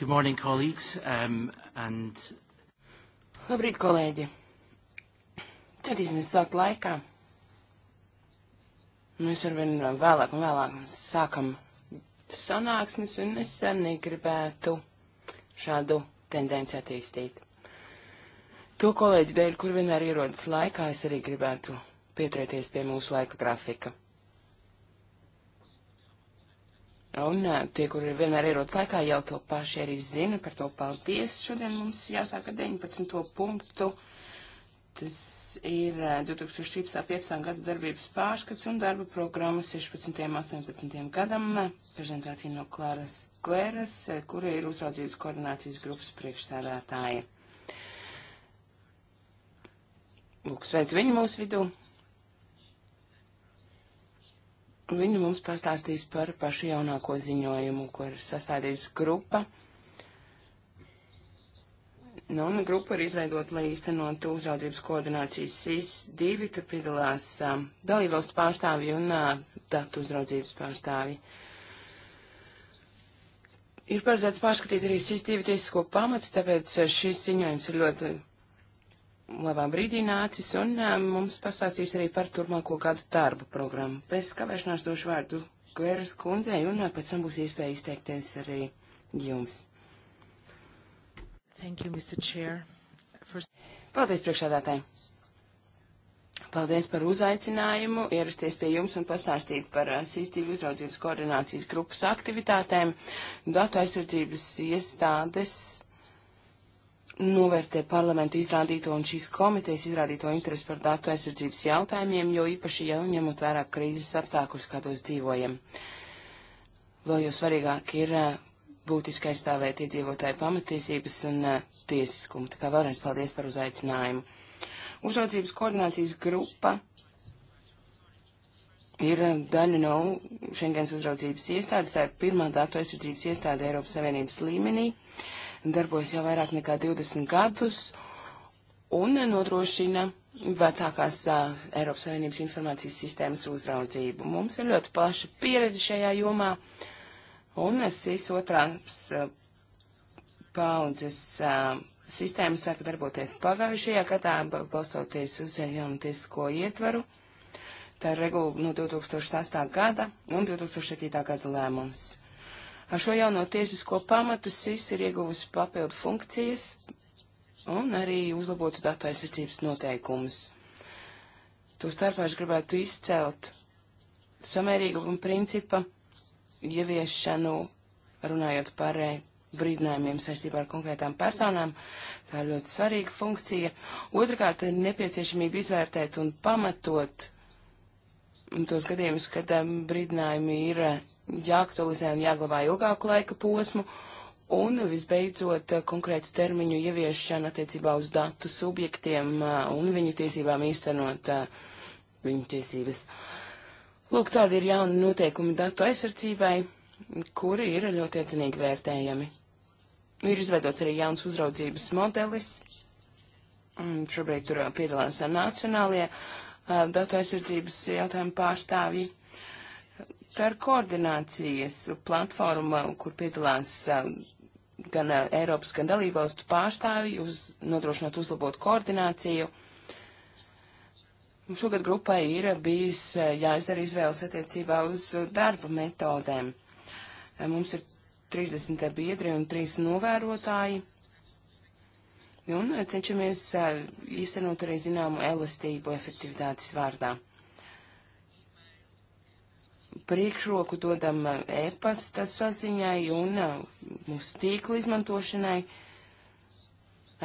Good morning, colleagues. Um, and... Labrīt, kolēģi. Centīsimies sākt laikā. Mēs nu, arvien vēlāk un vēlāk sākam sanāksmes, un es arī gribētu šādu tendenci attīstīt. To kolēģi dēļ, kur vienmēr ierodas laikā, es arī gribētu pieturēties pie mūsu laika grafika. Un eh, tie, kuri vienmēr ierodas laikā, jau to paši arī zina, par to paldies. Šodien mums jāsāk ar 19. punktu. Tas ir 2015. Eh, gada darbības pārskats un darba programma 16. un 18. gadam. Prezentācija no Klāras Kvēras, eh, kura ir uzraudzības koordinācijas grupas priekšstādātāja. Lūk, sveic viņu mūsu vidū. Viņa mums pastāstīs par pašu jaunāko ziņojumu, ko ir sastādījusi grupa. Nu, un grupa ir izveidota, lai īstenotu uzraudzības koordinācijas SIS-2, tur piedalās um, dalībvalstu pārstāvji un uh, datu uzraudzības pārstāvji. Ir paredzēts pārskatīt arī SIS-2 tiesisko pamatu, tāpēc uh, šis ziņojums ir ļoti labām brīdinācis, un mums pastāstīs arī par turmāko gadu darbu programmu. Pēc kavēšanās došu vārdu Gveras kundzei, un pēc tam būs iespēja izteikties arī jums. Thank you, Mr. Chair. First... Paldies, priekšādātāji. Paldies par uzaicinājumu ierasties pie jums un pastāstīt par sistīvu uzraudzības koordinācijas grupas aktivitātēm. Datu aizsardzības iestādes novērtē parlamentu izrādīto un šīs komitejas izrādīto interesi par datu aizsardzības jautājumiem, jo īpaši jau ņemot vērā krīzes apstākļus, kādos dzīvojam. Vēl jau svarīgāk ir eh, būtiski aizstāvēt iedzīvotāju pamatiesības un eh, tiesiskumu. Tā kā vēlreiz paldies par uzaicinājumu. Uzraudzības koordinācijas grupa ir eh, daļa no Šengens uzraudzības iestādes, tā ir pirmā datu aizsardzības iestāde Eiropas Savienības līmenī. Uh, darbojas jau vairāk nekā 20 gadus un nodrošina vecākās uh, Eiropas Savienības informācijas sistēmas uzraudzību. Mums ir ļoti plaša pieredze šajā jomā, un SIS otrās uh, paudzes uh, sistēma sāka darboties pagājušajā gadā, balstoties uz jaunatiesisko ietvaru. Tā ir regula no 2008. gada un 2007. gada lēmums. Ar šo jauno tiesisko pamatu SIS ir ieguvusi papildu funkcijas un arī uzlabotus datu aizsardzības noteikumus. Tostarpā es gribētu izcelt samērīguma principa ieviešanu, runājot par eh, brīdinājumiem saistībā ar konkrētām personām. Tā ir ļoti svarīga funkcija. Otrakārt, ir nepieciešamība izvērtēt un pamatot tos gadījumus, kad eh, brīdinājumi ir eh, jāaktualizē un jāglabā ilgāku laika posmu. Un visbeidzot, konkrētu termiņu ieviešana attiecībā uz datu subjektiem uh, un viņu tiesībām īstenot uh, viņu tiesības. Lūk, tādi ir jauni noteikumi datu aizsardzībai, kuri ir ļoti atzinīgi vērtējami. Ir izveidots arī jauns uzraudzības modelis. Mm, šobrīd tur uh, piedalās nacionālie datu aizsardzības jautājumu pārstāvji par koordinācijas platformu, kur piedalās um, gan uh, Eiropas, gan dalībvalstu pārstāvji, uz, nodrošinot uzlabot koordināciju. Šogad grupai ir bijis uh, jāizdara izvēles attiecībā uz darba metodēm. Uh, mums ir 30 biedri un 3 novērotāji. Un cenšamies īstenot arī zināmu elastību efektivitātes vārdā priekšroku dodam eh, e-pasta saziņai un eh, mūsu tīklu izmantošanai.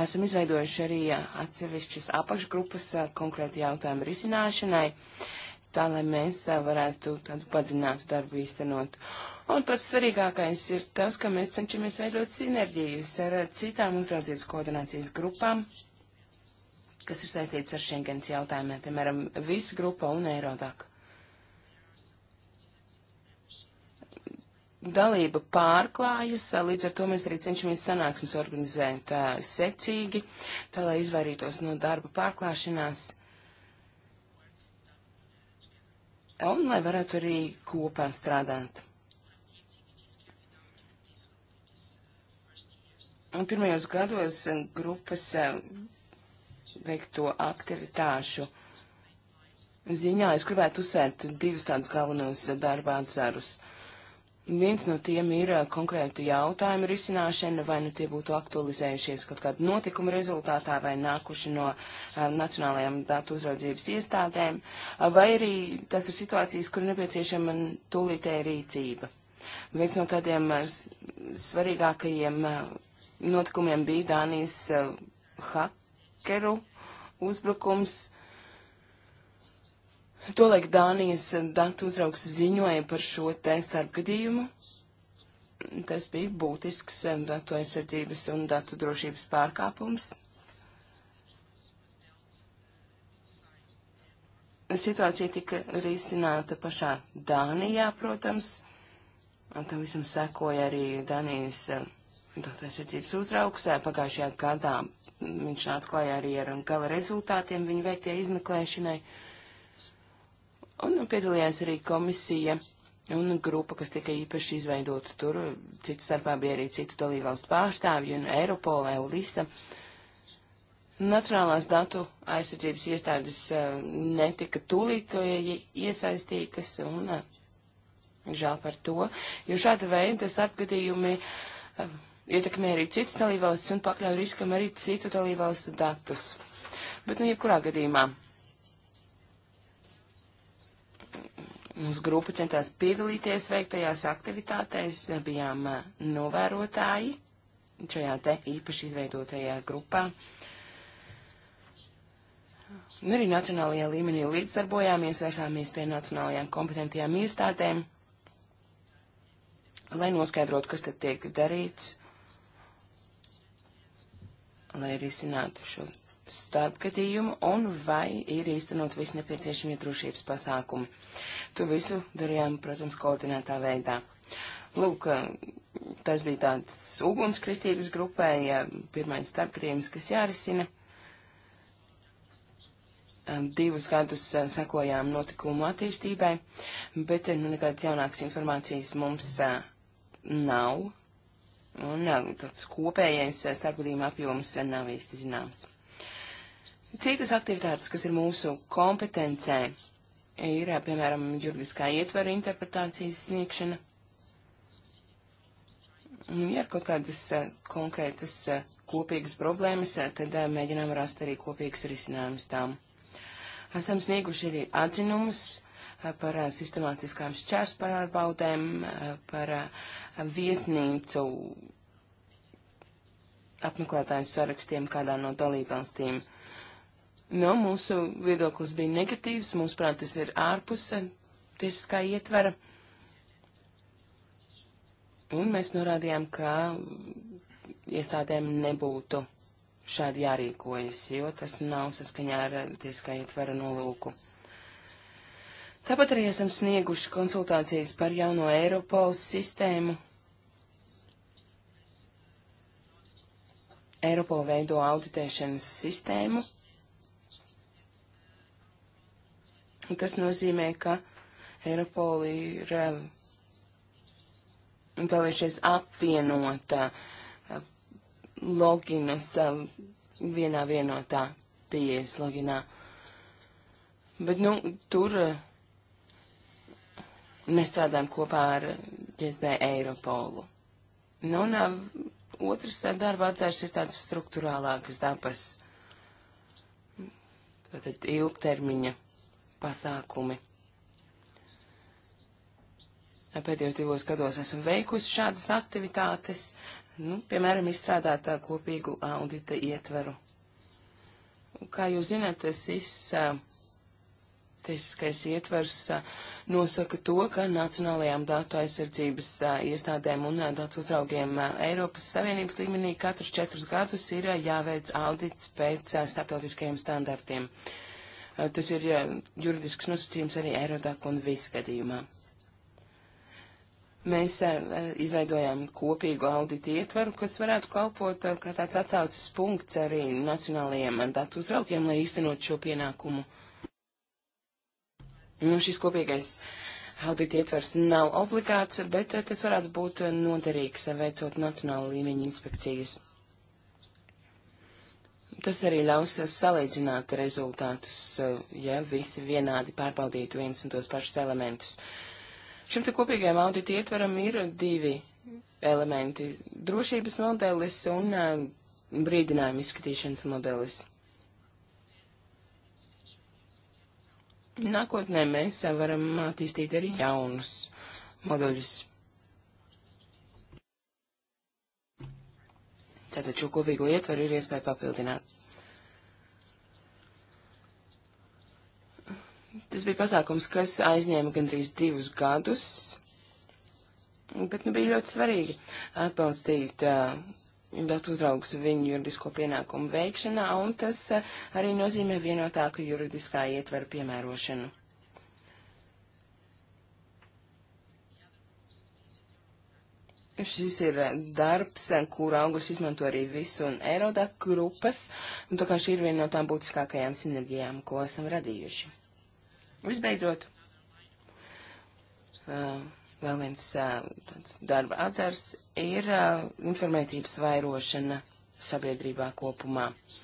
Esam izveidojuši arī eh, atsevišķas apakšgrupas konkrēti jautājumu risināšanai, tā lai mēs varētu tādu padzinātu darbu īstenot. Un pats svarīgākais ir tas, ka mēs cenšamies veidot sinerģijas ar citām uzraudzības koordinācijas grupām, kas ir saistīts ar šiem gens jautājumiem, piemēram, visu grupa un Eirodāk. dalība pārklājas, līdz ar to mēs arī cenšamies sanāksmes organizēt tā, secīgi, tā lai izvairītos no darba pārklāšanās. Un lai varētu arī kopā strādāt. Un pirmajos gados grupas veikto aktivitāšu ziņā es gribētu uzsvērt divus tādus galvenos darba atzarus. Uh, Viens no tiem ir eh, konkrētu jautājumu risināšana, vai nu tie būtu aktualizējušies kaut kādu notikumu rezultātā, vai nākuši no uh, Nacionālajām datu uzraudzības iestādēm, eh, vai arī tas ir situācijas, kur nepieciešama tūlītēja rīcība. Viens no tādiem svarīgākajiem notikumiem bija Dānijas hakeru uzbrukums Tolaik Dānijas datu uzraugs ziņoja par šo te starpgadījumu. Tas bija būtisks eh, datu aizsardzības un datu drošības pārkāpums. Situācija tika risināta pašā Dānijā, protams, un tam visam sekoja arī Dānijas eh, datu aizsardzības uzraugs. Eh, pagājušajā gadā viņš nāca klajā arī ar gala rezultātiem viņa veiktie izmeklēšanai. Uh, Un piedalījās arī komisija un grupa, kas tika īpaši izveidota tur. Citu starpā bija arī citu dalībvalstu pārstāvju un Eiropola, Eulisa. Nacionālās datu aizsardzības iestādes uh, netika tūlīt eh, iesaistītas un uh, žēl par to, jo šāda veida starpgadījumi uh, ietekmē arī citas dalībvalstis un pakļauj riskam arī citu dalībvalstu datus. Bet, nu, jebkurā gadījumā Mūsu grupa centās piedalīties veiktajās aktivitātēs, bijām eh, novērotāji šajā te īpaši izveidotajā grupā. Un arī nacionālajā līmenī līdzdarbojāmies, vērsāmies pie nacionālajām kompetentajām iestādēm, lai noskaidrotu, kas tad tiek darīts, lai risinātu šo starpgadījumu un vai ir īstenot visi nepieciešamie drošības pasākumi. To visu darījām, protams, koordinētā veidā. Lūk, tas bija tāds uguns kristības grupē, ja pirmais starpgadījums, kas jārisina. Divus gadus sekojām notikumu attīstībai, bet nu, nekādas jaunākas informācijas mums nav. Un tāds kopējais starpgadījuma apjoms nav īsti zināms. Citas aktivitātes, kas ir mūsu kompetencē, ir, piemēram, juridiskā ietvara interpretācijas sniegšana. Nu, ja ir kaut kādas eh, konkrētas eh, kopīgas problēmas, eh, tad mēģinām rast arī kopīgas risinājumus tām. Esam snieguši arī atzinumus par sistemātiskām šķērspārbaudēm, par viesnīcu apmeklētāju sarakstiem kādā no dalībvalstīm. Nu, mūsu viedoklis bija negatīvs, mūsuprāt, tas ir ārpus eh, tiesiskā ietvara. Un mēs norādījām, ka iestādēm nebūtu šādi jārīkojas, jo tas nav saskaņā ar eh, tiesiskā ietvara nolūku. Tāpat arī esam snieguši konsultācijas par jauno Eiropols sistēmu. Eiropola veido auditēšanas sistēmu, Tas nozīmē, ka Eiropola ir eh, vēlēšies apvienot eh, loginus eh, vienā vienotā pieejas loginā. Bet, nu, tur mēs strādājam kopā ar GSB Eiropolu. Nu, un otrs darba atzērs ir tādas struktūrālākas dabas, tātad ilgtermiņa pasākumi. Pēdējos divos gados esam veikusi šādas aktivitātes, nu, piemēram, izstrādāt uh, kopīgu audita ietveru. Kā jūs zināt, tas viss uh, tiesiskais ietvers a, uh, nosaka to, ka nacionālajām datu aizsardzības a, iestādēm un a, datu uzraugiem Eiropas Savienības līmenī katrus četrus gadus ir jāveic audits pēc starptautiskajiem standartiem. Uh, Eh, tas ir juridisks nosacījums arī Eirodāk un visgadījumā. Mēs eh, eh, izveidojām kopīgu auditu ietvaru, kas varētu kalpot kā tāds atsaucas punkts arī nacionālajiem datu uzraukiem, lai īstenot šo pienākumu. Nu, šis kopīgais audita ietvers nav obligāts, bet tas varētu būt noderīgs veicot nacionālu līmeņu inspekcijas. Tas arī ļaus salīdzināt rezultātus, eh, ja visi vienādi pārbaudītu viens un tos pašus elementus. Šim te kopīgajam audita ietveram ir divi elementi - drošības modelis un eh, brīdinājuma izskatīšanas modelis. Nākotnē mēs varam attīstīt arī jaunus moduļus. Tātad šo kopīgo ietvaru ir iespēja papildināt. Tas bija pasākums, kas aizņēma gandrīz divus gadus, bet nu bija ļoti svarīgi atbalstīt uh, datu uzraugs viņu juridisko pienākumu veikšanā, un tas uh, arī nozīmē vienotāku juridiskā ietvaru piemērošanu. Šis ir darbs, kur augurs izmanto arī visu un Eirodā grupas, un tā kā šī ir viena no tām būtiskākajām sinerģijām, ko esam radījuši. Visbeidzot, uh, vēl viens uh, darba atzars ir uh, informētības vairošana sabiedrībā kopumā. Uh,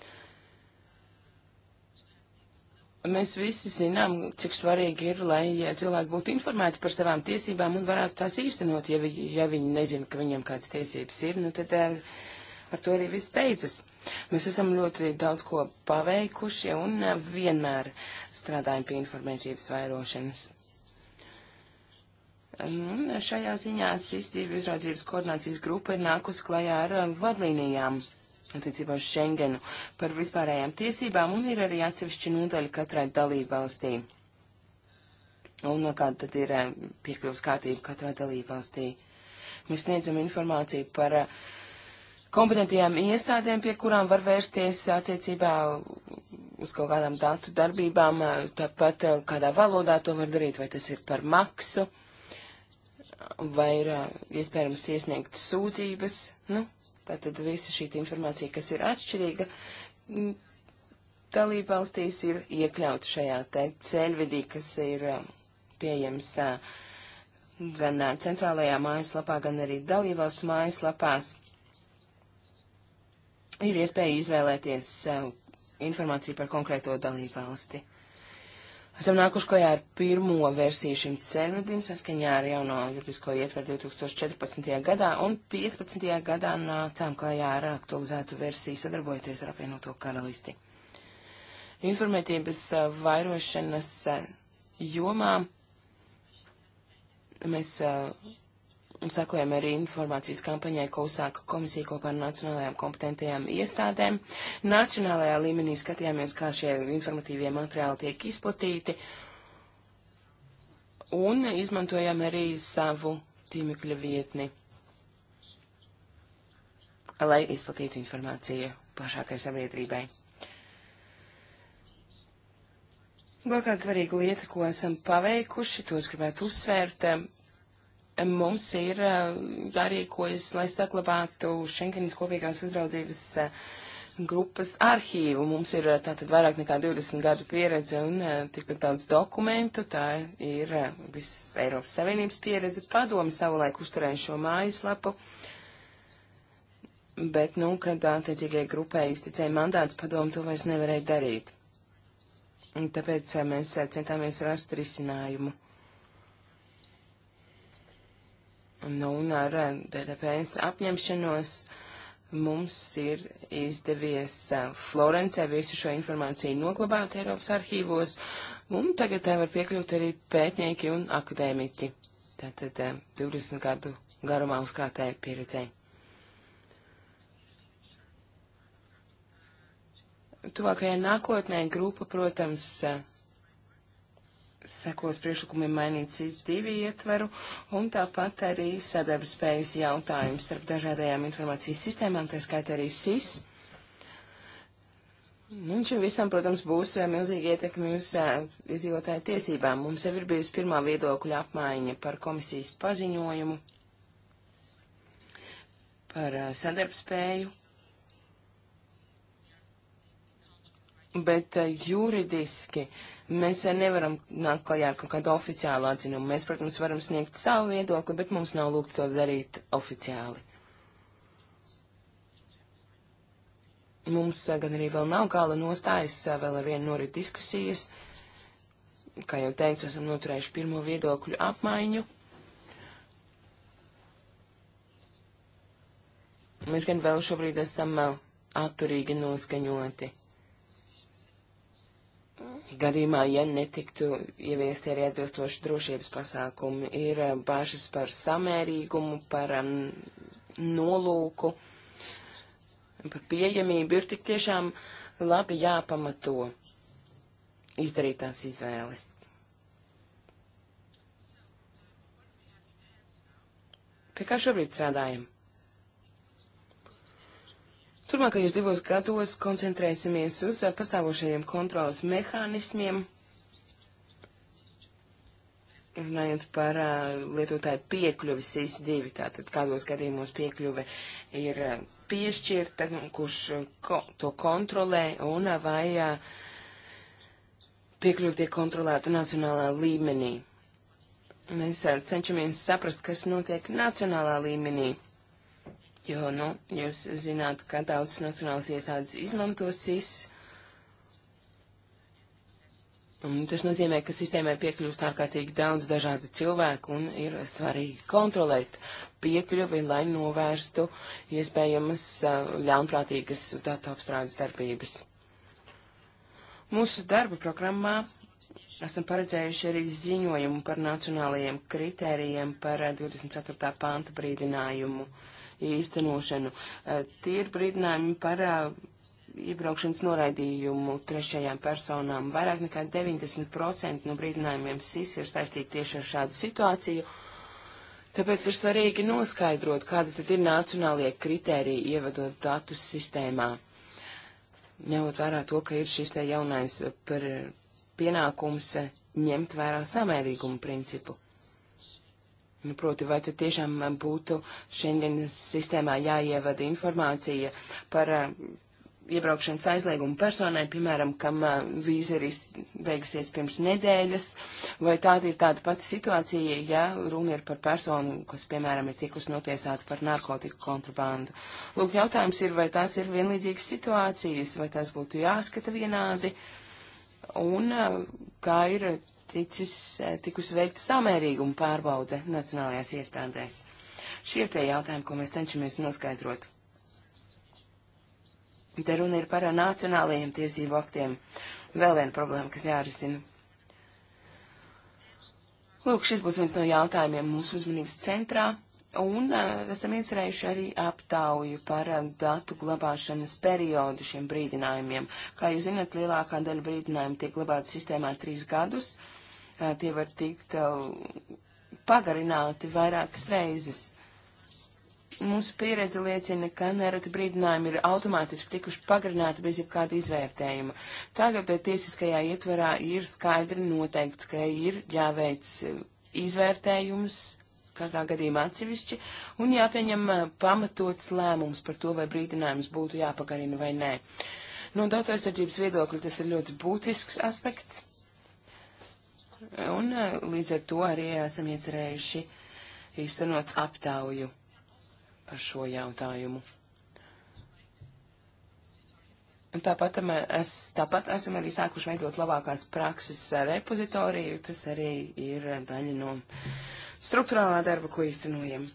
Mēs visi zinām, cik svarīgi ir, lai ja cilvēki būtu informēti par savām tiesībām un varētu tās īstenot, ja, vi, ja viņi nezina, ka viņiem kādas tiesības ir, nu tad eh, ar to arī viss beidzas. Mēs esam ļoti daudz ko paveikuši un eh, vienmēr strādājam pie informētības vairošanas. Un eh, šajā ziņā sistību izraudzības koordinācijas grupa ir nākusi klajā ar vadlīnijām. Um, attiecībā uz Schengenu par vispārējām tiesībām, un ir arī atsevišķa nodaļa katrai dalībvalstī. Un no kāda tad ir eh, piekļuvas kārtība katrā dalībvalstī. Mēs sniedzam informāciju par eh, kompetentajām iestādēm, pie kurām var vērsties attiecībā uz kaut kādām datu darbībām, eh, tāpat kādā valodā to var darīt, vai tas ir par maksu, vai ir iespējams iesniegt sūdzības, nu, Tātad visa šī informācija, kas ir atšķirīga, dalībvalstīs ir iekļauta šajā te ceļvedī, kas ir um, pieejams uh, gan uh, centrālajā mājaslapā, gan arī dalībvalstu mājaslapās. Ir iespēja izvēlēties uh, informāciju par konkrēto dalībvalsti. Esam nākuši klajā ar pirmo versiju šim ceļvedim saskaņā ar jauno juridisko ietveru 2014. gadā un 15. gadā nācām klajā ar aktualizētu versiju sadarbojoties ar apvienoto karalisti. Informētības vairošanas jomā mēs sakojam arī informācijas kampaņai, ko uzsāka komisija kopā ar nacionālajām kompetentajām iestādēm. Nacionālajā līmenī skatījāmies, kā šie informatīvie materiāli tiek izplatīti, un izmantojam arī savu tīmekļa vietni, lai izplatītu informāciju plašākai sabiedrībai. Vēl kāda svarīga lieta, ko esam paveikuši, tos gribētu uzsvērt, mums ir eh, jārīkojas, lai saglabātu Šengenas kopīgās uzraudzības eh, grupas arhīvu. Mums ir eh, tātad vairāk nekā 20 gadu pieredze un tikpat daudz dokumentu. Tā ir viss Eiropas Savienības pieredze. Padomi savulaik uzturēja šo mājaslapu. Bet, nu, kad attiecīgajai grupai izticēja mandāts, padomu to vairs nevarēja darīt. Un tāpēc mēs centāmies rast risinājumu. Nu, un ar eh, DDPS apņemšanos mums ir izdevies eh, Florencē visu šo informāciju noglabāt Eiropas arhīvos, un tagad tā eh, var piekļūt arī pētnieki un akadēmiķi. Tātad 20 gadu garumā uzkrātē pieredzē. Tuvākajā nākotnē grupa, protams, sekos priekšlikumiem mainīt SIS-2 ietveru un tāpat arī sadarbspējas jautājums starp dažādajām informācijas sistēmām, tā skaitā arī SIS. Nu, un šim visam, protams, būs eh, milzīga ietekme uz eh, iedzīvotāju tiesībām. Mums jau ir bijusi pirmā viedokļa apmaiņa par komisijas paziņojumu, par eh, sadarbspēju. Bet juridiski uh, Mēs nevaram nākt klajā ar kaut kādu oficiālu atzinumu. Mēs, protams, varam sniegt savu viedokli, bet mums nav lūgts to darīt oficiāli. Mums gan arī vēl nav gala nostājas, vēl ar vienu norit diskusijas. Kā jau teicu, esam noturējuši pirmo viedokļu apmaiņu. Mēs gan vēl šobrīd esam atturīgi noskaņoti gadījumā, ja netiktu ieviesti arī atbilstoši drošības pasākumi, ir um, bāžas par samērīgumu, par um, nolūku, par pieejamību, ir tik tiešām labi jāpamato izdarītās izvēles. Pie kā šobrīd strādājam? Turmākajos divos gados koncentrēsimies uz eh, pastāvošajiem kontrolas mehānismiem, runājot par uh, lietotāju piekļuvi SIS-2, tātad kādos gadījumos piekļuve ir uh, piešķirta, kurš uh, ko, to kontrolē un vai piekļuvi tiek kontrolēta nacionālā līmenī. Mēs cenšamies saprast, kas notiek nacionālā līmenī jo, nu, jūs zināt, ka daudzas nacionālas iestādes izmanto SIS. Un tas nozīmē, ka sistēmai piekļūst ārkārtīgi daudz dažādu cilvēku un ir svarīgi kontrolēt piekļuvi, lai novērstu iespējamas ļaunprātīgas datu apstrādes darbības. Mūsu darba programmā esam paredzējuši arī ziņojumu par nacionālajiem kritērijiem par 24. panta brīdinājumu. Uh, īstenošanu. Tie ir brīdinājumi par iebraukšanas noraidījumu trešajām personām. Vairāk nekā 90% no brīdinājumiem SIS ir saistīti tieši ar šādu situāciju. Tāpēc ir svarīgi noskaidrot, kāda tad ir nacionālie kritēriji ievadot datus sistēmā. Ņemot vērā to, ka ir šis te jaunais eh, par pienākums eh, ņemt vērā samērīgumu principu. Nu, proti, vai tad tiešām būtu Schengenas sistēmā jāievada informācija par uh, iebraukšanas aizliegumu personai, piemēram, kam uh, vīza ir beigusies pirms nedēļas, vai tāda ir tāda pati situācija, ja runa ir par personu, kas, piemēram, ir tikusi notiesāta par narkotiku kontrabandu. Lūk, jautājums ir, vai tās ir vienlīdzīgas situācijas, vai tās būtu jāskata vienādi, un uh, kā ir ticis, e, tikus veikta samērīguma pārbaude nacionālajās iestādēs. Šie ir tie jautājumi, ko mēs cenšamies noskaidrot. Te runa ir par nacionālajiem tiesību aktiem. Vēl viena problēma, kas jārisina. Lūk, šis būs viens no jautājumiem mūsu uzmanības centrā. Un uh, esam iecerējuši arī aptauju par uh, datu glabāšanas periodu šiem brīdinājumiem. Kā jūs zināt, lielākā daļa brīdinājumu tiek glabāta sistēmā trīs gadus. Uh, tie var tikt pagarināti vairākas reizes. Mūsu pieredze liecina, ka nereti brīdinājumi ir automātiski tikuši pagarināti bez jebkāda izvērtējuma. Tagad tiesiskajā ietvarā ir skaidri noteikts, ka ir jāveic izvērtējums katrā gadījumā atsevišķi un jāpieņem pamatots lēmums par to, vai brīdinājums būtu jāpagarina vai nē. No datu aizsardzības viedokļa tas ir ļoti būtisks aspekts un e, līdz ar to arī esam iecerējuši īstenot aptauju par šo jautājumu. Un tāpat, es, tāpat esam arī sākuši veidot labākās prakses repozitoriju, tas arī ir daļa no struktūrālā darba, ko īstenojam.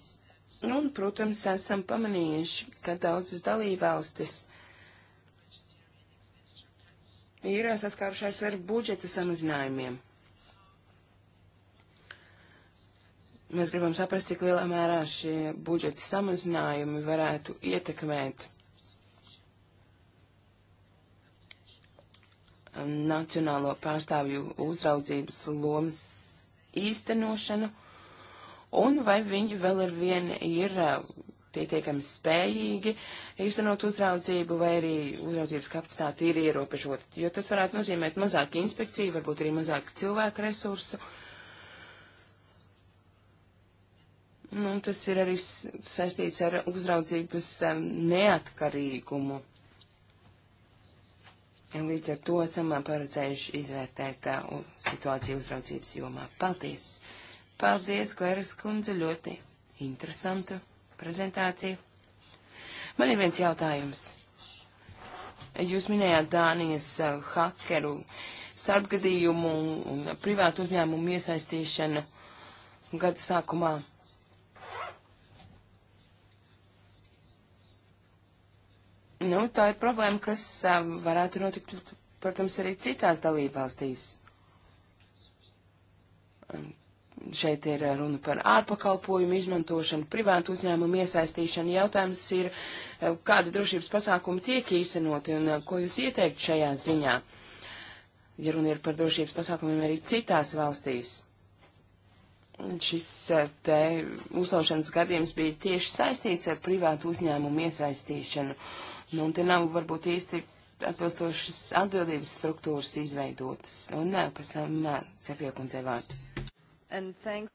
Nu, un, protams, esam pamanījuši, ka daudzas dalībvalstis ir saskārušās ar budžeta samazinājumiem. Mēs gribam saprast, cik lielā mērā šie budžeta samazinājumi varētu ietekmēt um, nacionālo pārstāvju uzraudzības lomas īstenošanu, un vai viņi vēl ar vienu ir uh, pietiekami spējīgi īstenot uzraudzību, vai arī uzraudzības kapacitāte ir ierobežota, jo tas varētu nozīmēt mazāk inspekciju, varbūt arī mazāk cilvēku resursu, uh, Nu, tas ir arī saistīts ar uzraudzības neatkarīgumu. Līdz ar to esam paredzējuši izvērtēt uh, situāciju uzraudzības jomā. Paldies! Paldies, Gairas kundze, ļoti interesanta prezentācija. Man ir viens jautājums. Jūs minējāt Dānijas uh, hakeru starpgadījumu un privātu uzņēmumu iesaistīšanu gada sākumā. Nu, tā ir problēma, kas um, varētu notikt, protams, arī citās dalībvalstīs. Šeit ir runa par ārpakalpojumu izmantošanu, privātu uzņēmumu iesaistīšanu. Jautājums ir, uh, kāda drošības pasākuma tiek īstenoti un uh, ko jūs ieteikt šajā ziņā, ja runa ir par drošības pasākumiem arī citās valstīs. Šis uh, te uzlaušanas gadījums bija tieši saistīts ar privātu uzņēmumu iesaistīšanu. Uh, Nu, un te nav varbūt īsti atbilstošas atbildības struktūras izveidotas. Un nē, pēc tam Cepjokundzei vārds.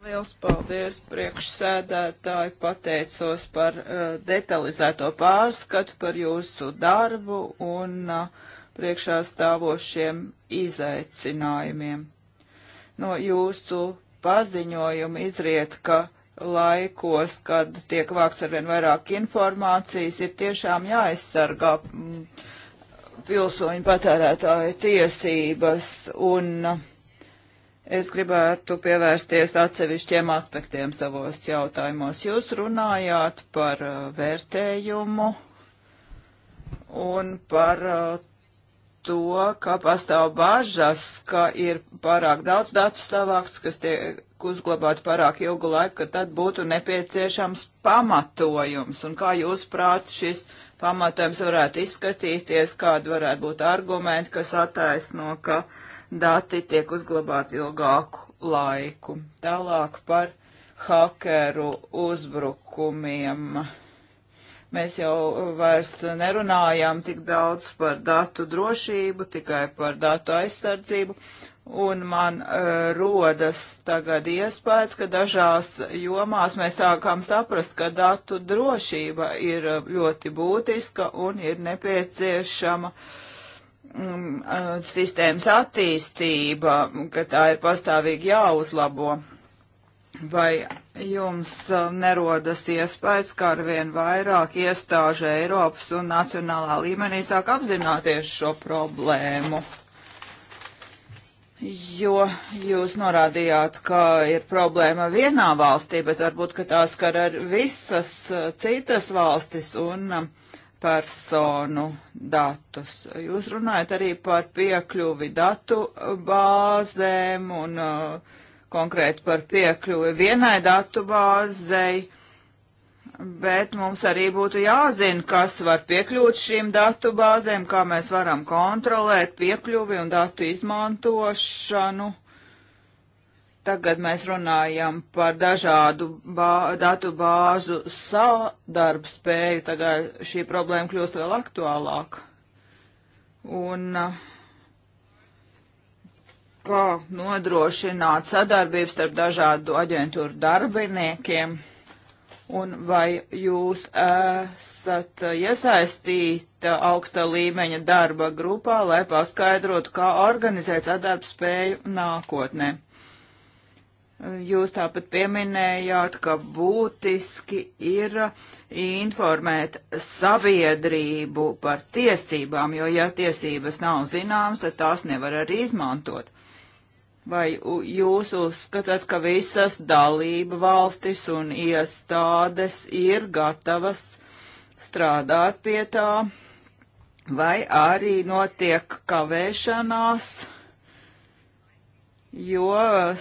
Liels paldies priekšsēdētāji, pateicos par uh, detalizēto pārskatu par jūsu darbu un uh, priekšā stāvošiem izaicinājumiem. No jūsu paziņojuma izriet, ka laikos, kad tiek vākts arvien vairāk informācijas, ir tiešām jāaizsargā mm, pilsoņu patērētāju tiesības, un es gribētu pievērsties atsevišķiem aspektiem savos jautājumos. Jūs runājāt par uh, vērtējumu un par uh, to, ka pastāv bažas, ka ir pārāk daudz datu savāks, kas tiek uzglabāt pārāk ilgu laiku, ka tad būtu nepieciešams pamatojums. Un kā jūs prāt šis pamatojums varētu izskatīties, kādi varētu būt argumenti, kas attaisno, ka dati tiek uzglabāti ilgāku laiku. Tālāk par hakeru uzbrukumiem. Mēs jau vairs nerunājām tik daudz par datu drošību, tikai par datu aizsardzību. Un man uh, rodas tagad iespējas, ka dažās jomās mēs sākām saprast, ka datu drošība ir eh, ļoti būtiska un ir nepieciešama um, sistēmas attīstība, ka tā ir pastāvīgi jāuzlabo. Vai jums uh, nerodas iespējas, ka arvien vairāk iestāžu Eiropas un nacionālā līmenī sāk apzināties šo problēmu? jo jūs norādījāt, ka ir problēma vienā valstī, bet varbūt, ka tās skar ar visas eh, citas valstis un eh, personu datus. Jūs runājat arī par piekļuvi datu eh, bāzēm un uh, konkrēti par piekļuvi vienai datu bāzei Bet mums arī būtu jāzina, kas var piekļūt šīm datu bāzēm, kā mēs varam kontrolēt piekļuvi un datu izmantošanu. Tagad mēs runājam par dažādu bā, datu bāzu sadarbu spēju, tagad šī problēma kļūst vēl aktuālāka. Un kā nodrošināt sadarbību starp dažādu aģentūru darbiniekiem? un vai jūs esat iesaistīta augsta līmeņa darba grupā, lai paskaidrotu, kā organizēt sadarbspēju nākotnē. Jūs tāpat pieminējāt, ka būtiski ir informēt sabiedrību par tiesībām, jo ja tiesības nav zināmas, tad tās nevar arī izmantot. Vai jūs uzskatāt, ka visas dalība valstis un iestādes ir gatavas strādāt pie tā, vai arī notiek kavēšanās, jo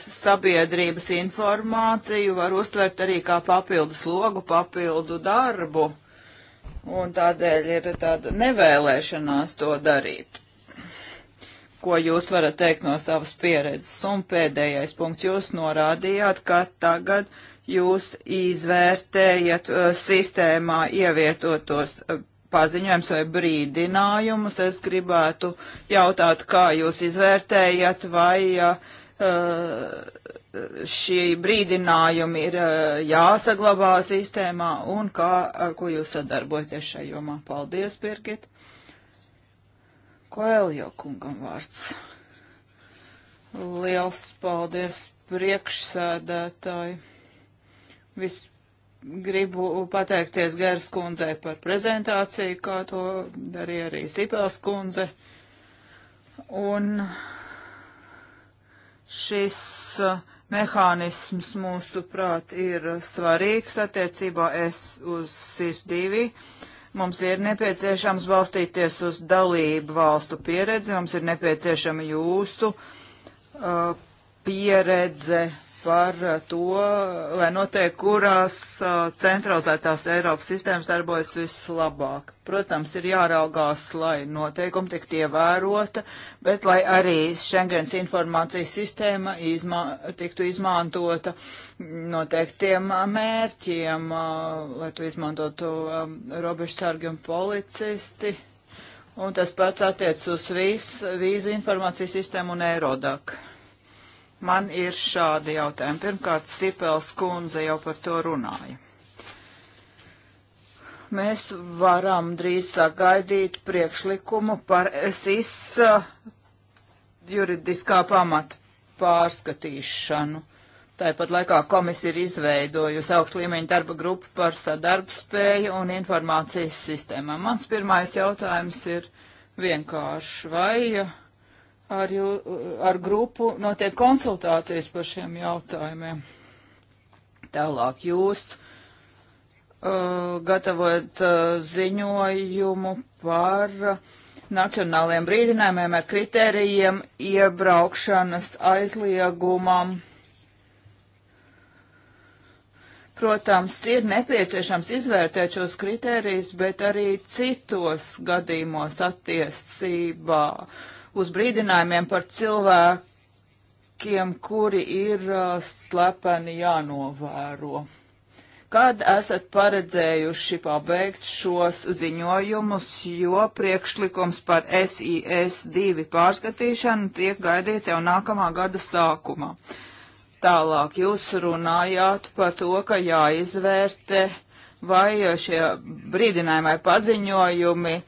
sabiedrības informāciju var uztvert arī kā papildu slogu, papildu darbu, un tādēļ ir tāda nevēlēšanās to darīt ko jūs varat teikt no savas pieredzes. Un pēdējais punkts, jūs norādījāt, ka tagad jūs izvērtējat uh, sistēmā ievietotos uh, paziņojums vai brīdinājumus. Es gribētu jautāt, kā jūs izvērtējat, vai uh, uh, šī brīdinājumi ir uh, jāsaglabā sistēmā un kā, uh, ko jūs sadarbojaties šajā jomā. Paldies, Birgit! Koeljo kungam vārds. Liels paldies priekšsēdētāji. Viss gribu pateikties Gēras kundzei par prezentāciju, kā to darīja arī Sipels kundze. Un šis uh, mehānisms mūsuprāt ir svarīgs attiecībā es uz SIS-2 Mums ir nepieciešams balstīties uz dalību valstu pieredzi, mums ir nepieciešama jūsu uh, pieredze par eh, to, lai noteikti, kurās eh, centralizētās Eiropas sistēmas darbojas vislabāk. Protams, ir jāraugās, lai noteikumi tiktu ievērota, bet lai arī Schengens informācijas sistēma izma tiktu izmantota noteiktiem eh, mērķiem, lai to izmantotu robežsargi un policisti. Un tas pats attiec uz visu vīzu informācijas sistēmu un Eirodaku. Man ir šādi jautājumi. Pirmkārt, Stipels kundze jau par to runāja. Mēs varam drīz sagaidīt priekšlikumu par SIS uh, juridiskā pamata pārskatīšanu. Tāpat laikā komisija ir izveidojusi augstu līmeņu darba grupu par sadarbspēju un informācijas sistēmām. Mans pirmais jautājums ir vienkārši, vai uh, ar, jū, ar grupu notiek konsultācijas par šiem jautājumiem. Tālāk jūs uh, gatavojat uh, ziņojumu par uh, nacionāliem brīdinājumiem ar kritērijiem iebraukšanas aizliegumam. Protams, ir nepieciešams izvērtēt šos kritērijus, bet arī citos gadījumos attiecībā uh, uz brīdinājumiem par cilvēkiem, kuri ir uh, slepeni jānovēro. Kad esat paredzējuši pabeigt šos ziņojumus, jo priekšlikums par SIS 2 pārskatīšanu tiek gaidīts jau nākamā gada sākumā? Tālāk jūs runājāt par to, ka jāizvērtē, vai šie brīdinājumai paziņojumi uh,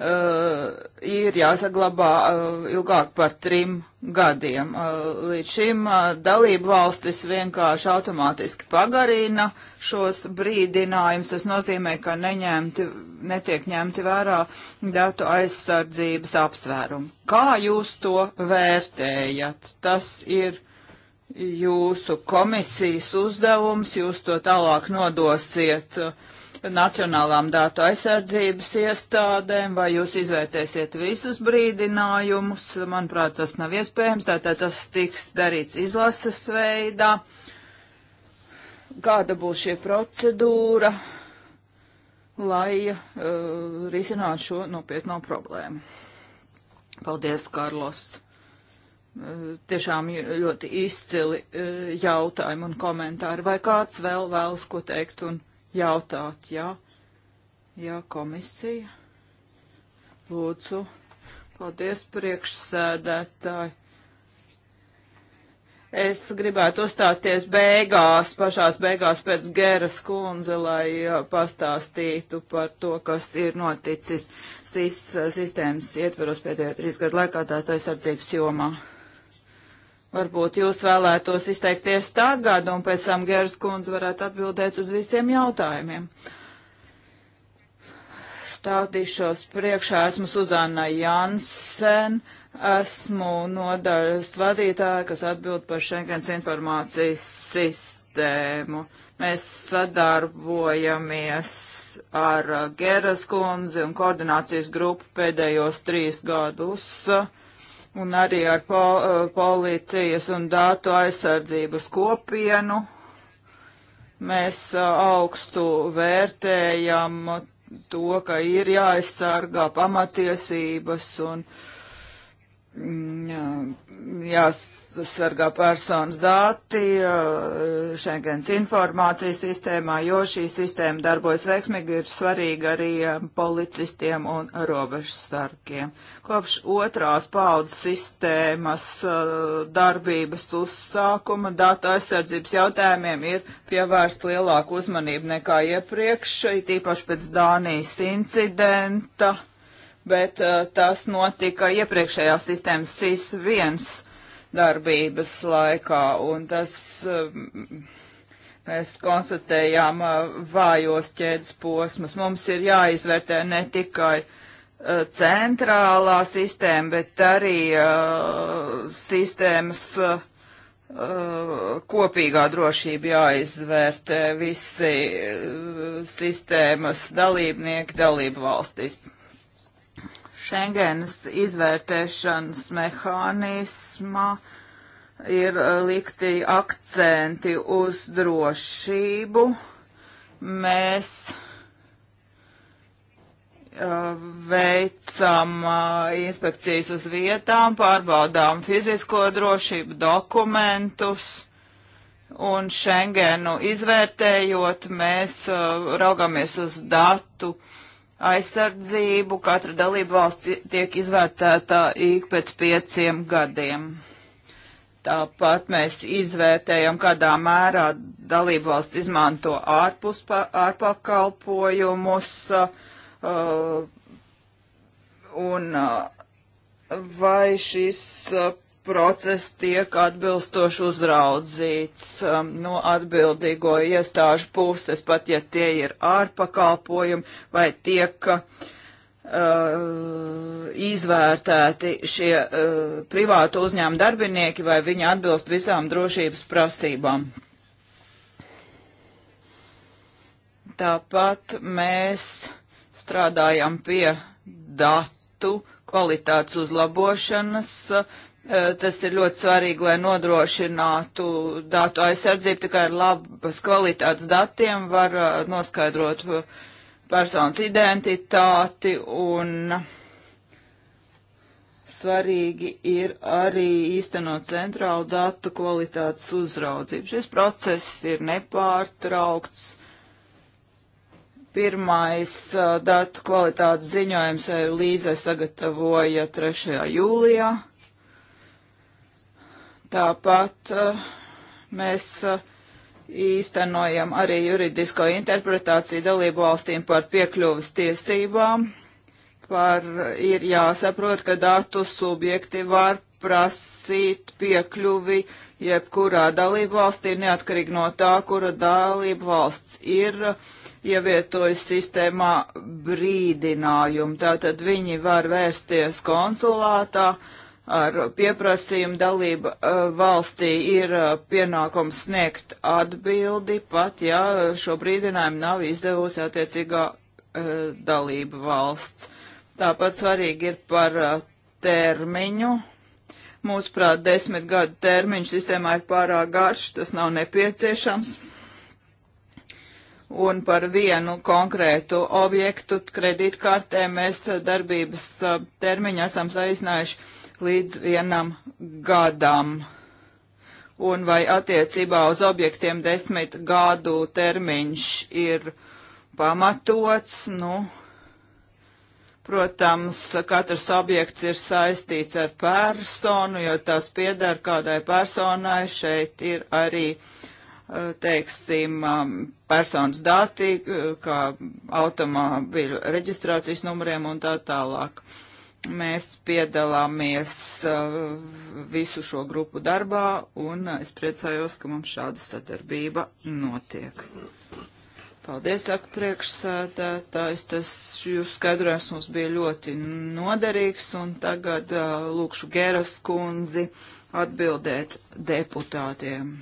Uh, ir jāsaglabā uh, ilgāk par trim gadiem. Uh, līdz šim dalību valstis vienkārši automātiski pagarina šos brīdinājumus. Tas nozīmē, ka neņemti, netiek ņemti vērā datu aizsardzības apsvērumi. Kā jūs to vērtējat? Tas ir jūsu komisijas uzdevums, jūs to tālāk nodosiet uh, nacionālām datu aizsardzības iestādēm, vai jūs izvērtēsiet visus brīdinājumus. Manuprāt, tas nav iespējams, tātad tas tiks darīts izlases veidā. Kāda būs šī procedūra, lai uh, risinātu šo nopietno problēmu? Paldies, Karlos! Uh, tiešām ļoti izcili uh, jautājumi un komentāri. Vai kāds vēl vēlas ko teikt un jautāt, jā, jā, komisija. Lūdzu, paldies priekšsēdētāji. Es gribētu uzstāties beigās, pašās beigās pēc Gēras kundze, lai uh, pastāstītu par to, kas ir noticis SIS uh, sistēmas ietveros pēdējā trīs gadu laikā tā aizsardzības jomā. Varbūt jūs vēlētos izteikties tagad, un pēc tam Gērs kundze varētu atbildēt uz visiem jautājumiem. Stādīšos priekšā esmu Suzana Jansen, esmu nodaļas vadītāja, kas atbild par Schengens informācijas sistēmu. Mēs sadarbojamies ar Gēras kundzi un koordinācijas grupu pēdējos trīs gadus. Uh, un arī ar po, eh, policijas un datu aizsardzības kopienu. Mēs eh, augstu vērtējam to, ka ir jāaizsargā pamatiesības un mm, jā, jās jāsargā personas dati eh, Schengens informācijas sistēmā, jo šī sistēma darbojas veiksmīgi, ir svarīga arī eh, policistiem un robežsargiem. Kopš otrās paudzes sistēmas eh, darbības uzsākuma data aizsardzības jautājumiem ir pievērst lielāku uzmanību nekā iepriekš, tīpaši pēc Dānijas incidenta bet uh, tas notika iepriekšējā sistēmas SIS 1 darbības laikā, un tas um, mēs konstatējām uh, vājos ķēdes posmus. Mums ir jāizvērtē ne tikai uh, centrālā sistēma, bet arī uh, sistēmas kopīgā drošība jāizvērtē visi sistēmas dalībnieki dalību valstīs. Schengenas izvērtēšanas mehānismā ir uh, likti akcenti uz drošību. Mēs uh, veicam uh, inspekcijas uz vietām, pārbaudām fizisko drošību, dokumentus, un Schengenu izvērtējot, mēs raugamies uz datu uh, aizsardzību. Katra dalība valsts tiek izvērtēta ik pēc pieciem gadiem. Tāpat mēs izvērtējam, kādā mērā dalību valsts izmanto ārpus pa, ārpakalpojumus uh, un uh, vai šis uh, process tiek atbilstoši uzraudzīts um, no atbildīgo iestāžu puses, pat ja tie ir ārpakalpojumi vai tiek uh, izvērtēti šie uh, privātu uzņēmu darbinieki, vai viņi atbilst visām drošības prasībām. Tāpat mēs strādājam pie datu kvalitātes uzlabošanas, Tas ir ļoti svarīgi, lai nodrošinātu datu aizsardzību. Tikai ar labas kvalitātes datiem var noskaidrot personas identitāti un svarīgi ir arī īstenot centrālu datu kvalitātes uzraudzību. Šis process ir nepārtraukts. Pirmais datu kvalitātes ziņojums Līzai sagatavoja 3. jūlijā Tāpat eh, mēs eh, īstenojam arī juridisko interpretāciju dalību valstīm par piekļuvas tiesībām. Par ir jāsaprot, ka datu subjekti var prasīt piekļuvi jebkurā dalību valstī, neatkarīgi no tā, kura dalību valsts ir eh, ievietojusi sistēmā brīdinājumu. Tātad viņi var vērsties konsulātā, uh, ar pieprasījumu dalību uh, valstī ir uh, pienākums sniegt atbildi, pat ja šo brīdinājumu nav izdevusi attiecīgā uh, dalība valsts. Tāpat svarīgi ir par termiņu. Mūsuprāt, desmit gadu termiņš sistēmā ir pārāk garš, tas nav nepieciešams un par vienu konkrētu objektu kredītkartē mēs darbības termiņu esam saīsinājuši līdz vienam gadam. Un vai attiecībā uz objektiem desmit gadu termiņš ir pamatots, nu, protams, katrs objekts ir saistīts ar personu, jo tas piedara kādai personai, šeit ir arī uh, teiksim, um, personas dati, eh, kā automobīļu reģistrācijas numuriem un tā tālāk. Mēs piedalāmies uh, visu šo grupu darbā, un uh, es priecājos, ka mums šāda sadarbība notiek. Paldies, saka priekšsēdētājs. Tas jūs skaidrojums mums bija ļoti noderīgs, un tagad uh, lūkšu Geras kundzi atbildēt deputātiem.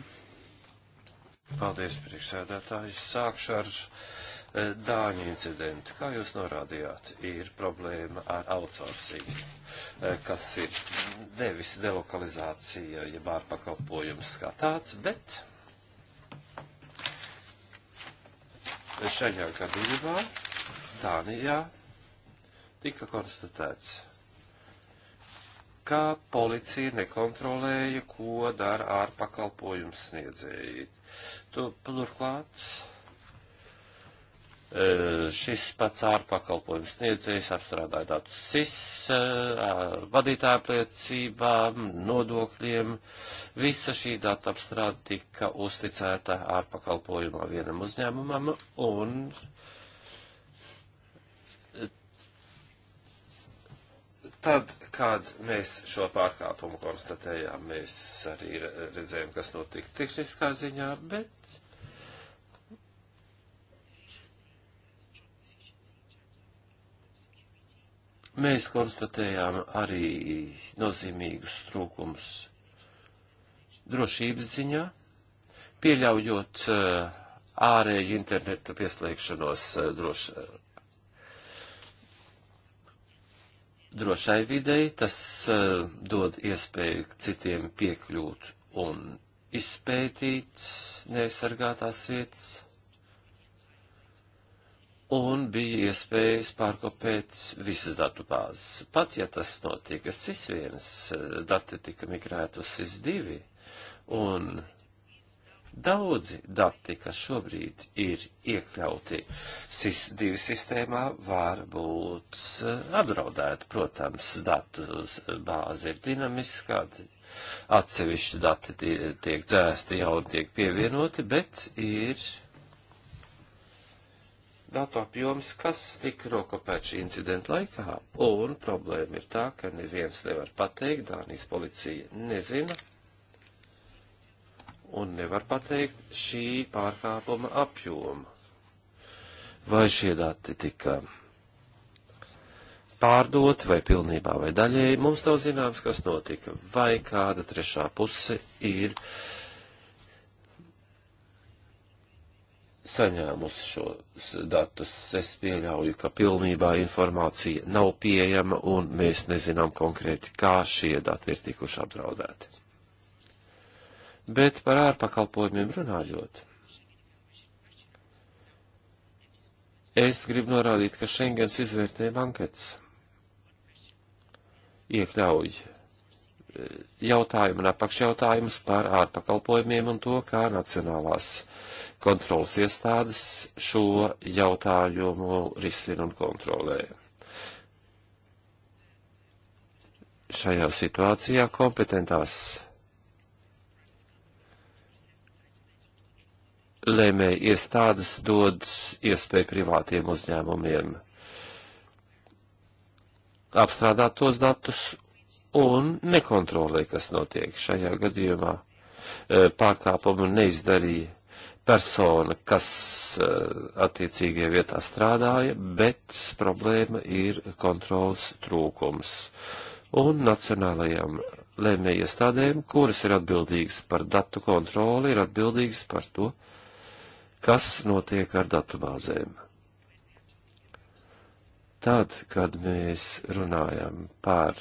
Paldies, priekšsēdētājs. Sākšu ar. Uh, Eh, Dāņu incidentu. Kā jūs norādījāt, ir problēma ar outsourcing, eh, kas ir nevis delokalizācija, ja bārpakalpojums kā tāds, bet šajā gadījumā Dānijā tika konstatēts ka policija nekontrolēja, ko dara ārpakalpojums sniedzēji. Turklāt Eh, šis pats ārpakalpojums sniedzējs apstrādāja datus SIS, eh, vadītāja apliecībām, nodokļiem. Visa šī data apstrāde tika uzticēta ārpakalpojumā vienam uzņēmumam un eh, Tad, kad mēs šo pārkāpumu konstatējām, mēs arī redzējām, kas notika tehniskā ziņā, bet Mēs konstatējām arī nozīmīgus trūkumus drošības ziņā, pieļaujot eh, ārēju interneta pieslēgšanos eh, droš, drošai videi, tas eh, dod iespēju citiem piekļūt un izpētīt neaizsargātās vietas un bija iespējas pārkopēt visas datu bāzes. Pat ja tas notika SIS-1, eh, dati tika migrēti uz SIS-2, un daudzi dati, kas šobrīd ir iekļauti SIS-2 sistēmā, var būt eh, apdraudēti. Protams, datu eh, bāze ir dinamiska, atsevišķi dati tiek dzēsti jauni, tiek pievienoti, bet ir datu apjoms, kas tika nokopēts šī incidenta laikā. Un problēma ir tā, ka neviens nevar pateikt, Dānijas policija nezina un nevar pateikt šī pārkāpuma apjoma. Vai šie dati tika pārdot vai pilnībā vai daļēji, mums nav zināms, kas notika, vai kāda trešā puse ir uh, saņēmusi šos datus. Es pieļauju, ka pilnībā informācija nav pieejama un mēs nezinām konkrēti, kā šie dati ir tikuši apdraudēti. Bet par ārpakalpojumiem runājot. Es gribu norādīt, ka Schengens izvērtējuma anketas iekļauj jautājumu un apakšjautājumus par ārpakalpojumiem un to, kā nacionālās kontrolas iestādes šo jautājumu risina un kontrolē. Šajā situācijā kompetentās lēmēji iestādes dod iespēju privātiem uzņēmumiem apstrādāt tos datus un nekontrolē, kas notiek šajā gadījumā. E, pārkāpumu neizdarīja persona, kas e, attiecīgajā vietā strādāja, bet problēma ir kontrols trūkums. Un nacionālajām lēmēja iestādēm, kuras ir atbildīgas par datu kontroli, ir atbildīgas par to, kas notiek ar datubāzēm. Tad, kad mēs runājam par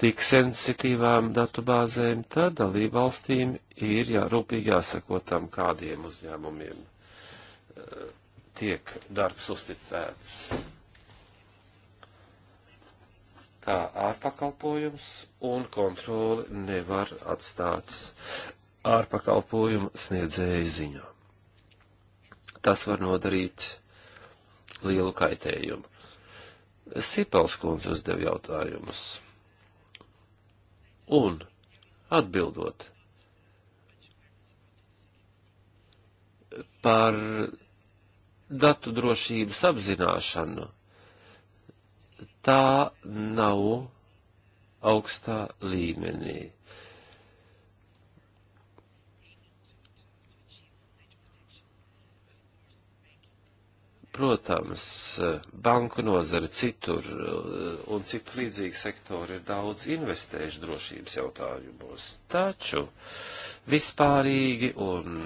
tik sensitīvām datubāzēm, tad dalību valstīm ir jārūpīgi jāsako tam, kādiem uzņēmumiem eh, tiek darbs uzticēts kā ārpakalpojums un kontroli nevar atstāt ārpakalpojumu sniedzēju ziņā. Tas var nodarīt lielu kaitējumu. Sipels kundze uzdev jautājumus. Un atbildot par datu drošības apzināšanu, tā nav augstā līmenī. Uh, Protams, banku nozara citur eh, un citu līdzīgi sektori ir daudz investējuši drošības jautājumos, taču vispārīgi un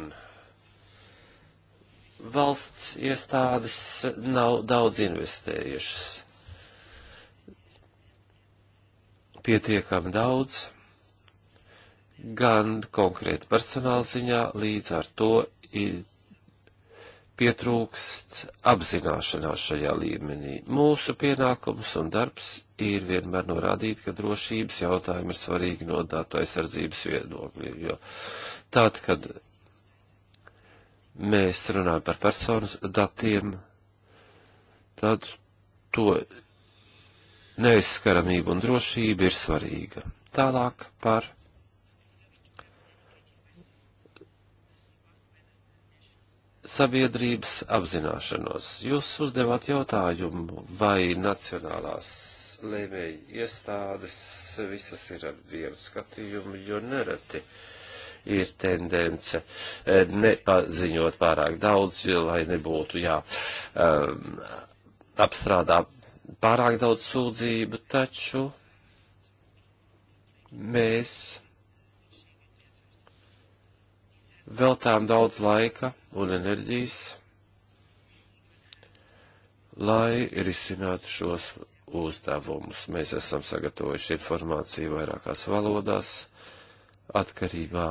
valsts iestādes nav daudz investējušas. Pietiekami daudz gan konkrēti personāla ziņā, līdz ar to pietrūkst apzināšanās šajā līmenī. Mūsu pienākums un darbs ir vienmēr norādīt, ka drošības jautājumi ir svarīgi no datu aizsardzības viedokļa, jo tad, kad mēs runājam par personas datiem, tad to neaizskaramība un drošība ir svarīga. Tālāk par sabiedrības apzināšanos. Jūs uzdevāt jautājumu, vai nacionālās lēmēji iestādes visas ir ar vienu skatījumu, jo nereti ir tendence eh, nepaziņot pārāk daudz, lai nebūtu jā, um, apstrādā pārāk daudz sūdzību, taču mēs veltām daudz laika un enerģijas, lai risinātu šos uzdevumus. Mēs esam sagatavojuši informāciju vairākās valodās atkarībā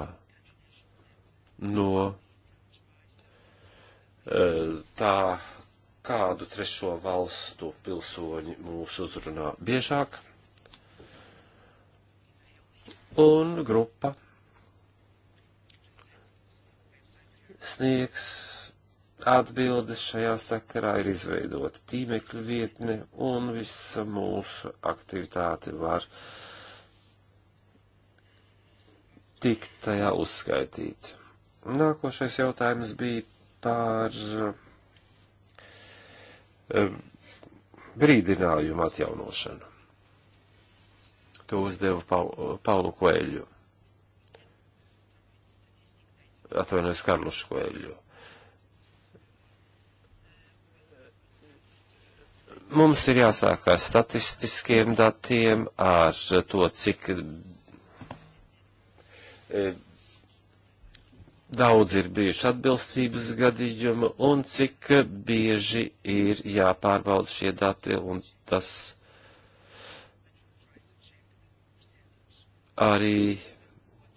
no e, tā, kādu trešo valstu pilsoņi mūs uzrunā biežāk. Un grupa sniegs atbildes šajā sakarā ir izveidota tīmekļa vietne un visa mūsu aktivitāte var tikt tajā uzskaitīt. Nākošais jautājums bija par eh, brīdinājumu atjaunošanu. To uzdevu Paulu Koeļu atvainojas Karlušu Koeļu. Mums ir jāsāk ar statistiskiem datiem, ar to, cik e, daudz ir bijuši atbilstības gadījumi un cik bieži ir jāpārbauda šie dati un tas arī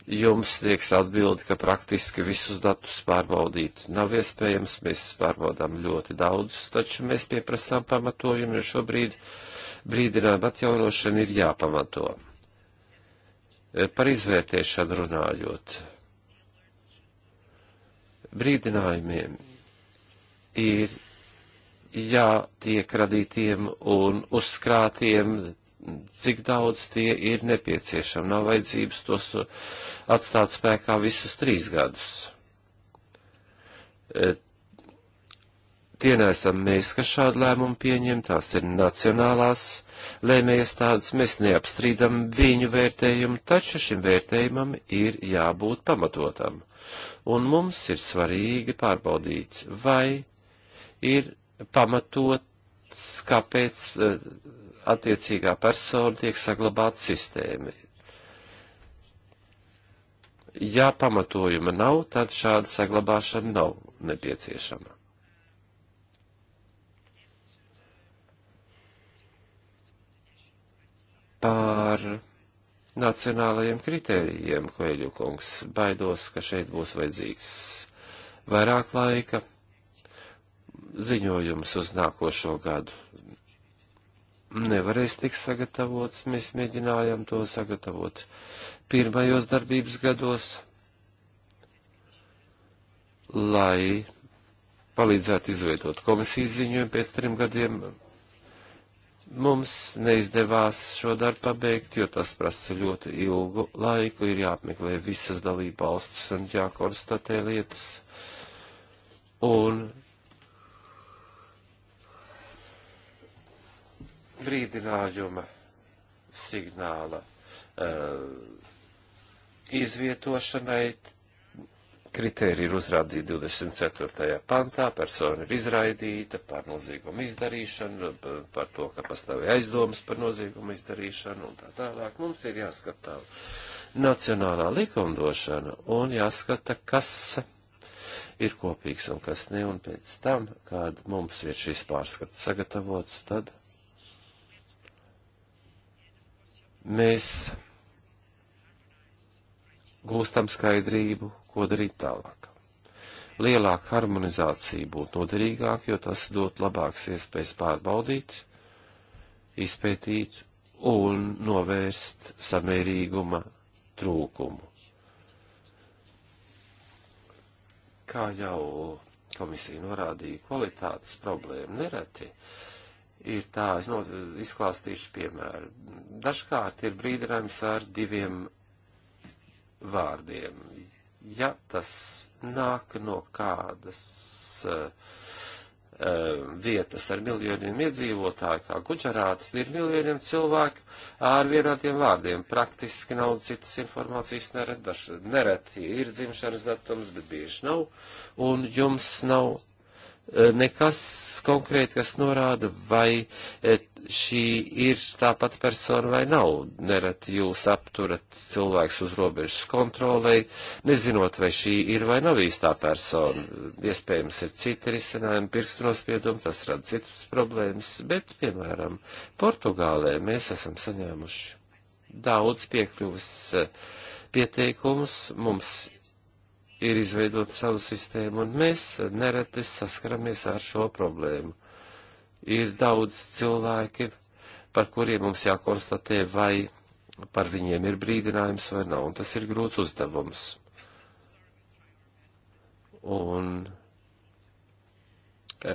jums tieks atbildi, ka praktiski visus datus pārbaudīt nav iespējams, mēs pārbaudām ļoti daudzus, taču mēs pieprasām pamatojumu, jo šobrīd brīdinājuma atjaunošana ir jāpamato. E, par izvērtēšanu runājot. Brīdinājumiem ir jātiek radītiem un uzkrātiem cik daudz tie ir nepieciešami. Nav vajadzības tos atstāt spēkā visus trīs gadus. E, tie nesam mēs, kas šādu lēmumu pieņem, tās ir nacionālās lēmējas tādas, mēs neapstrīdam viņu vērtējumu, taču šim vērtējumam ir jābūt pamatotam. Un mums ir svarīgi pārbaudīt, vai ir pamatots, kāpēc e, attiecīgā persona tiek saglabāta sistēmi. Ja pamatojuma nav, tad šāda saglabāšana nav nepieciešama. Par nacionālajiem kritērijiem, Koeļu kungs, baidos, ka šeit būs vajadzīgs vairāk laika ziņojums uz nākošo gadu nevarēs tikt sagatavots. Mēs mēģinājām to sagatavot pirmajos darbības gados, lai palīdzētu izveidot komisijas ziņojumu pēc trim gadiem. Mums neizdevās šo darbu pabeigt, jo tas prasa ļoti ilgu laiku, ir jāapmeklē visas dalība valstis un jākonstatē lietas. Un brīdinājuma signāla uh, izvietošanai. Kriteriji ir uzrādīti 24. pantā, persona ir izraidīta par nozīgumu izdarīšanu, par to, ka pastāvēja aizdomas par nozīgumu izdarīšanu un tā tālāk. Mums ir jāskatā nacionālā likumdošana un jāskata, kas ir kopīgs un kas ne, un pēc tam, kad mums ir šis pārskats sagatavots, tad mēs gūstam skaidrību, ko darīt tālāk. Lielāka harmonizācija būtu noderīgāka, jo tas dot labāks iespējas pārbaudīt, izpētīt un novērst samērīguma trūkumu. Kā jau komisija norādīja, kvalitātes problēma nereti. Uh, ir tā nu, izklāstīšu piemēru. Dažkārt ir brīdinājums ar diviem vārdiem. Ja tas nāk no kādas uh, vietas ar miljoniem iedzīvotāju, kā Guģerāts, ir miljoniem cilvēku ar vienādiem vārdiem. Praktiski nav citas informācijas, nereti neret, ir dzimšanas datums, bet bieži nav, un jums nav E, nekas konkrēti, kas norāda, vai e, šī ir tā pati persona vai nav. Nereti jūs apturat cilvēks uz robežas kontrolei, nezinot, vai šī ir vai nav īstā persona. Iespējams, ir citi risinājumi, pirkstu nospiedumi, tas rada citas problēmas, bet, piemēram, Portugālē mēs esam saņēmuši daudz piekļuvas e, pieteikumus, mums ir izveidota savu sistēmu, un mēs nereti saskaramies ar šo problēmu. Ir daudz cilvēki, par kuriem mums jākonstatē, vai par viņiem ir brīdinājums vai nav, un tas ir grūts uzdevums. Un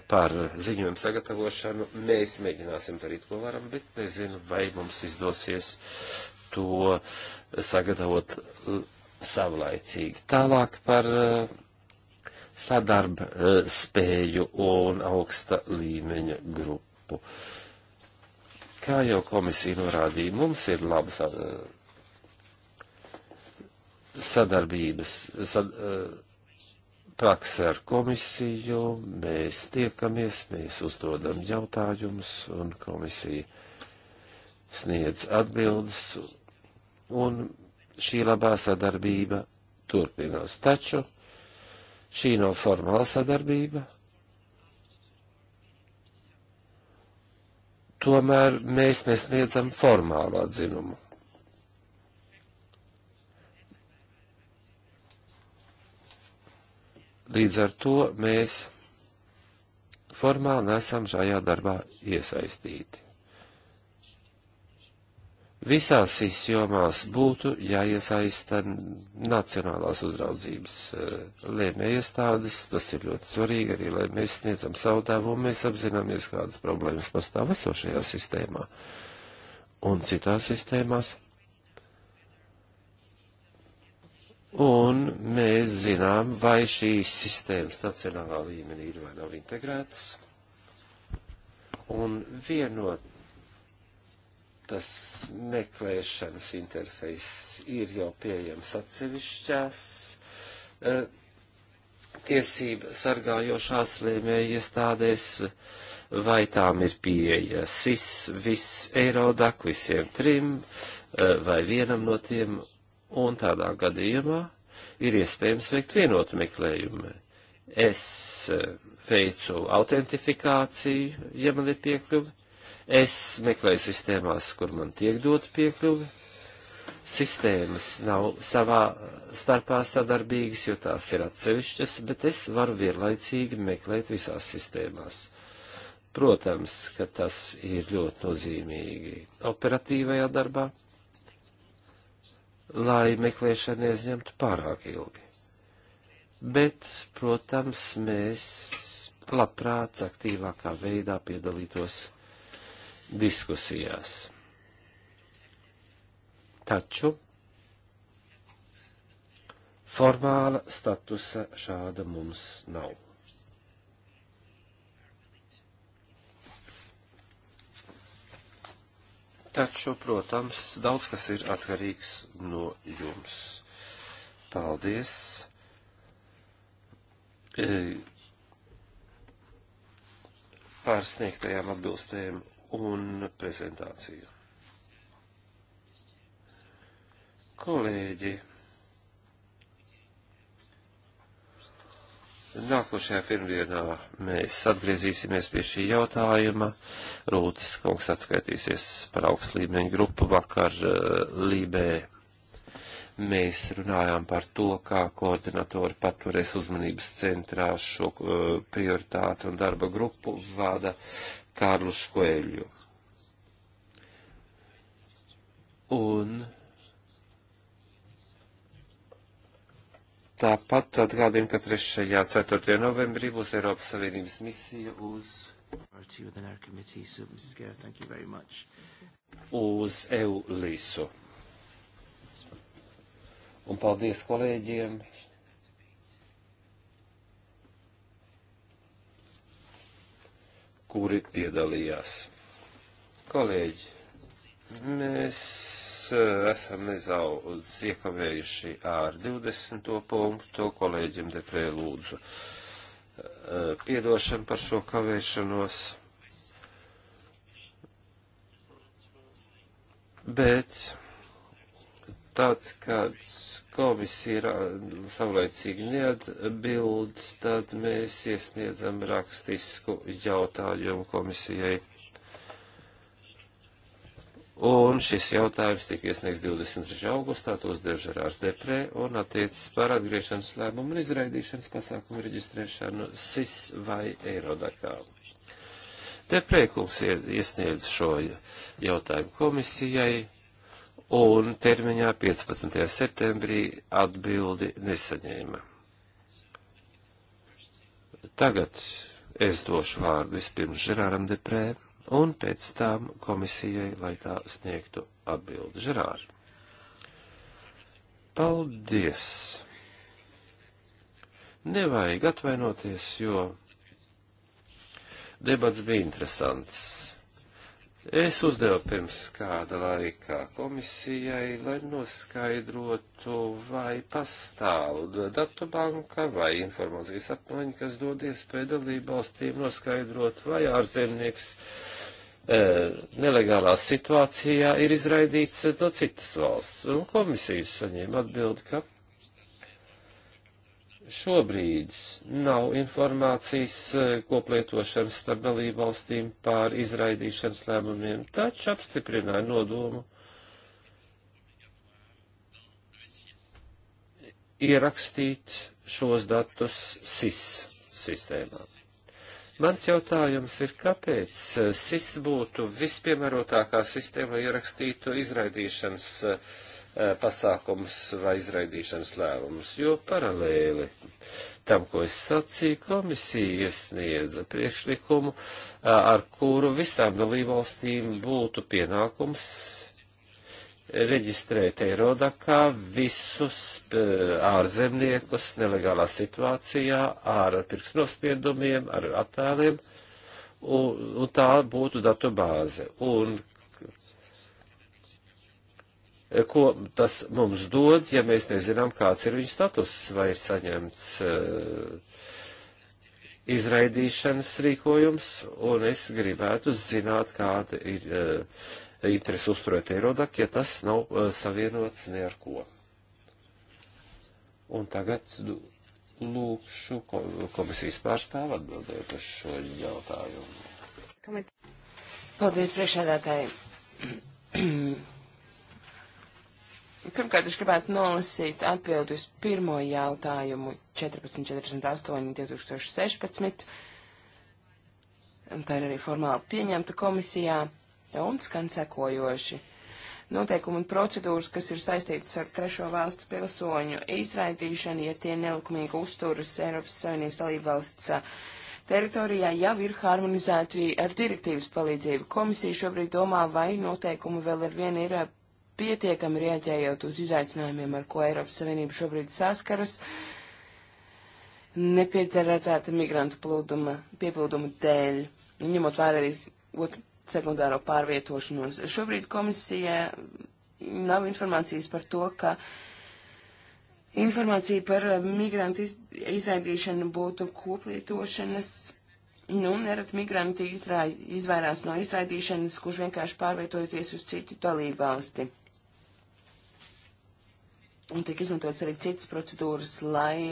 par ziņojumu sagatavošanu mēs mēģināsim darīt, ko varam, bet nezinu, vai mums izdosies to sagatavot savlaicīgi. Tālāk par eh, sadarba eh, spēju un augsta līmeņa grupu. Kā jau komisija norādīja, mums ir labas eh, sadarbības sad, prakse ar komisiju, mēs tiekamies, mēs uzdodam jautājumus un komisija sniedz atbildes. Un šī labā sadarbība turpinās. Taču šī nav formāla sadarbība. Tomēr mēs nesniedzam formālu atzinumu. Līdz ar to mēs formāli nesam šajā darbā iesaistīti visās šīs jomās būtu jāiesaista nacionālās uzraudzības eh, lēmējiestādes. Tas ir ļoti svarīgi arī, lai mēs sniedzam savu devumu, mēs apzināmies, kādas problēmas pastāv esošajā sistēmā un citās sistēmās. Un mēs zinām, vai šīs sistēmas nacionālā līmenī ir vai nav integrētas. Un vienot kartas meklēšanas interfejs ir jau pieejams atsevišķās eh, tiesību sargājošās lēmēju iestādēs, vai tām ir pieeja SIS, vis Eirodak, visiem trim, eh, vai vienam no tiem, un tādā gadījumā ir iespējams veikt vienotu meklējumu. Es eh, veicu autentifikāciju, ja man ir piekļuve, Es meklēju sistēmās, kur man tiek dot piekļuvi. Sistēmas nav savā starpā sadarbīgas, jo tās ir atsevišķas, bet es varu vienlaicīgi meklēt visās sistēmās. Protams, ka tas ir ļoti nozīmīgi operatīvajā darbā, lai meklēšana aizņemtu pārāk ilgi. Bet, protams, mēs labprāt aktīvākā veidā piedalītos diskusijās. Taču formāla statusa šāda mums nav. Taču, protams, daudz kas ir atkarīgs no jums. Paldies! Pārsniegtajām atbilstēm un prezentāciju. Kolēģi, Nākošajā pirmdienā mēs atgriezīsimies pie šī jautājuma. Rūtis kungs atskaitīsies par augstu līmeņu grupu vakar uh, Lībē. Mēs runājām par to, kā koordinatori paturēs uzmanības centrā šo uh, eh, prioritātu un darba grupu vada Kārlušu Koeļu. Un tāpat atgādījumi, ka 3. 4. novembrī būs Eiropas Savienības misija uz uz Eulīsu. Un paldies kolēģiem! kuri piedalījās. Kolēģi, mēs eh, esam nezaudz iekavējuši ar 20. punktu. Kolēģim Deprē lūdzu eh, piedošanu par šo kavēšanos. Bet tad, kad komisija savlaicīgi neatbild, tad mēs iesniedzam rakstisku jautājumu komisijai. Un šis jautājums tika iesniegts 23. augustā, tos dež Žerārs Deprē un attiecas par atgriešanas lēmumu un izraidīšanas pasākumu reģistrēšanu SIS vai Eirodakā. Deprē kungs iesniedz šo jautājumu komisijai un termiņā 15. septembrī atbildi nesaņēma. Tagad es došu vārdu vispirms Žerāram Deprē un pēc tām komisijai, lai tā sniegtu atbildi. Žerāri! Paldies! Nevajag atvainoties, jo debats bija interesants. Es uzdevu pirms kāda laikā komisijai, lai noskaidrotu, vai pastāv datu banka vai informācijas apmaiņa, kas dod iespēju dalību valstīm noskaidrot, vai ārzemnieks e, nelegālā situācijā ir izraidīts no citas valsts. Un komisijas saņēma atbildi, ka šobrīd nav informācijas eh, koplietošanas starp dalību valstīm pār izraidīšanas lēmumiem, taču apstiprināja nodomu ierakstīt šos datus SIS sistēmā. Mans jautājums ir, kāpēc eh, SIS būtu vispiemērotākā sistēma ierakstītu izraidīšanas uh, Eh, pasākumus vai izraidīšanas lēmumus, jo paralēli tam, ko es sacīju, komisija iesniedza priekšlikumu, eh, ar kuru visām dalībvalstīm būtu pienākums reģistrēt Eirodakā visus eh, ārzemniekus nelegālā situācijā ar pirksnospiedumiem, ar attēliem, un, un tā būtu datu bāze. Un ko tas mums dod, ja mēs nezinām, kāds ir viņa status, vai ir saņemts eh, izraidīšanas rīkojums, un es gribētu zināt, kāda ir eh, interesi uzturēt Eirodak, ja tas nav eh, savienots ne ar ko. Un tagad lūkšu komisijas pārstāvu atbildēt uz šo jautājumu. Paldies priekšādātāji. Pirmkārt, es gribētu nolasīt atbildi uz pirmo jautājumu 1448 2016. Un tā ir arī formāli pieņemta komisijā un skan sekojoši. Noteikumi un procedūras, kas ir saistītas ar trešo valstu pilsoņu izraidīšanu, ja tie nelikumīgi uzturas Eiropas Savienības dalību valsts teritorijā, jau ir harmonizēti ar direktīvas palīdzību. Komisija šobrīd domā, vai noteikumi vēl ar vienu ir pietiekami rieķējot uz izaicinājumiem, ar ko Eiropas Savienība šobrīd saskaras, nepiecerētā migrantu plūduma, pieplūduma dēļ, ņemot vērā arī sekundāro pārvietošanos. Šobrīd komisija nav informācijas par to, ka informācija par migrantu izraidīšanu būtu koplietošanas Nu, nerad migranti izrā, izvairās no izraidīšanas, kurš vienkārši pārvietojoties uz citu dalībvalsti. Un tiek izmantots arī citas procedūras, lai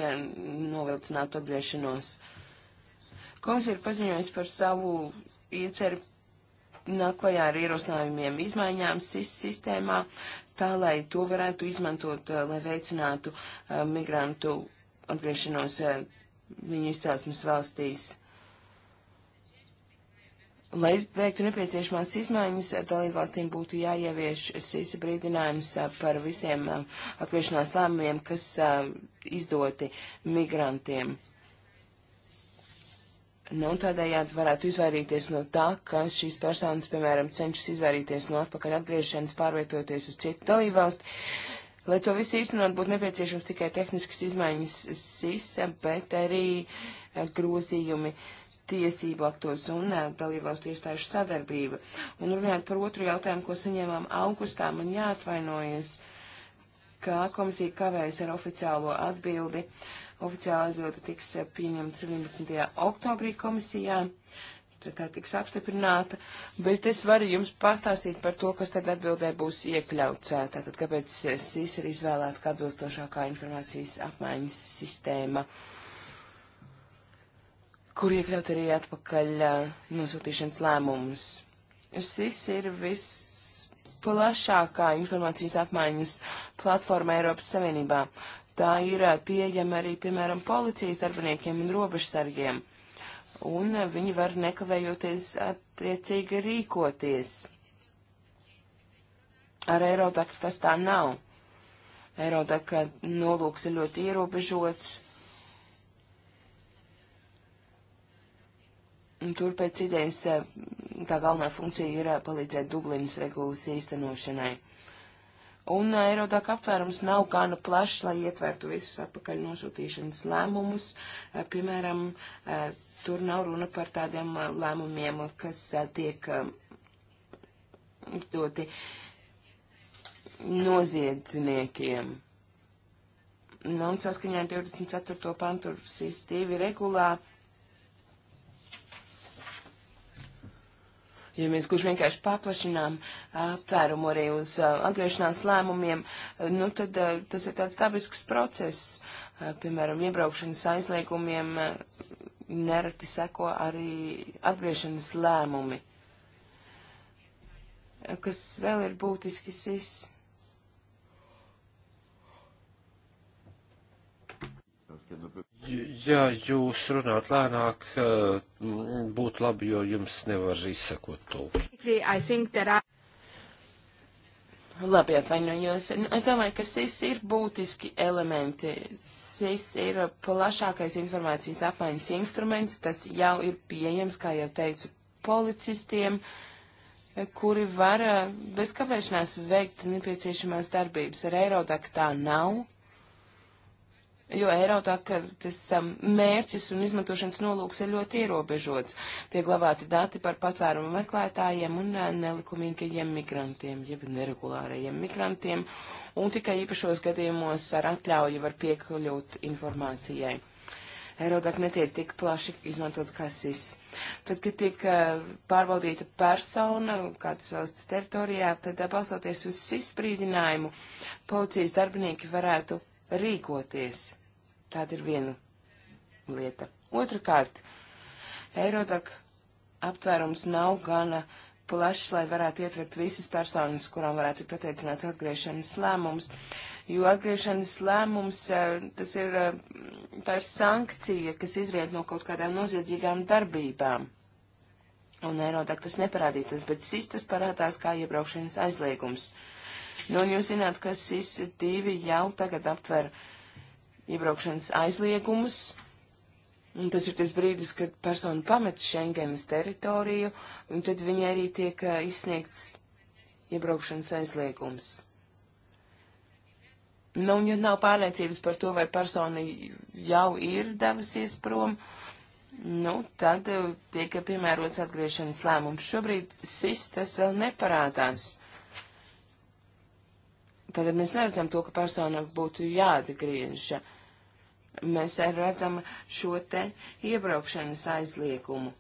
novilcinātu atgriešanos. Komisija ir paziņojusi par savu ieceru naklajā ar ierosinājumiem izmaiņām SIS sistēmā, tā lai to varētu izmantot, eh, lai veicinātu uh, migrantu atgriešanos uh, viņu izcelsmes valstīs. Lai veiktu nepieciešamās izmaiņas, dalībvalstīm būtu jāievieš sīsa brīdinājums par visiem atgriešanās lēmumiem, kas izdoti migrantiem. Nu, tādējādi varētu izvairīties no tā, ka šīs personas, piemēram, cenšas izvairīties no atpakaļ atgriešanas, pārvietoties uz citu dalībvalstu. Lai to visu īstenot, būtu nepieciešams tikai tehniskas izmaiņas SIS, bet arī grozījumi uh, tiesību aktos un eh, dalībvalstu iestāžu sadarbība. Un runājot par otru jautājumu, ko saņēmām augustā, man jāatvainojas, ka komisija kavējas ar oficiālo atbildi. Oficiāla atbilde tiks eh, pieņemta 17. oktobrī komisijā, tad tā tiks apstiprināta, bet es varu jums pastāstīt par to, kas tad atbildē būs iekļauts, eh, tātad kāpēc SIS ir izvēlēta kā atbilstošākā informācijas apmaiņas sistēma. Uh, kur iekļaut arī atpakaļ nosūtīšanas lēmumus. SIS ir visplašākā informācijas apmaiņas platforma Eiropas Savienībā. Tā ir pieejama arī, piemēram, policijas darbiniekiem un robežsargiem, un viņi var nekavējoties attiecīgi rīkoties. Ar Eirodaku tas tā nav. Eirotaka nolūks ir ļoti ierobežots Tur pēc idejas eh, tā galvenā funkcija ir eh, palīdzēt Dublinas regulas īstenošanai. Un eh, Eirodak apvērums nav gana plašs, lai ietvertu visus atpakaļ nosūtīšanas lēmumus. Piemēram, tur nav runa par tādiem lēmumiem, kas tiek izdoti noziedzniekiem. Nu, un saskaņā 24. pantu SIS2 regulā Ja mēs gluži vienkārši paplašinām aptvērumu arī uz atgriešanās lēmumiem, nu tad tas ir tāds dabisks process. Piemēram, iebraukšanas aizliegumiem nereti seko arī atgriešanas lēmumi. Kas vēl ir būtiski sis? Parce qu'elle ne peut ja jūs runāt lēnāk, eh, būtu labi, jo jums nevar izsekot tulku. Labi, atvainojos. Nu, es domāju, ka SIS ir būtiski elementi. SIS ir plašākais informācijas apmaiņas instruments, tas jau ir pieejams, kā jau teicu, policistiem, kuri var eh, bez kavēšanās veikt nepieciešamās darbības. Ar Eirodak tā nav jo Eirotāk tas um, mērķis un izmantošanas nolūks ir ļoti ierobežots. Tiek glabāti dati par patvērumu meklētājiem un uh, nelikumīgajiem migrantiem, jeb neregulārajiem migrantiem, un tikai īpašos gadījumos ar atļauju var piekļūt informācijai. Eirodak netiek tik plaši izmantots kā SIS. Tad, kad tiek uh, pārbaudīta persona kādas valsts teritorijā, tad uh, balsoties uz SIS brīdinājumu, policijas darbinieki varētu rīkoties. Tāda ir viena lieta. Otrakārt, Eirodak aptvērums nav gana plašs, lai varētu ietvert visas personas, kurām varētu pateicināt atgriešanas lēmums, jo atgriešanas lēmums, eh, tas ir, eh, tā ir sankcija, kas izriet no kaut kādām noziedzīgām darbībām. Un Eirodak tas neparādītas, bet SIS tas parādās kā iebraukšanas aizliegums. Nu, un jūs zināt, ka SIS divi jau tagad aptver uh, iebraukšanas aizliegumus. Un tas ir tas brīdis, kad persona pamet Schengenas teritoriju, un tad viņai arī tiek izsniegts iebraukšanas aizliegums. Nu, un ja nav pārliecības par to, vai persona jau ir devusies prom, nu, tad tiek piemērots atgriešanas lēmums. Šobrīd SIS tas vēl neparādās. Tātad mēs neredzam to, ka persona būtu jāatgriežas mēs redzam šo te iebraukšanas aizliegumu,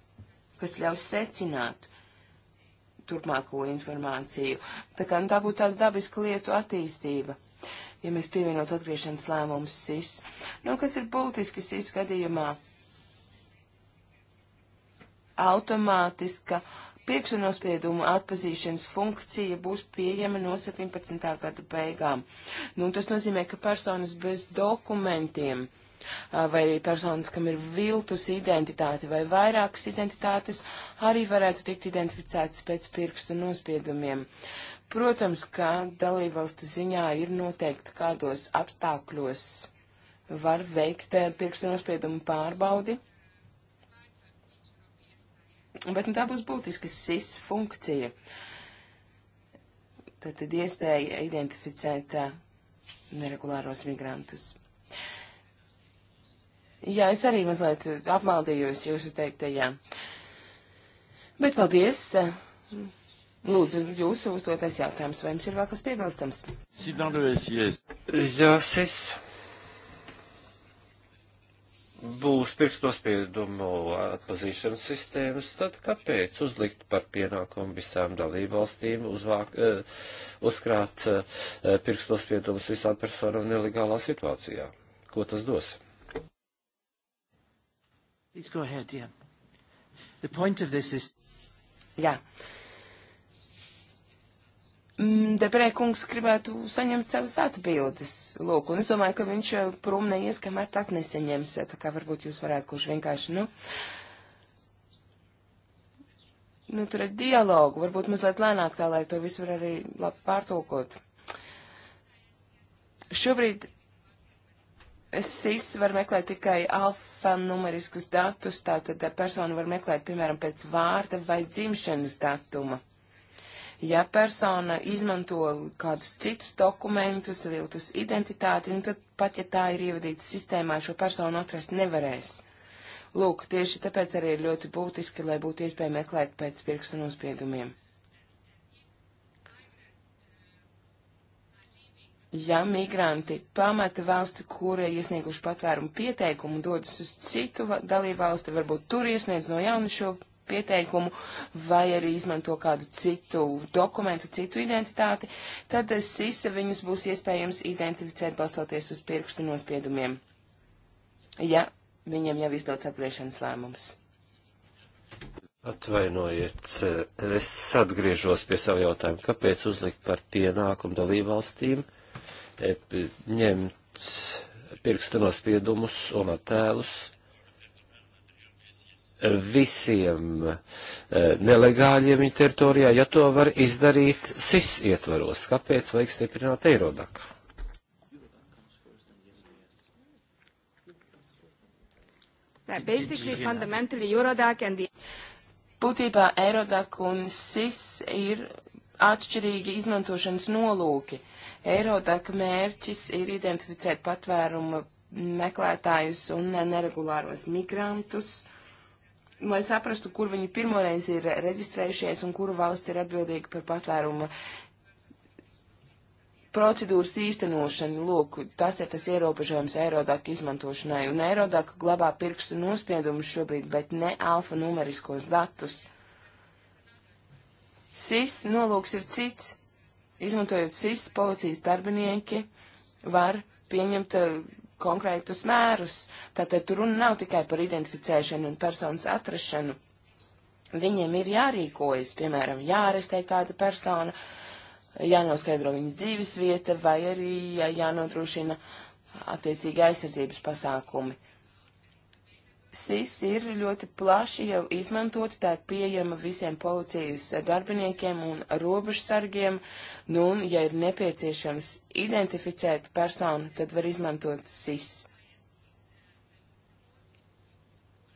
kas ļaus secināt turpmāko informāciju. Tā kā nu, tā būtu tāda dabiska lietu attīstība. Ja mēs pievienot atgriešanas lēmumus SIS, nu kas ir būtiski SIS gadījumā? Automātiska uh, Priekšanospiedumu atpazīšanas funkcija būs pieejama no 17. gada beigām. Nu, tas nozīmē, ka personas bez dokumentiem vai arī personas, kam ir viltus identitāte vai vairākas identitātes, arī varētu tikt identificētas pēc pirkstu nospiedumiem. Protams, ka dalībvalstu ziņā ir noteikti kādos apstākļos var veikt pirkstu nospiedumu pārbaudi Bet nu, tā būs būtiski SIS funkcija. Tad, tad iespēja identificēt uh, neregulāros migrantus. Jā, es arī mazliet apmaldījos jūsu teiktajā. Bet paldies. Uh, Lūdzu, jūsu uzdotais jautājums, vai jums ir vēl kas piebilstams? Jā, SIS būs pirkstospiedumu atpazīšanas sistēmas, tad kāpēc uzlikt par pienākumu visām dalībvalstīm uzvāk, eh, uzkrāt eh, pirkstospiedumus visām personām nelegālā situācijā? Ko tas dos? Ahead, yeah. is... Jā, Mm, Debrē kungs gribētu saņemt savas atbildes, lūk, un es domāju, ka viņš eh, prom neies, kamēr tas neseņems, tā kā varbūt jūs varētu kurš vienkārši, nu, nu, tur ir dialogu, varbūt mazliet lēnāk tā, lai to visu var arī labi pārtulkot. Šobrīd SIS var meklēt tikai alfanumeriskus datus, tātad eh, persona var meklēt, piemēram, pēc vārda vai dzimšanas datuma. Ja persona izmanto kādus citus dokumentus, viltus identitāti, nu tad pat, ja tā ir ievadīta sistēmā, šo personu atrast nevarēs. Lūk, tieši tāpēc arī ir ļoti būtiski, lai būtu iespēja meklēt pēc pirkstu nospiedumiem. Ja migranti pamata valsti, kura iesnieguši patvērumu pieteikumu, dodas uz citu dalībvalsti, varbūt tur iesniedz no jauna šo pieteikumu vai arī izmanto kādu citu dokumentu, citu identitāti, tad SISA viņus būs iespējams identificēt balstoties uz pirkstu nospiedumiem, ja viņiem jau izdots atgriešanas lēmums. Atvainojiet, es atgriežos pie savu jautājumu, kāpēc uzlikt par pienākumu dalībvalstīm eh, ņemt pirksta nospiedumus un attēlus visiem eh, nelegāļiem viņa teritorijā, ja to var izdarīt SIS ietvaros. Kāpēc vajag stiprināt Eirodaku? Būtībā Eirodak un SIS ir atšķirīgi izmantošanas nolūki. Eirodak mērķis ir identificēt patvērumu meklētājus un neregulāros migrantus. Uh, lai saprastu, kur viņi pirmoreiz ir reģistrējušies un kuru valsts ir atbildīga par patvēruma procedūras īstenošanu. Lūk, tas ir tas ierobežojums Eirodak izmantošanai, un Eirodak glabā pirkstu nospiedumus šobrīd, bet ne alfanumeriskos datus. SIS nolūks ir cits. Izmantojot SIS, policijas darbinieki var pieņemt konkrētus mērus. Tātad tur runa nav tikai par identificēšanu un personas atrašanu. Viņiem ir jārīkojas, piemēram, jārestē kāda persona, jānoskaidro viņas dzīves vieta vai arī jānodrošina attiecīgi aizsardzības pasākumi. SIS ir ļoti plaši jau izmantota, tā ir pieejama visiem policijas darbiniekiem un robežsargiem, nu un, ja ir nepieciešams identificēt personu, tad var izmantot SIS.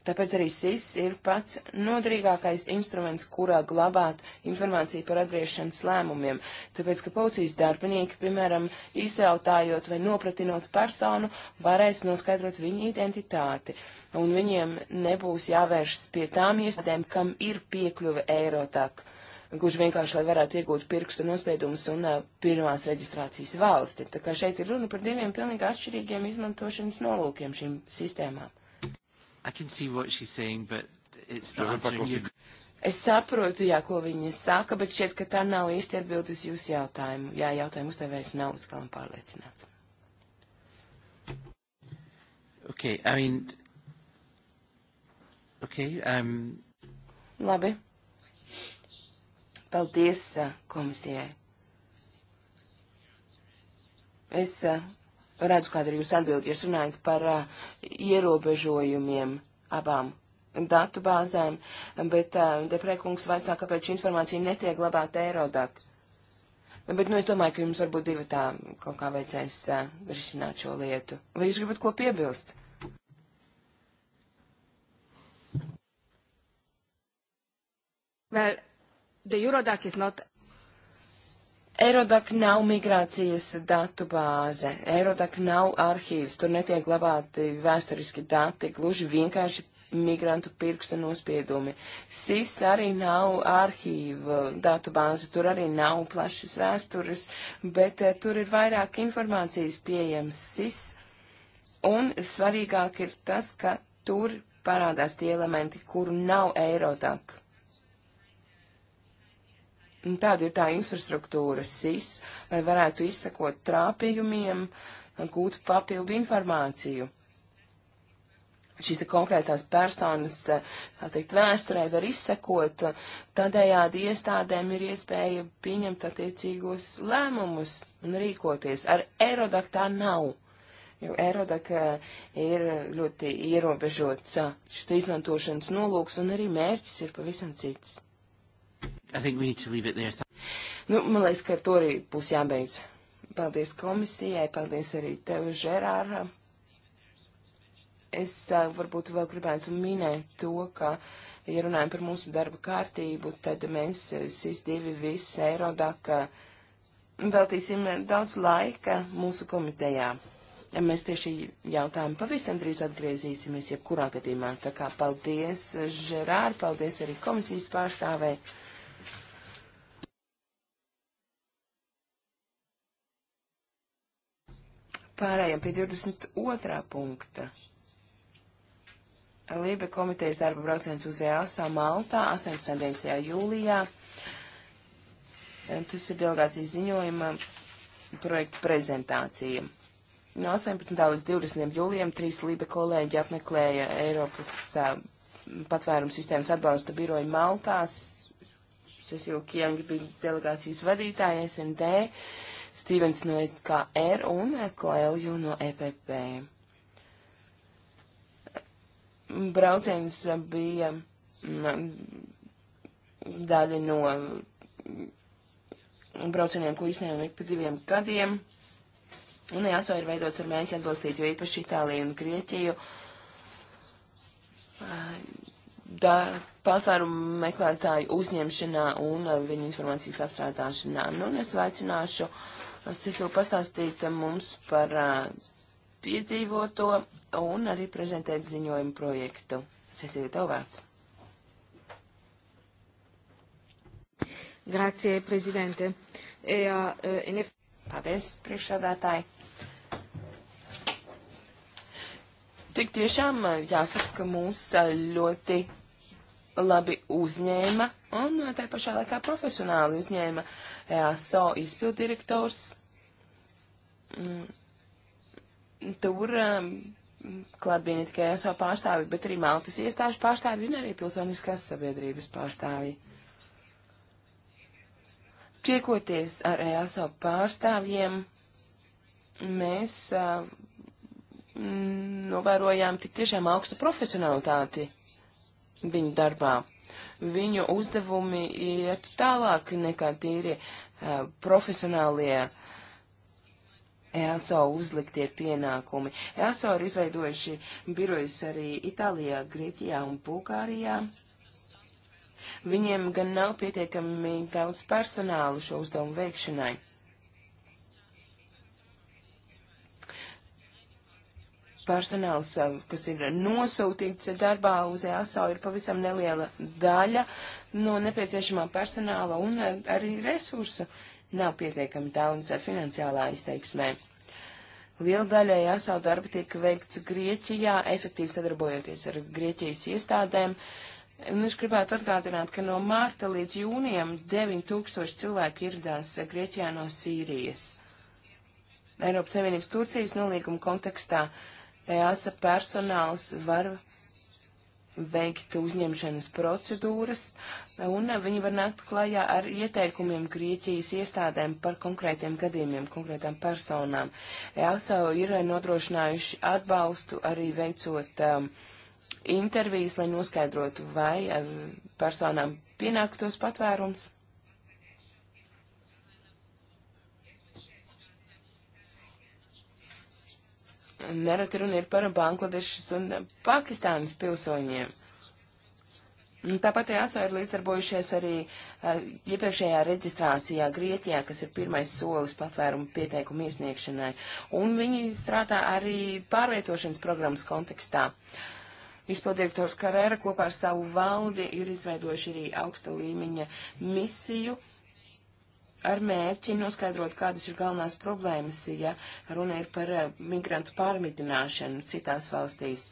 Tāpēc arī SIS ir pats nodrīgākais instruments, kurā glabāt informāciju par atgriešanas lēmumiem, tāpēc, ka policijas darbinieki, piemēram, izsautājot vai nopratinot personu, varēs noskaidrot viņu identitāti, un viņiem nebūs jāvēršas pie tām iestādēm, kam ir piekļuve Eirotāk, gluži vienkārši, lai varētu iegūt pirkstu nospiedumus un uh, pirmās reģistrācijas valsti. Tā kā šeit ir runa par diviem pilnīgi atšķirīgiem izmantošanas nolūkiem šīm sistēmām. I can see what she's saying, but it's not answering you. Es saprotu, jā, ko viņi saka, bet šķiet, ka tā nav īsti atbild uz jūsu jautājumu. Jā, jautājumu uzdevējs nav līdz galam pārliecināts. Okay, I mean, okay, um... Labi. Paldies uh, komisijai. Es uh, redzu, kāda ir jūsu atbildi, jūs runājat par uh, ierobežojumiem abām datu bāzēm, bet uh, deprēkungs vaicā, kāpēc šī informācija netiek labāta Eirodak. Bet, nu, es domāju, ka jums varbūt divi tā kaut kā veicēs uh, risināt šo lietu. Vai jūs gribat ko piebilst? Well, the Eurodac is not Eirodak nav migrācijas datu bāze, Eirodak nav arhīvs, tur netiek glabāti vēsturiski dati, gluži vienkārši migrantu pirksta nospiedumi. SIS arī nav arhīva datu bāze, tur arī nav plašas vēstures, bet eh, tur ir vairāk informācijas pieejams SIS, un svarīgāk ir tas, ka tur parādās tie elementi, kuru nav Eirodak. Tāda ir tā infrastruktūra SIS, lai varētu izsakot trāpījumiem, gūt papildu informāciju. Šīs konkrētās personas, tā teikt, vēsturē var izsekot, tādējādi iestādēm ir iespēja pieņemt attiecīgos lēmumus un rīkoties. Ar Eirodak tā nav, jo Eirodak eh, ir ļoti ierobežots eh, šis izmantošanas nolūks un arī mērķis ir pavisam cits. Nu, man liekas, ka ar to arī būs jābeidz. Paldies komisijai, paldies arī tev, Žerāra. Es uh, varbūt vēl gribētu minēt to, ka, ja runājam par mūsu darba kārtību, tad mēs SIS-2 viss Eirodaka veltīsim daudz laika mūsu komitejā. Ja mēs pie šī jautājuma pavisam drīz atgriezīsimies, jebkurā gadījumā. Tā kā paldies, Žerār, paldies arī komisijas pārstāvei. Pārējām pie 22. punkta. Lībe komitejas darba brauciens uz EASA Maltā 18. jūlijā. Tas ir delegācijas ziņojuma projekta prezentācija. No 18. līdz 20. jūlijam trīs Lībe kolēģi apmeklēja Eiropas uh, patvērums sistēmas atbalsta biroju Maltās. Cecil Kiengi bija delegācijas vadītāja SND. Uh, Stevens no EKR un Koelju no EPP. Brauciens bija mm, daļa no braucieniem, ko īstenojam ik pa diviem gadiem. Un jāso ir veidots ar mēģi atbalstīt, jo īpaši Itāliju un Grieķiju. Da, patvērumu meklētāju uzņemšanā un viņu informācijas apstrādāšanā. Nu, un es veicināšu uh, Sisu pastāstīt mums par piedzīvoto un arī prezentēt ziņojumu projektu. Sesija, tev vārds. Grazie, prezidente. E, uh, e, Paldies, priekšādātāji. Tik tiešām jāsaka, ka mūs ļoti labi uzņēma un tā pašā laikā profesionāli uzņēma EASO izpildirektors. Mm, tur um, klātbīni tikai ESO pārstāvi, bet arī Maltas iestāžu pārstāvi un arī pilsoniskās sabiedrības pārstāvi. Tiekoties ar ESO pārstāvjiem, mēs uh, mm, novērojām tik tiešām augstu profesionalitāti viņu darbā. Viņu uzdevumi iet tālāk nekā tīri uh, profesionālie ESO uzliktie pienākumi. ESO ir izveidojuši birojas arī Itālijā, Grieķijā un Bulgārijā. Viņiem gan nav pietiekami daudz personālu šo uzdevumu veikšanai. personāls, eh, kas ir nosūtīts darbā uz EASO, ir pavisam neliela daļa no nepieciešamā personāla un eh, arī resursu nav pietiekami daudz finansiālā izteiksmē. Liela daļa EASO darba tiek veikts Grieķijā, efektīvi sadarbojoties ar Grieķijas iestādēm. Un es gribētu atgādināt, ka no mārta līdz jūnijam 9000 cilvēku ieradās Grieķijā no Sīrijas. Eiropas Savienības Turcijas nolīguma kontekstā uh, EASA personāls var veikt uzņemšanas procedūras, un viņi var nākt klajā ar ieteikumiem Grieķijas iestādēm par konkrētiem gadījumiem, konkrētām personām. EASA ir nodrošinājuši atbalstu arī veicot um, intervijas, lai noskaidrotu, vai um, personām pienāktos patvērums. nereti runa ir par Bangladešas un Pakistānas pilsoņiem. Tāpat ASO ir līdzdarbojušies arī uh, iepriekšējā reģistrācijā Grieķijā, kas ir pirmais solis patvērumu pieteikumu iesniegšanai, un viņi strādā arī pārvietošanas programmas kontekstā. Izpildirektors Karēra kopā ar savu valdi ir izveidojuši arī augsta līmeņa misiju ar mērķi noskaidrot, kādas ir galvenās problēmas, ja runa ir par eh, migrantu pārmidināšanu citās valstīs.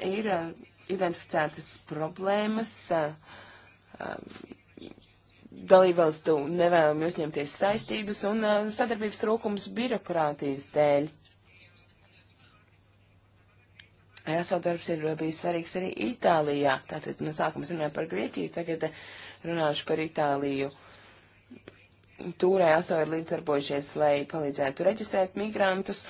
Ir eh, identificētas problēmas, eh, dalībvalstu nevēlami uzņemties saistības un sadarbības trūkums birokrātijas dēļ. ESO darbs ir bijis svarīgs arī Itālijā. Tātad no nu, sākuma runāju par Grieķiju, tagad runāšu par Itāliju. Uh, Tūrē esot līdzdarbojušies, lai palīdzētu reģistrēt migrantus,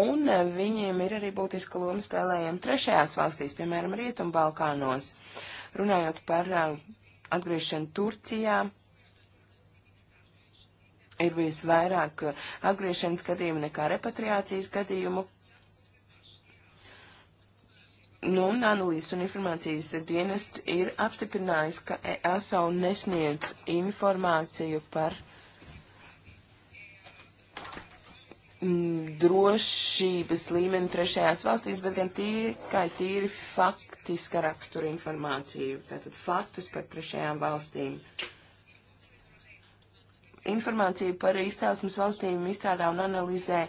un eh, viņiem ir arī būtiska loma spēlējama trešajās valstīs, piemēram, Rietumbalkānos. Runājot par eh, atgriešanu Turcijā, ir bijis vairāk eh, atgriešanas gadījumu nekā repatriācijas gadījumu. Nu, un analīzes un informācijas dienests ir apstiprinājis, ka ESO nesniedz informāciju par Mm, drošības līmeni trešajās valstīs, bet gan tikai tīri faktiska rakstura informāciju, tātad faktus par trešajām valstīm. Informāciju par izcelsmes valstīm izstrādā un analizē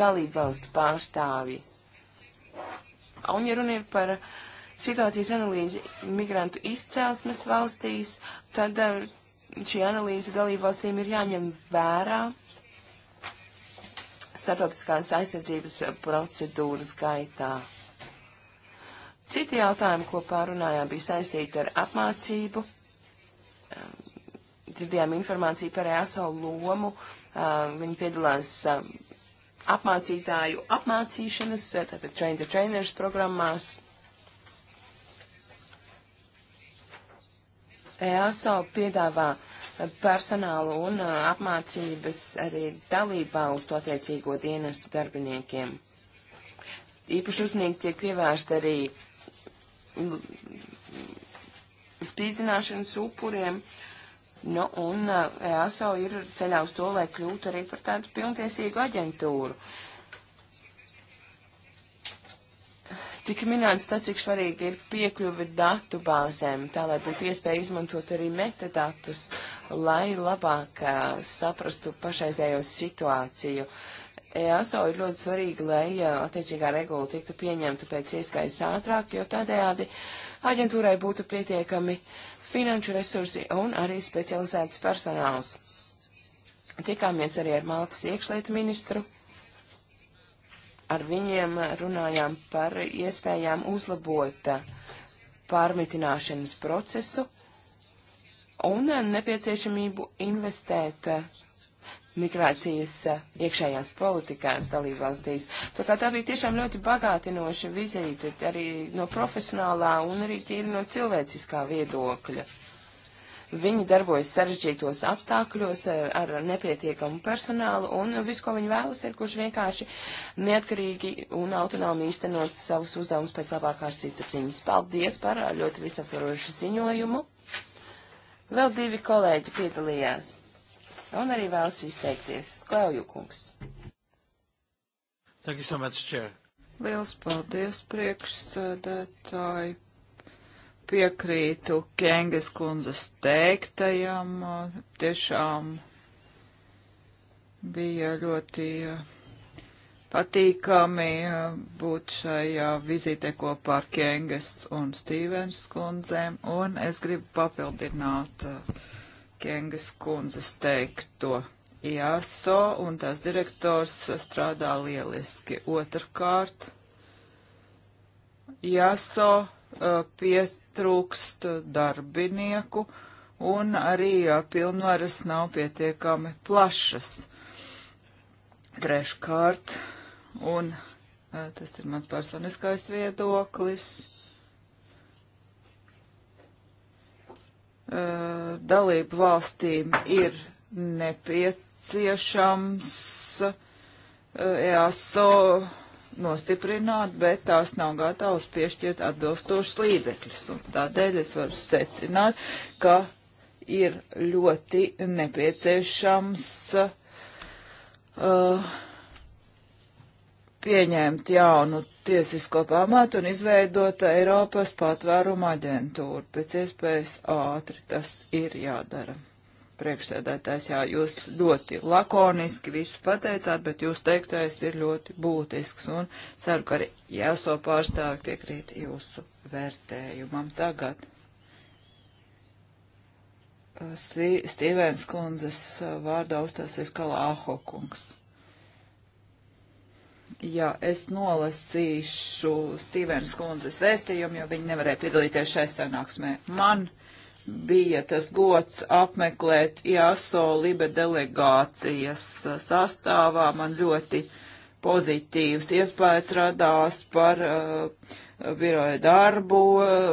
dalību valstu pārstāvji. Un ja runa ir par situācijas analīzi migrantu izcelsmes valstīs, tad eh, šī analīze dalību valstīm ir jāņem vērā starptautiskās aizsardzības procedūras gaitā. Citi jautājumi, ko pārunājām, bija saistīti ar apmācību. Dzirdējām informāciju par ESO lomu. Viņi piedalās apmācītāju apmācīšanas, tātad train the trainers programmās. EASO piedāvā uh, personālu un uh, apmācības arī dalībā uz to attiecīgo dienestu darbiniekiem. Īpaši uzmanīgi tiek pievērsta arī spīdzināšanas upuriem. Nu, un uh, EASO ir ceļā uz to, lai kļūtu arī par tādu pilntiesīgu aģentūru. Tika minēts tas, cik svarīgi ir piekļuvi datu bāzēm, tā lai būtu iespēja izmantot arī metadatus. Uh, lai labāk uh, saprastu pašreizējo situāciju. EASO ir ļoti svarīgi, lai uh, attiecīgā regula tiktu pieņemta pēc iespējas ātrāk, jo tādējādi aģentūrai būtu pietiekami finanšu resursi un arī specializēts personāls. Tikāmies arī ar Maltas iekšlietu ministru ar viņiem runājām par iespējām uzlabot pārmitināšanas procesu un nepieciešamību investēt migrācijas iekšējās politikās dalībvalstīs. Tā kā tā bija tiešām ļoti bagātinoša vizīte arī no profesionālā un arī tīri no cilvēciskā viedokļa. Viņi darbojas sarežģītos apstākļos ar, ar nepietiekamu personālu, un viss, ko viņi vēlas, ir kurš vienkārši neatkarīgi un autonomi īstenot savus uzdevumus pēc labākās sirdsapziņas. Paldies par ļoti visaptvarošu ziņojumu! Vēl divi kolēģi piedalījās un arī vēlas izteikties. Klauju kungs. Thank you so much, Chair. Liels paldies, priekšsēdētāji. Piekrītu Kengas kundzes teiktajam. Tiešām bija ļoti. Uh, patīkami eh, būt šajā eh, vizītē kopā ar Kenges un Stīvens kundzēm, un es gribu papildināt eh, Kenges kundzes teikto. IASO un tās direktors strādā lieliski. Otrkārt, IASO pietrūkst darbinieku un arī pilnvaras nav pietiekami plašas. Treškārt, un tas ir mans personiskais viedoklis. Dalību valstīm ir nepieciešams EASO nostiprināt, bet tās nav gatavas piešķirt atbilstošus līdzekļus. Un tādēļ es varu secināt, ka ir ļoti nepieciešams uh, pieņemt jaunu tiesisko pamatu un izveidot Eiropas patvērumu aģentūru. Pēc iespējas ātri tas ir jādara. Priekšsēdētājs, jā, jūs ļoti lakoniski visu pateicāt, bet jūs teiktais ir ļoti būtisks un ceru, ka arī jāso pārstāvi piekrīt jūsu vērtējumam tagad. Uh, Stīvens kundzes uh, vārdā uzstāsies Kalāho kungs ja es nolasīšu Stīvenas kundzes vēstījumu, jo viņi nevarēja piedalīties šai sanāksmē. Man bija tas gods apmeklēt IASO Libe delegācijas sastāvā. Man ļoti pozitīvs iespējas radās par uh, biroja darbu, uh,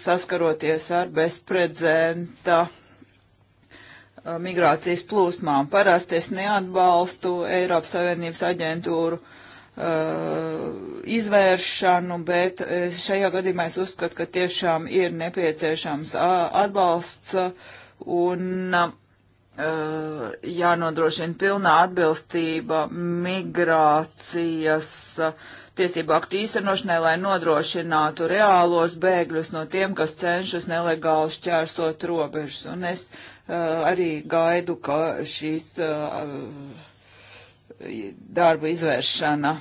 saskaroties ar bezpredzenta uh, migrācijas plūsmām. Parasti es neatbalstu Eiropas Savienības aģentūru uh, Uh, izvēršanu, bet eh, šajā gadījumā es uzskatu, ka tiešām ir nepieciešams uh, atbalsts uh, un jānodrošina pilnā atbilstība migrācijas tiesību aktu īstenošanai, lai nodrošinātu reālos bēgļus no tiem, kas cenšas nelegāli šķērsot robežas. Un es arī gaidu, ka šīs darba izvēršana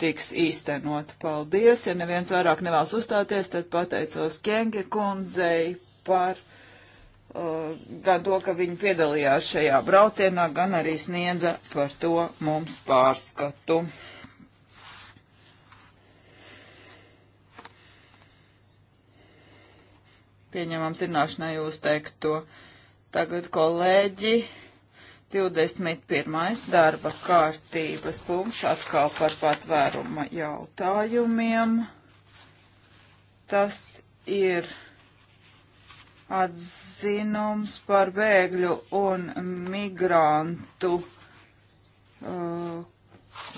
tiks īstenot. Paldies! Ja neviens vairāk nevēlas uzstāties, tad pateicos Kengi kundzei par uh, gan to, ka viņi piedalījās šajā braucienā, gan arī sniedza par to mums pārskatu. Pieņemam zināšanai jūs teikto. Tagad kolēģi 21. darba kārtības punkts atkal par patvēruma jautājumiem. Tas ir atzinums par bēgļu un migrantu uh,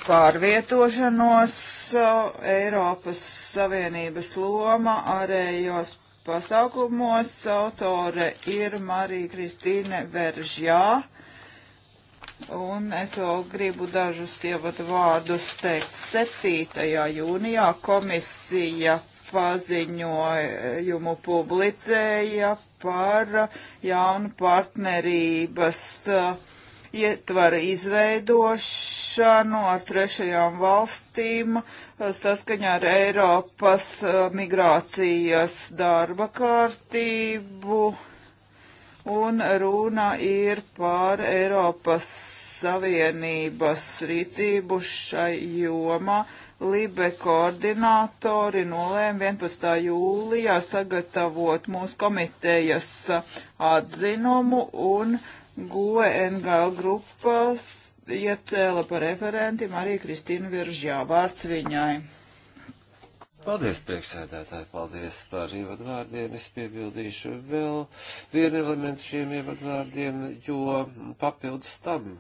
pārvietošanos uh, Eiropas Savienības loma arējos pasākumos. Autore ir Marija Kristīne Veržjā Un es vēl gribu dažus ievadu vārdus teikt. 7. jūnijā komisija paziņojumu publicēja par jaunu partnerības uh, ietvaru izveidošanu ar trešajām valstīm uh, saskaņā ar Eiropas uh, migrācijas darba kārtību. Un runa ir par Eiropas Savienības rīcību šai jomā. Libe koordinātori nolēma 11. jūlijā sagatavot mūsu komitejas atzinumu un GOE NGL grupas iecēla par referenti Mariju Kristīnu Viržjā. Vārds viņai. Paldies, priekšsēdētāji, paldies par ievadvārdiem. Es piebildīšu vēl vienu elementu šiem ievadvārdiem, jo papildus tam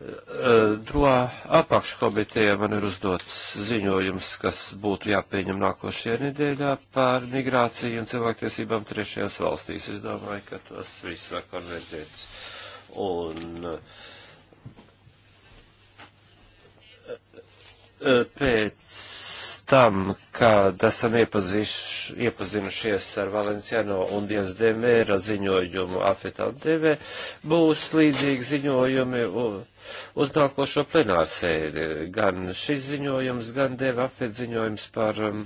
Eh, Droā apakškomiteja man ir uzdots ziņojums, kas būtu jāpieņem nākošajā nedēļā par migrāciju un cilvēktiesībām trešajās valstīs. Es domāju, ka tas viss var konverģēt. Un eh, eh, pēc tam, kad esam iepaziš, iepazinušies ar Valenciano un Dias Demēra ziņojumu Afetā Deve, būs līdzīgi ziņojumi uz nākošo plenārsēdi. Gan šis ziņojums, gan Deva Afet ziņojums par um,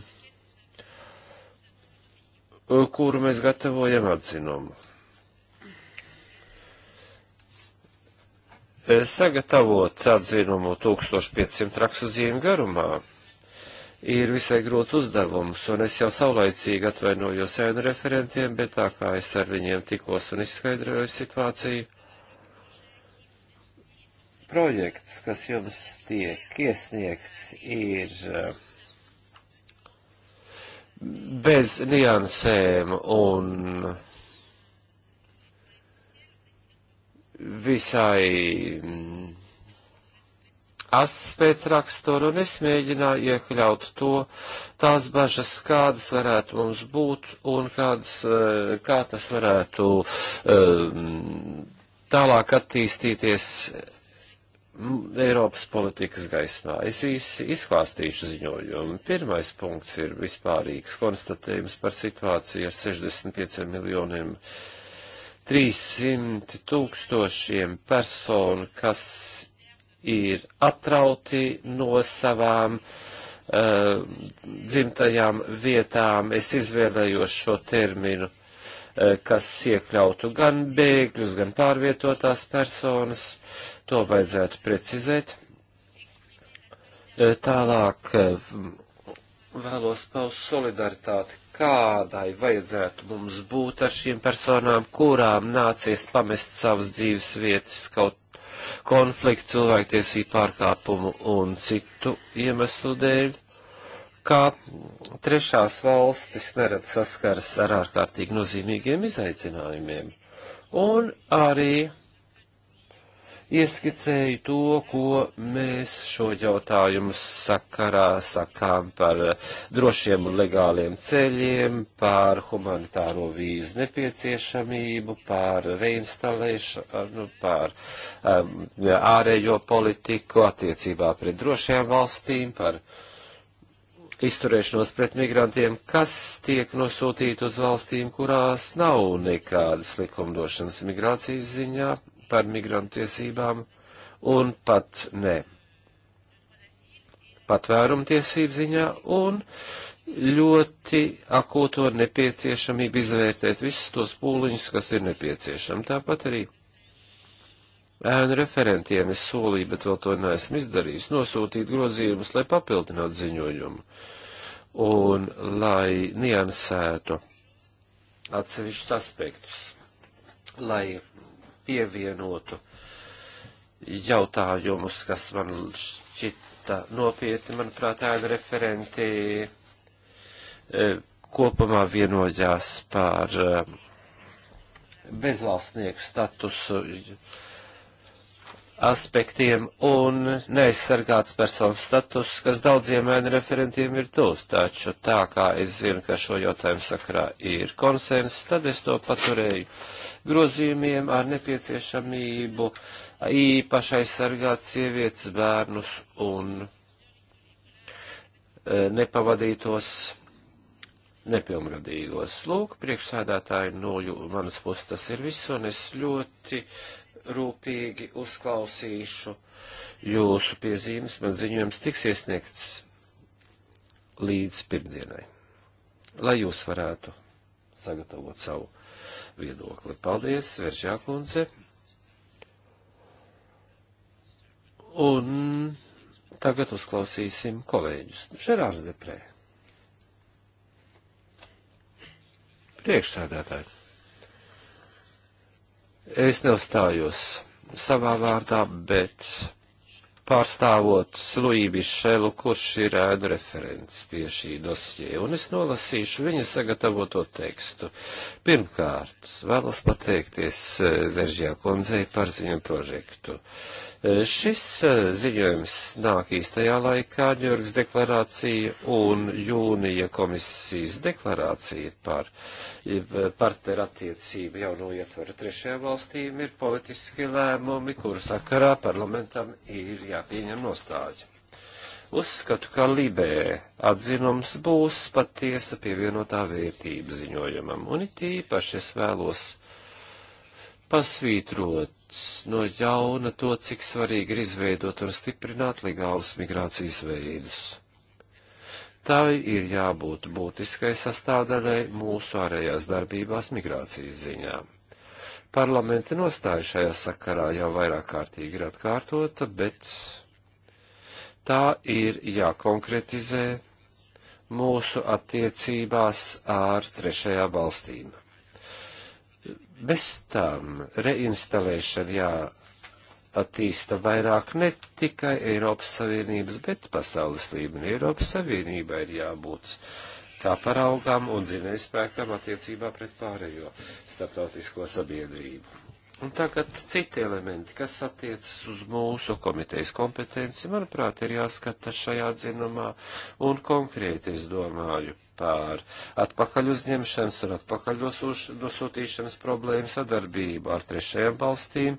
kuru mēs gatavojam atzinumu. Sagatavot atzinumu 1500 rakstu zīmju garumā ir visai grūts uzdevums, un es jau saulaicīgi atvainojos ēnu referentiem, bet tā kā es ar viņiem tikos un izskaidroju situāciju, projekts, kas jums tiek iesniegts, ir eh, bez niansēm un visai mm, ass pēc rakstura, un es mēģināju iekļaut to, tās bažas, kādas varētu mums būt, un kādas, eh, kā tas varētu eh, tālāk attīstīties Eiropas politikas gaismā. Es īsi izklāstīšu ziņojumu. Pirmais punkts ir vispārīgs konstatējums par situāciju ar 65 miljoniem 300 tūkstošiem personu, kas ir atrauti no savām uh, dzimtajām vietām. Es izvēlējos šo terminu, uh, kas iekļautu gan bēgļus, gan pārvietotās personas. To vajadzētu precizēt. Uh, tālāk vēlos paust solidaritāti, kādai vajadzētu mums būt ar šīm personām, kurām nācies pamest savas dzīves vietas kaut konfliktu, cilvēktiesību pārkāpumu un citu iemeslu dēļ, kā trešās valstis nerad saskaras ar ārkārtīgi nozīmīgiem izaicinājumiem. Un arī ieskicēju to, ko mēs šo jautājumu sakarā sakām par drošiem un legāliem ceļiem, par humanitāro vīzu nepieciešamību, par reinstalēšanu, par um, ārējo politiku attiecībā pret drošajām valstīm, par izturēšanos pret migrantiem, kas tiek nosūtīti uz valstīm, kurās nav nekādas likumdošanas migrācijas ziņā, par migrantu tiesībām, un pat nē. Patvērumtiesību ziņā un ļoti akūto nepieciešamību izvērtēt visus tos pūliņus, kas ir nepieciešami. Tāpat arī ēnu referentiem es solīju, bet vēl to neesmu izdarījis, nosūtīt grozījumus, lai papildinātu ziņojumu un lai niansētu atsevišķus aspektus, lai pievienotu jautājumus, kas man šķita nopietni, manuprāt, ēna referenti e, kopumā vienojās par e, bezvalstnieku statusu aspektiem un neaizsargāts personas status, kas daudziem ēnu referentiem ir tūs. Taču tā kā es zinu, ka šo jautājumu sakrā ir konsens, tad es to paturēju grozījumiem ar nepieciešamību īpaši aizsargāt sievietes, bērnus un e, nepavadītos nepilngadīgos. Lūk, priekšsēdētāji, no manas puses tas ir viss, un es ļoti rūpīgi uzklausīšu jūsu piezīmes. Man ziņojums tiks iesniegts līdz pirmdienai, lai jūs varētu sagatavot savu viedokli. Paldies, Veržā kundze. Un tagad uzklausīsim kolēģus. Žerārs Deprē. Priekšsēdētāji. Es neuzstājos savā vārdā, bet pārstāvot Luī Bišelu, kurš ir ēnu referents pie šī dosie, un es nolasīšu viņa sagatavoto tekstu. Pirmkārt, vēlas pateikties e, Veržjā kundzei par ziņu projektu. E, šis e, ziņojums nāk īstajā laikā Ņurgs deklarācija un jūnija komisijas deklarācija par partneru attiecību jauno ietvaru trešajām valstīm ir politiski lēmumi, kuru sakarā parlamentam ir jā jāpieņem nostāja. Uzskatu, ka Libē atzinums būs patiesa pievienotā vērtība ziņojumam, un it īpaši es vēlos pasvītrot no jauna to, cik svarīgi ir izveidot un stiprināt legālus migrācijas veidus. Tā ir jābūt būtiskai sastāvdaļai mūsu ārējās darbībās migrācijas ziņām. Parlamenta nostāja šajā sakarā jau vairāk kārtīgi ir atkārtota, bet tā ir jākonkretizē mūsu attiecībās ar trešajām valstīm. Bez tam reinstalēšana jā, attīsta vairāk ne tikai Eiropas Savienības, bet pasaules līmenī. Eiropas Savienībai ir jābūt uh, kā paraugam un zinējspēkam attiecībā pret pārējo starptautisko sabiedrību. Un tagad citi elementi, kas attiecas uz mūsu komitejas kompetenci, manuprāt, ir jāskata šajā dzinumā, un konkrēti es domāju par atpakaļ uzņemšanas un atpakaļ nosūtīšanas problēmu sadarbību ar trešajām valstīm,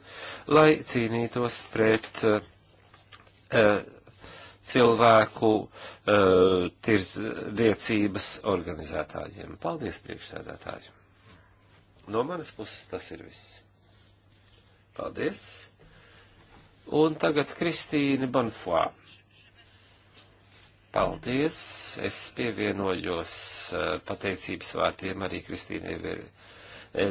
lai cīnītos pret uh, cilvēku uh, tirzniecības organizētājiem. Paldies, priekšsēdētāji! No manas puses tas ir viss. Paldies! Un tagad Kristīne Banfuā. Paldies! Es pievienojos eh, pateicības vārtiem arī Kristīnei Verīgai. E,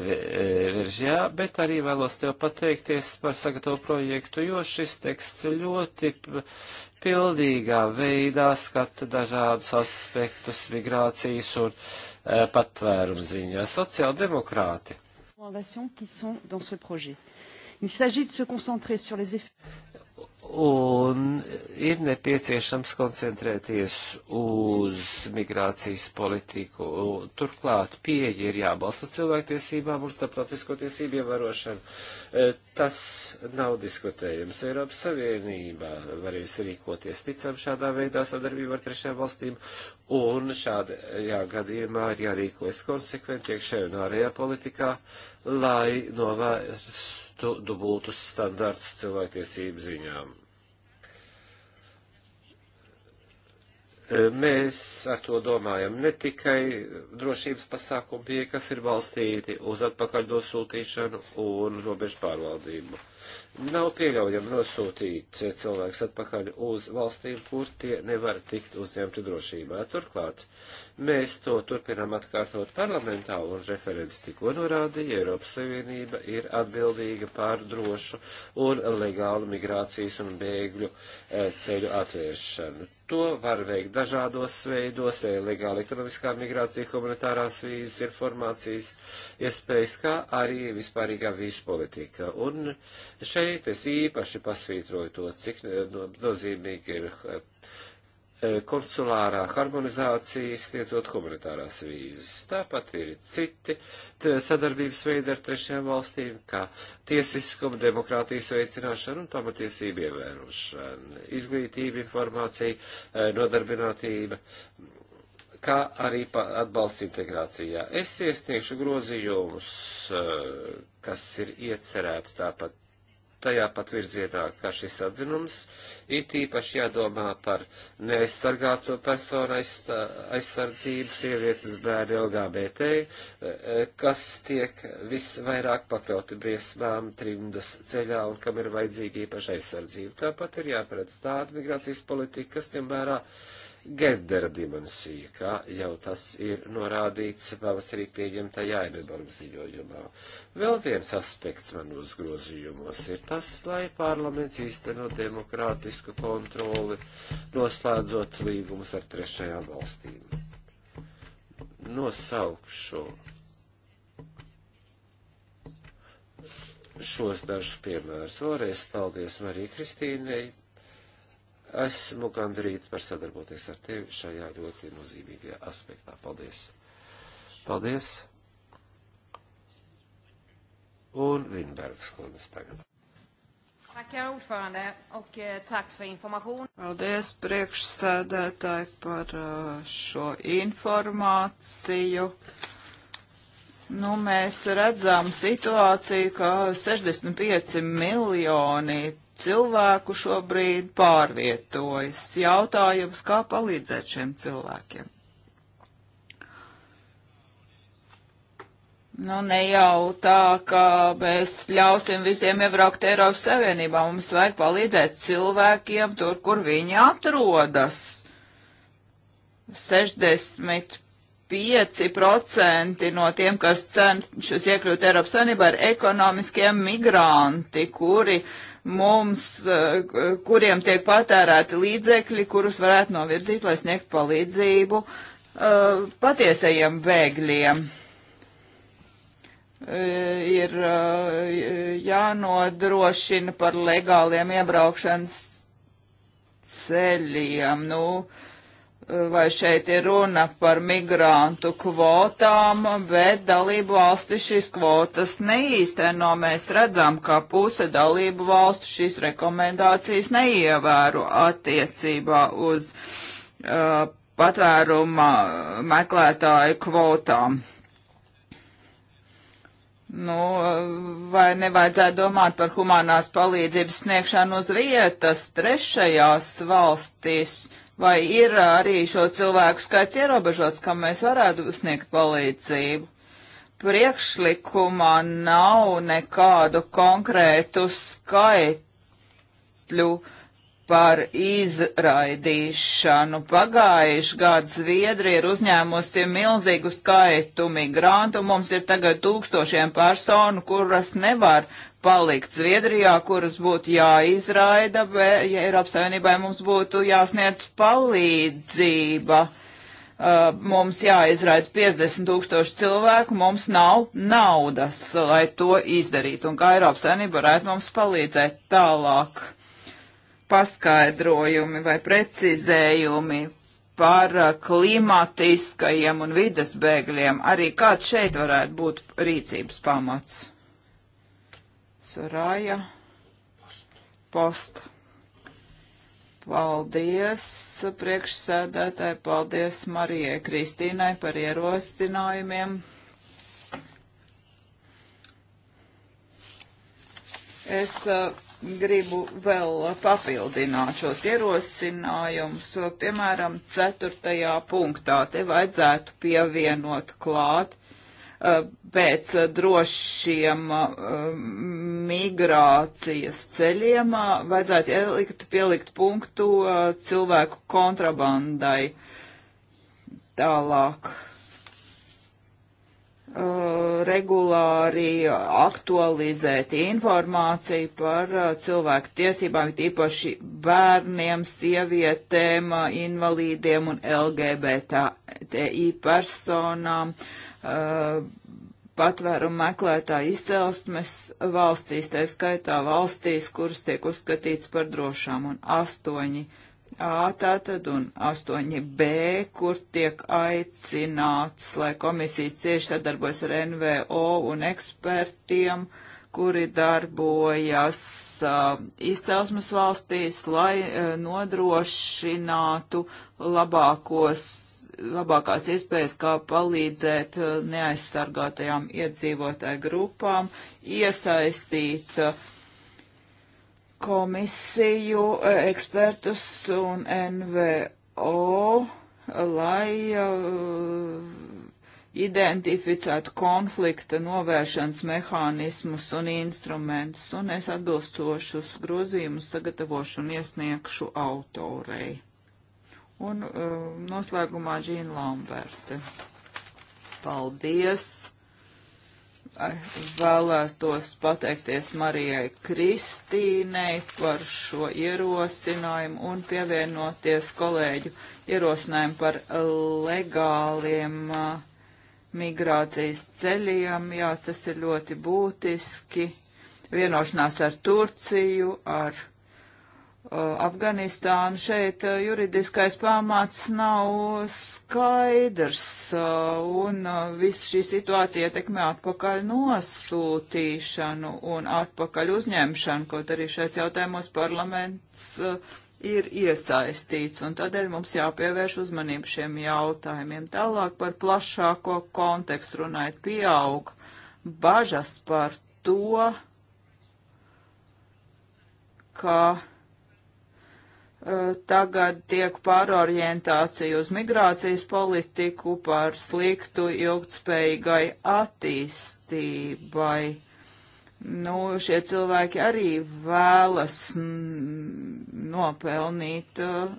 viržjā, e, bet arī vēlos tev pateikties par sagatavo projektu, jo šis teksts ļoti pildīgā veidā skata dažādus aspektus migrācijas un e, patvērumu ziņā. Sociāldemokrāti un ir nepieciešams koncentrēties uz migrācijas politiku. Turklāt pieeja ir jābalsta cilvēktiesībām un starptautisko tiesību ievērošanu. E, tas nav diskutējams. Eiropas Savienība varēs rīkoties ticam šādā veidā sadarbībā ar trešajām valstīm, un šādajā gadījumā ir jārīkojas konsekventi iekšējā un ārējā politikā, lai novērstu dubultus standartus cilvēktiesību ziņām Mēs ar to domājam ne tikai drošības pasākumu pie, kas ir balstīti uz atpakaļdosūtīšanu un robežu pārvaldību. Nav pieļaujami nosūtīt cilvēks atpakaļ uz valstīm, kur tie nevar tikt uzņemti drošībā. Turklāt Mēs to turpinām atkārtot parlamentā, un referents tikko norādīja, Eiropas Savienība ir atbildīga pār drošu un legālu migrācijas un bēgļu e, ceļu atvēršanu. To var veikt dažādos veidos e, - legāla ekonomiskā migrācija, humanitārās vīzes, informācijas iespējas, kā arī vispārīgā vīzu politika. Un šeit es īpaši pasvītroju to, cik e, nozīmīgi ir E, konsulārā harmonizācija, sniedzot humanitārās vīzes. Tāpat ir citi sadarbības veidi ar trešajām valstīm, kā tiesiskuma, demokrātijas veicināšana un pamatiesība ievērošana, izglītība, informācija, e, nodarbinātība, kā arī atbalsts integrācijā. Es iesniegšu grozījumus, e, kas ir iecerēti tāpat tajā pat virzienā, ka šis atzinums it īpaši jādomā par neaizsargāto personu aizsardzību, sievietes bērnu LGBT, eh, kas tiek visvairāk pakļauti briesmām trimdas ceļā un kam ir vajadzīga īpaša aizsardzība. Tāpat ir jāparedz tāda migrācijas politika, kas ņem vērā. Uh, gendera dimensija, kā jau tas ir norādīts pavasarī pieņemtajā Aineborga ziņojumā. Vēl viens aspekts manos grozījumos ir tas, lai parlaments īsteno demokrātisku kontroli, noslēdzot līgumus ar trešajām valstīm. Nosaukšu šos dažus piemērus. Vēlreiz paldies Marija Kristīnei Esmu gandrīt par sadarboties ar tevi šajā ļoti nozīmīgajā aspektā. Paldies! Paldies! Un Vinbergs kundze tagad. Tackar ordförande och eh, tack för information. Paldies priekšsēdētāji par eh, šo informāciju. Nu, mēs redzam situāciju, ka 65 miljoni cilvēku šobrīd pārvietojas. Jautājums, kā palīdzēt šiem cilvēkiem? Nu, ne jau tā, ka mēs ļausim visiem iebraukt Eiropas Savienībā. Mums vajag palīdzēt cilvēkiem tur, kur viņi atrodas. 60 5% no tiem, kas cenšas iekļūt Eiropas Savienībā, ir ekonomiskie migranti, kuri mums, eh, kuriem tiek patērēti līdzekļi, kurus varētu novirzīt, lai sniegtu palīdzību uh, patiesajiem bēgļiem. Uh, ir uh, jānodrošina par legāliem iebraukšanas ceļiem. Nu, uh, vai šeit ir runa par migrantu kvotām, bet dalību valsti šīs kvotas neīsteno. Mēs redzam, ka puse dalību valstu šīs rekomendācijas neievēro attiecībā uz uh, patvēruma meklētāju kvotām. Nu, vai nevajadzētu domāt par humanās palīdzības sniegšanu uz vietas trešajās valstīs? Uh, vai ir arī šo cilvēku skaits ierobežots, kam mēs varētu sniegt palīdzību. Priekšlikumā nav nekādu konkrētu skaitļu par izraidīšanu. Pagājuši gadu Zviedrija ir uzņēmusi milzīgu skaitu migrantu. Mums ir tagad tūkstošiem personu, kuras nevar palikt Zviedrijā, kuras būtu jāizraida, bet, ja Eiropas Savienībai mums būtu jāsniedz palīdzība. Uh, mums jāizraida 50 tūkstoši cilvēku, mums nav naudas, lai to izdarītu, un kā Eiropas Savienība varētu mums palīdzēt tālāk. Uh, paskaidrojumi vai precizējumi par uh, klimatiskajiem un vidas bēgļiem. Arī kāds šeit varētu būt rīcības pamats? Sorāja post. Paldies priekšsēdētāji, paldies Marijai Kristīnai par ierosinājumiem. Es uh, gribu vēl papildināt šos ierosinājumus. Piemēram, ceturtajā punktā te vajadzētu pievienot klāt eh, pēc drošiem eh, migrācijas ceļiem, eh, vajadzētu ielikt, pielikt punktu cilvēku kontrabandai tālāk Eh, regulāri aktualizēt informāciju par eh, cilvēku tiesībām, tīpaši bērniem, sievietēm, eh, invalīdiem un LGBTI personām, patvērumu meklētāju izcelsmes valstīs, tā skaitā valstīs, kuras tiek uzskatīts par drošām, un astoņi A tātad un 8b, kur tiek aicināts, lai komisija cieši sadarbojas ar NVO un ekspertiem, kuri darbojas uh, izcelsmes valstīs, lai uh, nodrošinātu labākos, labākās iespējas, kā palīdzēt uh, neaizsargātajām iedzīvotāju grupām, iesaistīt uh, komisiju, eh, ekspertus un NVO, lai eh, identificētu konflikta novēršanas mehānismus un instrumentus, un es atbilstošus grozījumus sagatavošu un iesniegšu autorei. Un uh, noslēgumā Džīna Lamberte. Paldies! vēlētos pateikties Marijai Kristīnei par šo ierosinājumu un pievienoties kolēģu ierosinājumu par legāliem migrācijas ceļiem. Jā, tas ir ļoti būtiski. Vienošanās ar Turciju, ar Afganistānu. Šeit juridiskais pamats nav skaidrs, un visu šī situācija ietekmē atpakaļ nosūtīšanu un atpakaļ uzņemšanu, kaut arī šais jautājumos parlaments ir iesaistīts, un tādēļ mums jāpievērš uzmanību šiem jautājumiem. Tālāk par plašāko kontekstu runājot pieaug bažas par to, ka Eh, tagad tiek pārorientācija uz migrācijas politiku par sliktu ilgtspējīgai attīstībai. Nu, šie cilvēki arī vēlas nopelnīt uh,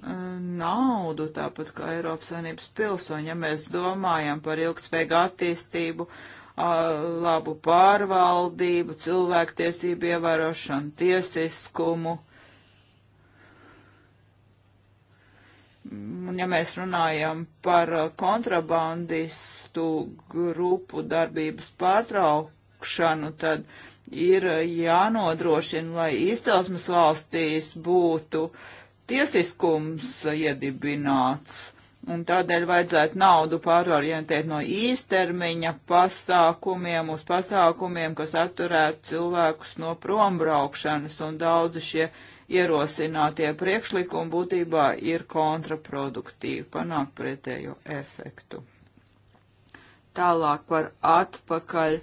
naudu, tāpat kā Eiropas Savienības pilsoņi. Ja mēs domājam par ilgspējīgu attīstību, uh, labu pārvaldību, cilvēktiesību ievērošanu, tiesiskumu, uh, Un mm, ja mēs runājam par uh, kontrabandistu grupu darbības pārtraukšanu, tad ir uh, jānodrošina, lai izcelsmes valstīs būtu tiesiskums iedibināts. Un tādēļ vajadzētu naudu pārorientēt no īstermiņa pasākumiem uz pasākumiem, kas atturētu cilvēkus no prombraukšanas, un daudzi šie ierosinātie priekšlikumi būtībā ir kontraproduktīvi, panāk pretējo efektu. Tālāk par atpakaļ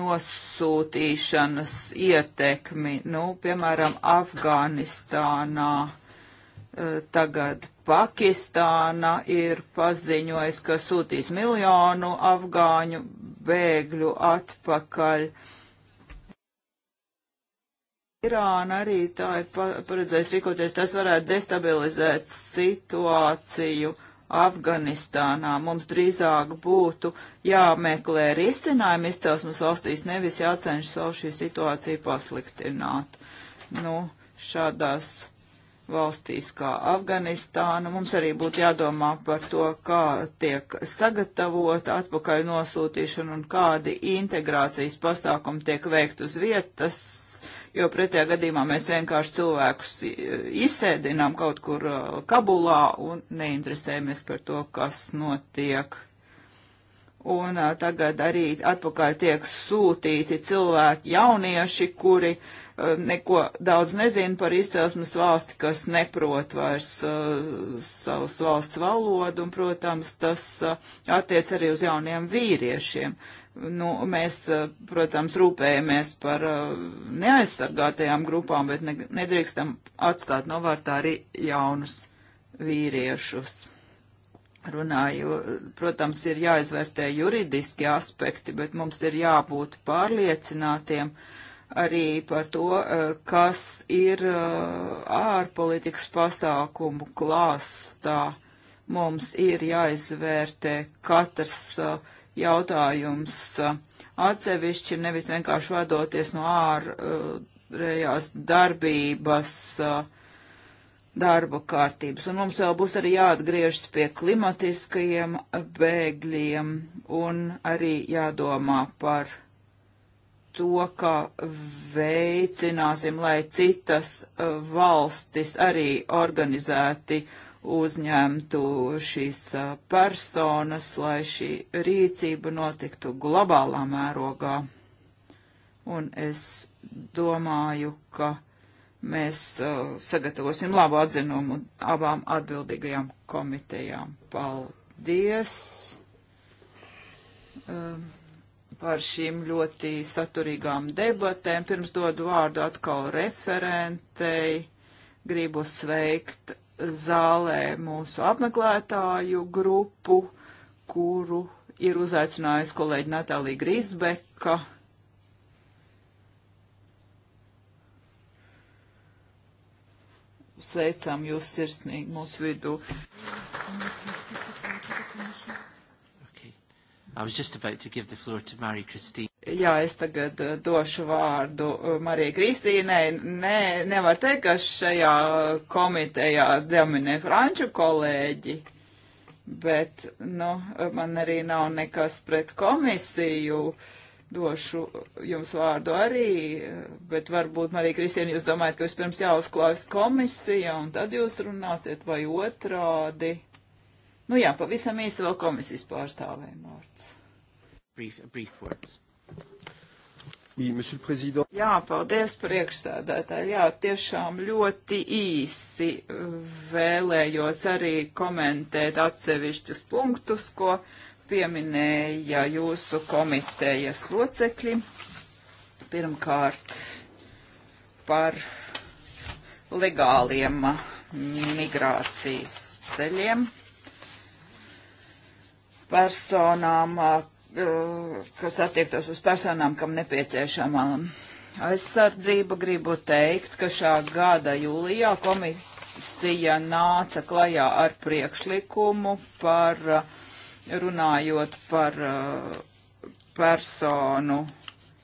nosūtīšanas ietekmi, nu, piemēram, Afganistānā e, tagad Pakistāna ir paziņojis, ka sūtīs miljonu afgāņu bēgļu atpakaļ. Uh, Irāna arī tā ir paredzējusi rīkoties, tas varētu destabilizēt situāciju Afganistānā. Mums drīzāk būtu jāmeklē risinājumi izcelsmes valstīs, nevis jācenšas savu šī situāciju pasliktināt. Nu, šādās valstīs kā Afganistāna mums arī būtu jādomā par to, kā tiek sagatavot atpakaļ nosūtīšana un kādi integrācijas pasākumi tiek veikt uz vietas jo pretējā gadījumā mēs vienkārši cilvēkus e, izsēdinām kaut kur e, Kabulā un neinteresējamies par to, kas notiek. Un a, e, tagad arī atpakaļ tiek sūtīti cilvēki, jaunieši, kuri a, neko daudz nezina par izcelsmes valsti, kas neprot vairs a, savus valsts valodu, un, protams, tas attiec arī uz jauniem vīriešiem, Nu, mēs, eh, protams, rūpējamies par eh, neaizsargātajām grupām, bet ne, nedrīkstam atstāt novārtā arī jaunus vīriešus. Runāju, protams, ir jāizvērtē juridiski aspekti, bet mums ir jābūt pārliecinātiem arī par to, eh, kas ir ārpolitikas pasākumu klāstā. Mums ir jāizvērtē katrs uh, jautājums uh, atsevišķi, nevis vienkārši vadoties no ārējās darbības uh, darba kārtības. Un mums vēl būs arī jāatgriežas pie klimatiskajiem bēgļiem un arī jādomā par to, ka veicināsim, lai citas valstis arī organizēti uh, uzņemtu šīs personas, lai šī rīcība notiktu globālā mērogā. Un es domāju, ka mēs uh, sagatavosim labu atzinumu abām atbildīgajām komitejām. Paldies um, par šīm ļoti saturīgām debatēm. Pirms dodu vārdu atkal referentei. Gribu sveikt zālē mūsu apmeklētāju grupu, kuru ir uzaicinājusi kolēģi Natālija Grisbeka. Sveicam jūs sirsnīgi mūsu vidū. Okay. I was just about to give the floor to Marie Christine. Jā, es tagad eh, došu vārdu eh, Marijai Kristīnai. Nē, nevar teikt, ka šajā komitejā dominē franču kolēģi, bet, nu, man arī nav nekas pret komisiju. Uh, došu jums vārdu arī, bet varbūt, Marija Kristīna, jūs domājat, ka vispirms jāuzklājas komisija, un tad jūs runāsiet vai otrādi. Nu jā, pavisam īsi vēl komisijas pārstāvēm vārds. Brief, brief words. Jā, paldies priekšsēdētāji. Jā, tiešām ļoti īsi eh, vēlējos arī komentēt atsevišķus punktus, ko pieminēja jūsu komitejas locekļi. Pirmkārt, par legāliem eh, migrācijas ceļiem personām, eh, Eh, kas attiektos uz personām, kam nepieciešama aizsardzība, gribu teikt, ka šā gada jūlijā komisija nāca klajā ar priekšlikumu par eh, runājot par eh, personu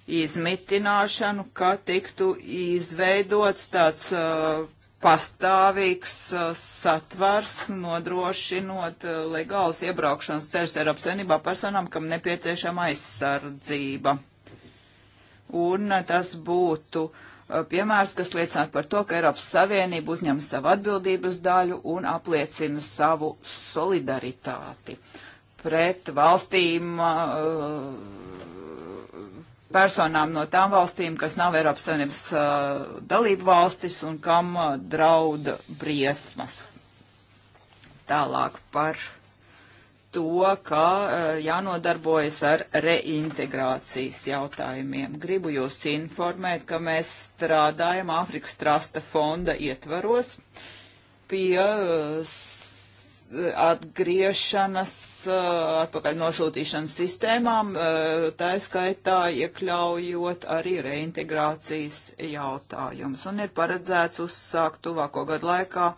izmitināšanu, ka tiktu izveidots tāds uh, pastāvīgs uh, satvars nodrošinot uh, legālas iebraukšanas ceļus Eiropas Savienībā personām, kam nepieciešama aizsardzība. Un uh, tas būtu piemērs, kas liecinātu par to, ka Eiropas Savienība uzņem savu atbildības daļu un apliecina savu solidaritāti pret valstīm, uh, personām no tām valstīm, kas nav Eiropas Savienības uh, dalību valstis un kam uh, drauda briesmas. Tālāk par to, ka uh, jānodarbojas ar reintegrācijas jautājumiem. Gribu jūs informēt, ka mēs strādājam Āfrikas trasta fonda ietvaros pie uh, atgriešanas, eh, atpakaļ nosūtīšanas sistēmām, eh, tā skaitā iekļaujot arī reintegrācijas jautājumus. Un ir paredzēts uzsākt tuvāko gadu laikā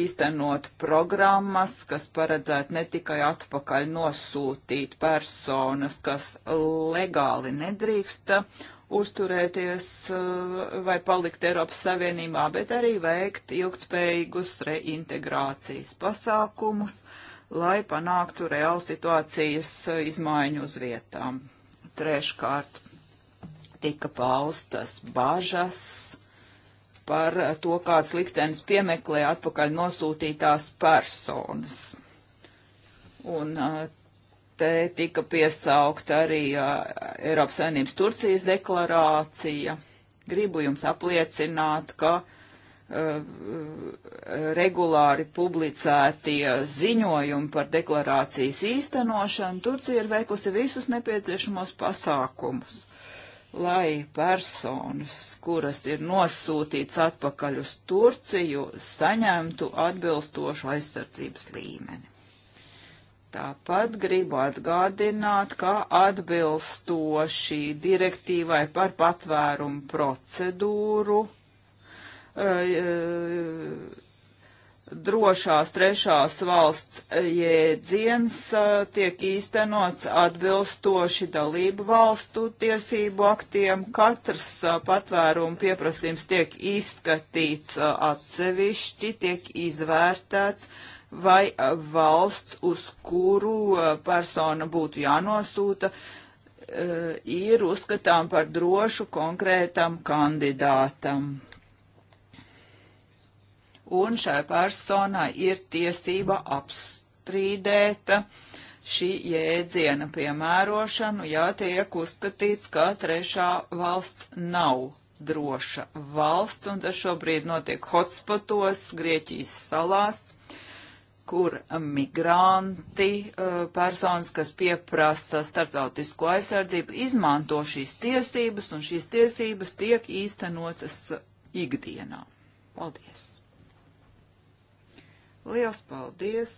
īstenot programmas, kas paredzētu ne tikai atpakaļ nosūtīt personas, kas legāli nedrīksta uzturēties eh, vai palikt Eiropas Savienībā, bet arī veikt ilgtspējīgus reintegrācijas pasākumus, lai panāktu reālu situācijas eh, izmaiņu uz vietām. Treškārt tika paustas bažas par eh, to, kāds liktenis piemeklē atpakaļ nosūtītās personas. Un Te tika piesaukta arī Eiropas Savienības Turcijas deklarācija. Gribu jums apliecināt, ka regulāri publicētie ziņojumi par deklarācijas īstenošanu, Turcija ir veikusi visus nepieciešamos pasākumus, lai personas, kuras ir nosūtīts atpakaļ uz Turciju, saņemtu atbilstošu aizsardzības līmeni. Tāpat gribu atgādināt, ka atbilstoši direktīvai par patvērumu procedūru e, e, drošās trešās valsts jēdziens e, tiek īstenots atbilstoši dalību valstu tiesību aktiem. Katrs patvērumu pieprasījums tiek izskatīts atsevišķi, tiek izvērtēts vai valsts, uz kuru persona būtu jānosūta, ir uzskatām par drošu konkrētam kandidātam. Un šai personai ir tiesība apstrīdēt šī jēdziena piemērošanu, ja tiek uzskatīts, ka trešā valsts nav droša valsts, un tas šobrīd notiek hotspotos, Grieķijas salās, kur migranti, eh, personas, kas pieprasa starptautisko aizsardzību, izmanto šīs tiesības, un šīs tiesības tiek īstenotas ikdienā. Paldies! Liels paldies!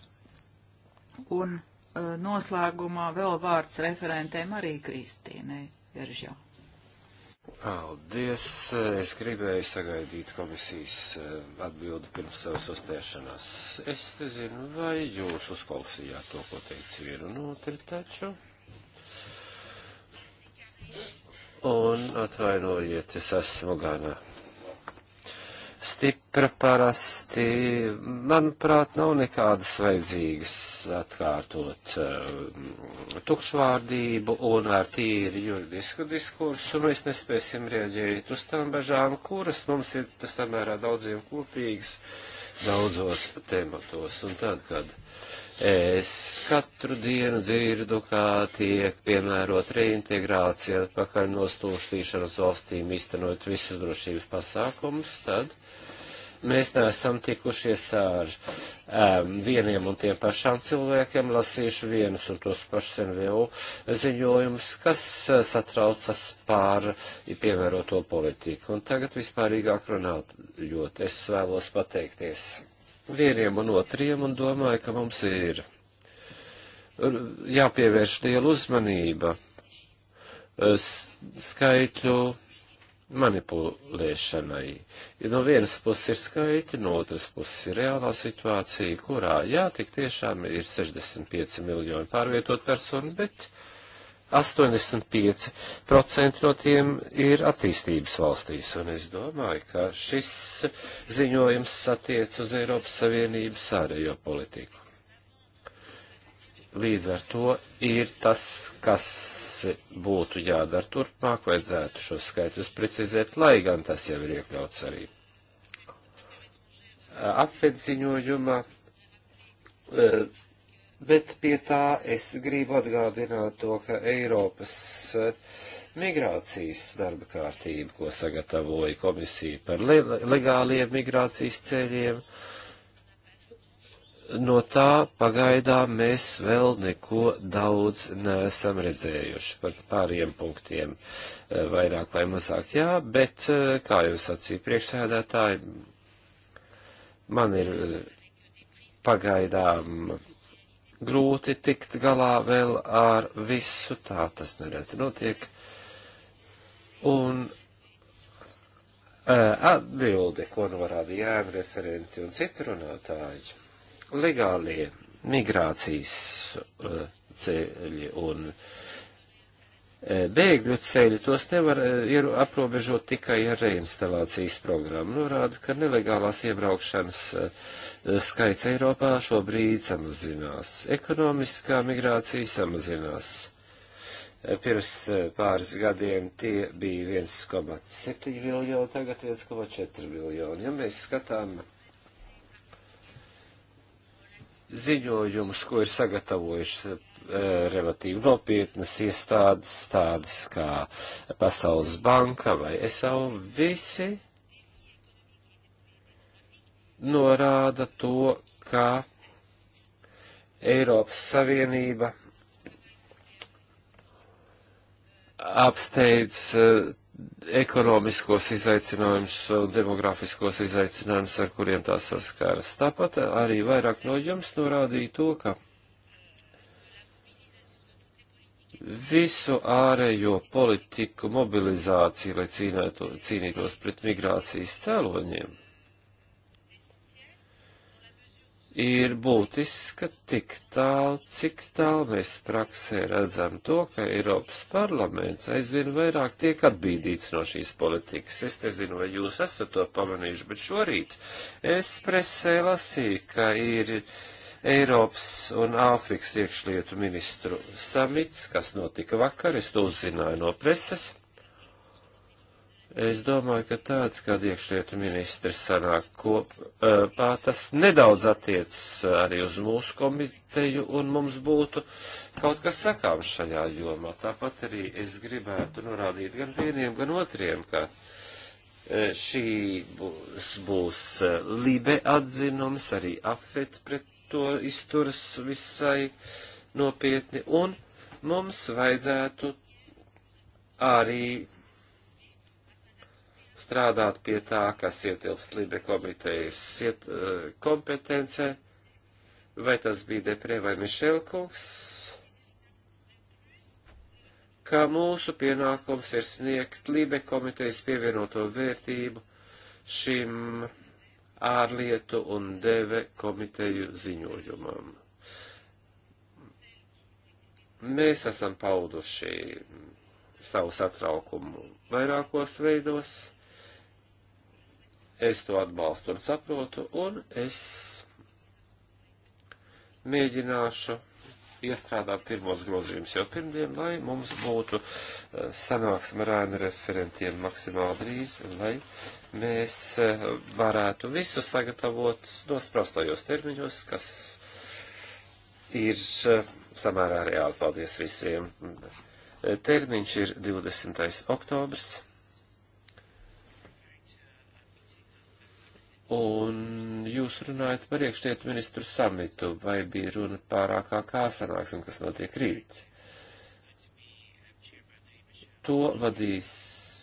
Un eh, noslēgumā vēl vārds referentēm arī Kristīnei Veržā. Paldies! Es gribēju sagaidīt komisijas eh, atbildi pirms savas uzstāšanās. Es nezinu, vai jūs uzklausījāt to, ko teica viena un otra taču. Un atvainojiet, es esmu gana stipra parasti, manuprāt, nav nekādas vajadzīgas atkārtot uh, tukšvārdību un ar tīri juridisku diskursu mēs nespēsim rieģēt uz tām bažām, kuras mums ir samērā daudziem kopīgas daudzos tematos. Un tad, kad es katru dienu dzirdu, kā tiek piemērot reintegrācija, atpakaļ nostūštīšanas valstīm, iztenot visus drošības pasākumus, tad mēs neesam tikušies ar um, vieniem un tiem pašām cilvēkiem, lasījuši vienus un tos pašus NVO ziņojumus, kas uh, satraucas pār piemēroto politiku. Un tagad vispārīgāk runājot, es vēlos pateikties vieniem un otriem un domāju, ka mums ir jāpievērš liela uzmanība eh, skaitļu manipulēšanai. Ja no vienas puses ir skaitļi, no otras puses ir reālā situācija, kurā, jā, tik tiešām ir 65 miljoni pārvietot personu, bet 85% no tiem ir attīstības valstīs, un es domāju, ka šis ziņojums satiec uz Eiropas Savienības ārējo politiku. Līdz ar to ir tas, kas būtu jādara turpmāk, vajadzētu šos skaitļus precizēt, lai gan tas jau ir iekļauts arī apvedziņojumā, e, bet pie tā es gribu atgādināt to, ka Eiropas e, migrācijas darba kārtība, ko sagatavoja komisija par legāliem migrācijas ceļiem, uh, no tā pagaidām mēs vēl neko daudz neesam redzējuši par pāriem punktiem, eh, vairāk vai mazāk, jā, bet, eh, kā jau sacīja priekšsēdētāji, man ir eh, pagaidām grūti tikt galā vēl ar visu, tā tas nereti notiek. Un atbildi, ko nu varētu jēna referenti un citi runātāji legālie migrācijas eh, ceļi un eh, bēgļu ceļi, tos nevar eh, ir aprobežot tikai ar reinstalācijas programmu. Norāda, ka nelegālās iebraukšanas skaits Eiropā šobrīd samazinās. Ekonomiskā migrācija samazinās. Pirms pāris gadiem tie bija 1,7 miljoni, tagad 1,4 miljoni. Ja mēs skatām ziņojumus, ko ir sagatavojušas e, relatīvi nopietnas iestādes, tādas kā Pasaules banka vai SAU, visi norāda to, ka Eiropas Savienība apsteidz eh, ekonomiskos izaicinājumus un demografiskos izaicinājumus, ar kuriem tās saskaras. Tāpat arī vairāk no jums norādīja to, ka visu ārējo politiku mobilizāciju, lai cīnēto, cīnītos pret migrācijas cēloņiem ir būtiska tik tālu, cik tālu mēs praksē redzam to, ka Eiropas parlaments aizvien vairāk tiek atbīdīts no šīs politikas. Es nezinu, vai jūs esat to pamanījuši, bet šorīt es presē lasīju, ka ir Eiropas un Āfrikas iekšlietu ministru samits, kas notika vakar, es to uzzināju no preses. Es domāju, ka tāds, kad iekšlietu ministrs sanāk kopā, tas nedaudz attiecas arī uz mūsu komiteju, un mums būtu kaut kas sakām šajā jomā. Tāpat arī es gribētu norādīt gan vieniem, gan otriem, ka šī būs, būs libe atzinums, arī afet pret to izturs visai nopietni, un mums vajadzētu arī strādāt pie tā, kas ietilpst Libe komitejas iet, eh, kompetencē, vai tas bija Deprē vai Mišelkungs, ka mūsu pienākums ir sniegt Libe komitejas pievienoto vērtību šim ārlietu un deve komiteju ziņojumam. Mēs esam pauduši savu satraukumu vairākos veidos Es to atbalstu un saprotu, un es mēģināšu iestrādāt pirmos grozījumus jau pirmdien, lai mums būtu eh, sanāksme ar ēnu referentiem maksimāli drīz, lai mēs eh, varētu visu sagatavot nosprastojos termiņos, kas ir eh, samērā reāli. Paldies visiem! Termiņš ir 20. oktobrs. Un jūs runājat par iekšlietu ministru samitu, vai bija runa pārākā kā sanāksim, kas notiek rīt? To vadīs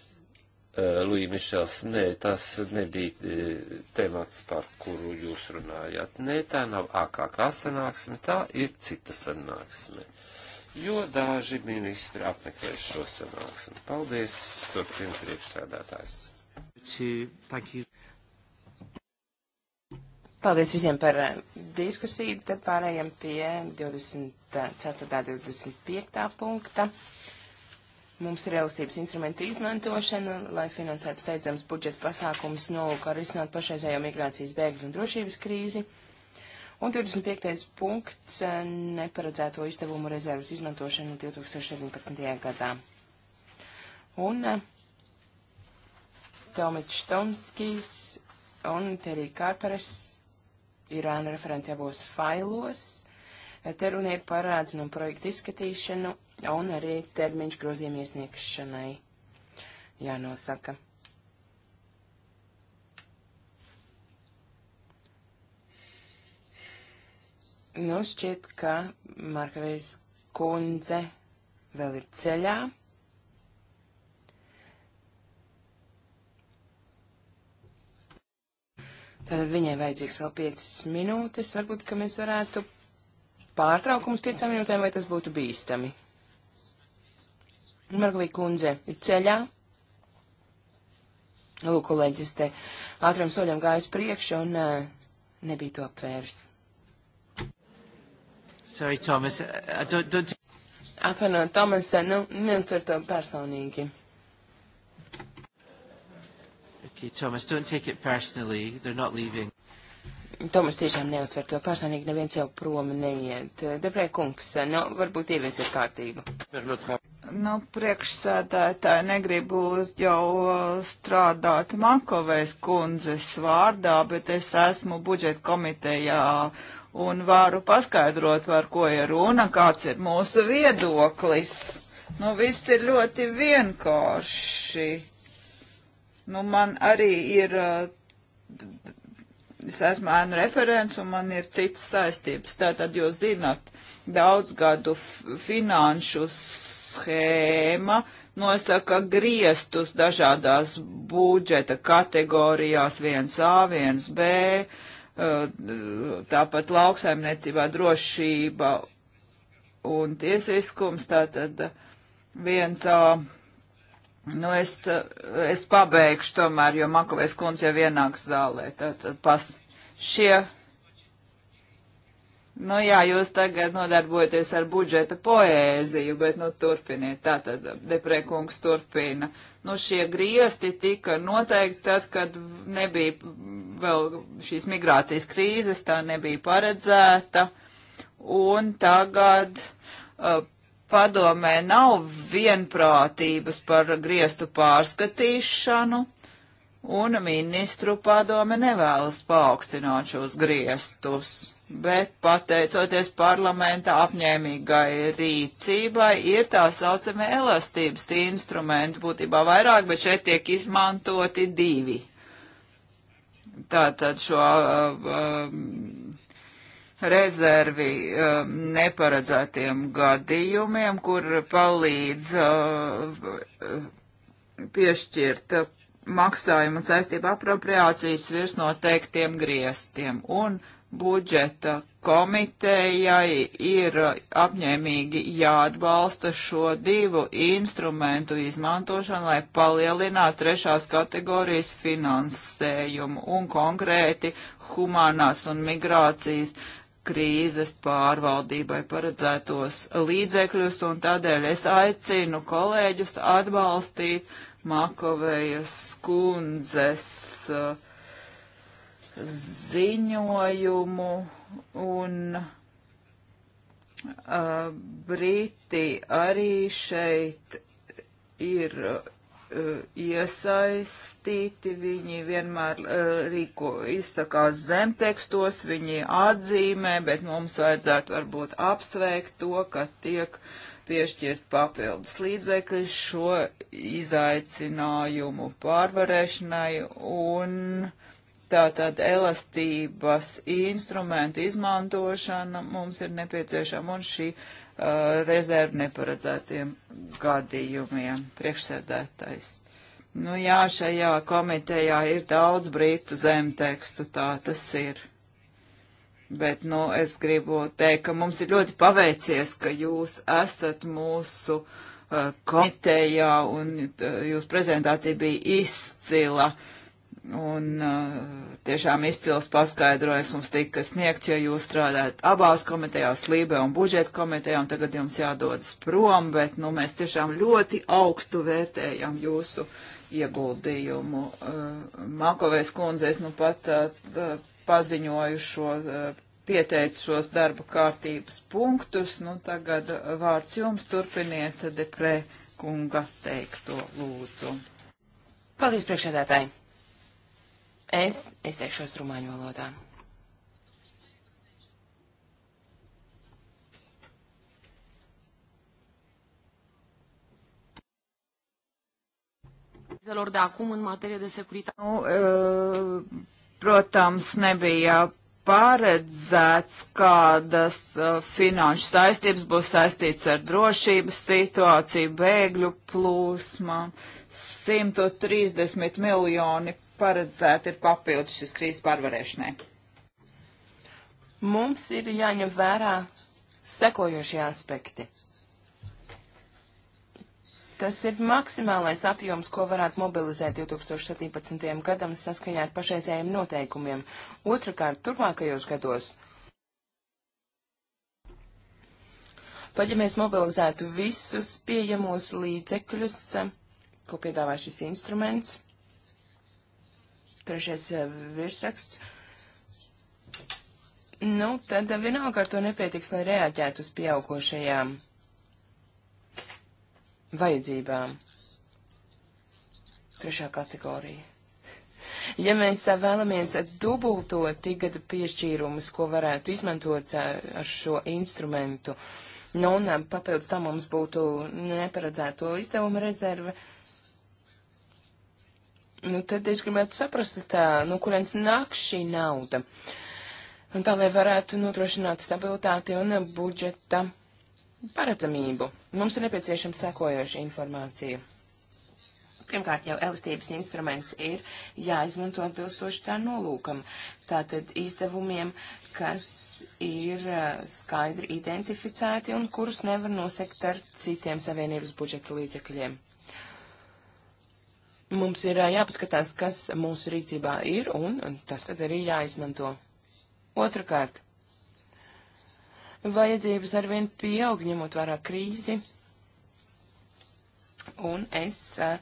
uh, eh, Lui Mišels. Nē, tas nebija uh, temats, par kuru jūs runājāt. Nē, tā nav AKK sanāksme, tā ir cita sanāksme. Jo daži ministri apmeklēs šo sanāksmi. Paldies, turpina priekšsēdētājs. Thank you. Paldies visiem par eh, diskusiju. Tad pārējiem pie 24. 25. Eh, punkta. Mums ir elastības instrumenta izmantošana, lai finansētu steidzams budžeta pasākums nolūkā risināt pašreizējo migrācijas bēgļu un drošības krīzi. Un 25. punkts eh, - neparedzēto izdevumu rezervas izmantošana 2017. gadā. Un Tomits Štomskis un Terija Kārpares ir ēnu referenti abos failos. Te runa ir par atzinumu projektu izskatīšanu un arī termiņš grozījuma iesniegšanai jānosaka. Nu, šķiet, ka Markavējs kundze vēl ir ceļā. Tātad viņai vajadzīgs vēl 5 minūtes. Varbūt, ka mēs varētu pārtraukums 5 minūtēm, vai tas būtu bīstami. Margalī kundze ir ceļā. Lūk, kolēģis te ātriem soļiem gājis priekšu un uh, nebija to aptvērs. Sorry, Thomas. I don't, don't... Atvainojiet, Tomas, eh, nu, neuztur to personīgi. Okay, Thomas, don't take it personally. They're not leaving. Tomas tiešām neuzsver to personīgi, neviens jau prom neiet. Debrē kungs, nu, varbūt ieviesiet kārtību. Nu, priekšsēdētāji negribu jau strādāt Makovēs kundzes vārdā, bet es esmu budžeta komitejā un varu paskaidrot, par ko ir runa, kāds ir mūsu viedoklis. Nu, viss ir ļoti vienkārši. Nu, man arī ir, eh, es esmu ēnu referents un man ir citas saistības. Tātad jūs zināt, daudzgadu finanšu schēma nosaka griestus dažādās budžeta kategorijās, viens A, viens B, eh, tāpat lauksaimniecībā drošība un tiesiskums, tātad viens A Nu, es, es pabeigšu tomēr, jo Makovēs kundze jau ienāks zālē. Tātad pas šie. Nu jā, jūs tagad nodarbojaties ar budžeta poēziju, bet nu turpiniet. Tātad deprekungs turpina. Nu šie griesti tika noteikti tad, kad nebija vēl šīs migrācijas krīzes, tā nebija paredzēta. Un tagad. Uh, padomē nav vienprātības par griestu pārskatīšanu, un ministru padome nevēlas paaugstināt šos griestus. Bet pateicoties parlamenta apņēmīgai rīcībai, ir tā saucamie elastības instrumenti, būtībā vairāk, bet šeit tiek izmantoti divi. Tātad šo uh, um, rezervi um, neparedzētiem gadījumiem, kur palīdz uh, piešķirt maksājumu saistību apropriācijas virs noteiktiem griestiem. Un budžeta komitejai ir apņēmīgi jāatbalsta šo divu instrumentu izmantošanu, lai palielinātu trešās kategorijas finansējumu un konkrēti humanās un migrācijas krīzes pārvaldībai paredzētos līdzekļus, un tādēļ es aicinu kolēģus atbalstīt Makovējas kundzes uh, ziņojumu un uh, Briti arī šeit ir uh, iesaistīti, viņi vienmēr e, rīko izsakās zemtekstos, viņi atzīmē, bet mums vajadzētu varbūt apsveikt to, ka tiek piešķirt papildus līdzekļi šo izaicinājumu pārvarēšanai un tātad elastības instrumentu izmantošana mums ir nepieciešama un šī uh, Uh, rezervi neparedzētiem gadījumiem. Priekšsēdētājs. Nu jā, šajā komitejā ir daudz brītu zemtekstu, tā tas ir. Bet, nu, es gribu teikt, ka mums ir ļoti paveicies, ka jūs esat mūsu uh, komitejā un uh, jūsu prezentācija bija izcila. Uh, Un uh, tiešām izcils paskaidrojums mums tika sniegts, jo jūs strādājat abās komitejās, Lībe un budžeta komitejā, un tagad jums jādodas prom, bet nu, mēs tiešām ļoti augstu vērtējam jūsu ieguldījumu. Uh, Makovēs kundzēs nu pat uh, paziņoju šo, uh, pieteicu šos darba kārtības punktus. Nu, tagad uh, vārds jums turpiniet deprē kunga teikto lūdzu. Paldies, priekšsēdētāji! Es izteikšos rumāņu valodā. lor de acum în materie de securitate? Nu, e, protams, nebija paredzēts, kādas e, finanšu saistības būs saistīts ar drošības situāciju, bēgļu plūsmām, 130 miljoni paredzēti ir papildus šis krīzes pārvarēšanai? Mums ir jāņem vērā sekojošie aspekti. Tas ir maksimālais apjoms, ko varētu mobilizēt 2017. gadam saskaņā ar pašreizējiem noteikumiem. Otrakārt, turpmākajos gados. Pat ja mēs mobilizētu visus pieejamos līdzekļus, ko piedāvā šis instruments, trešais eh, virsraksts. Nu, tad vienalga ar to nepietiks, lai reaģētu uz pieaugošajām vajadzībām. Trešā kategorija. Ja mēs eh, vēlamies dubultot ikgada piešķīrumus, ko varētu izmantot eh, ar šo instrumentu, nu un papildus tam mums būtu neparedzēto izdevumu rezerve, uh, nu tad es gribētu saprast, tā, no kurienes nāk šī nauda. Un tā, lai varētu nodrošināt stabilitāti un budžeta paredzamību, mums ir nepieciešama sekojoša informācija. Pirmkārt, jau elastības instruments ir jāizmanto atbilstoši tā nolūkam. Tātad izdevumiem, kas ir skaidri identificēti un kurus nevar nosekt ar citiem savienības budžeta līdzekļiem. Mums ir jāpaskatās, kas mūsu rīcībā ir, un, un tas tad arī jāizmanto. Otrakārt, vajadzības arvien pieaug, ņemot vērā krīzi, un es uh,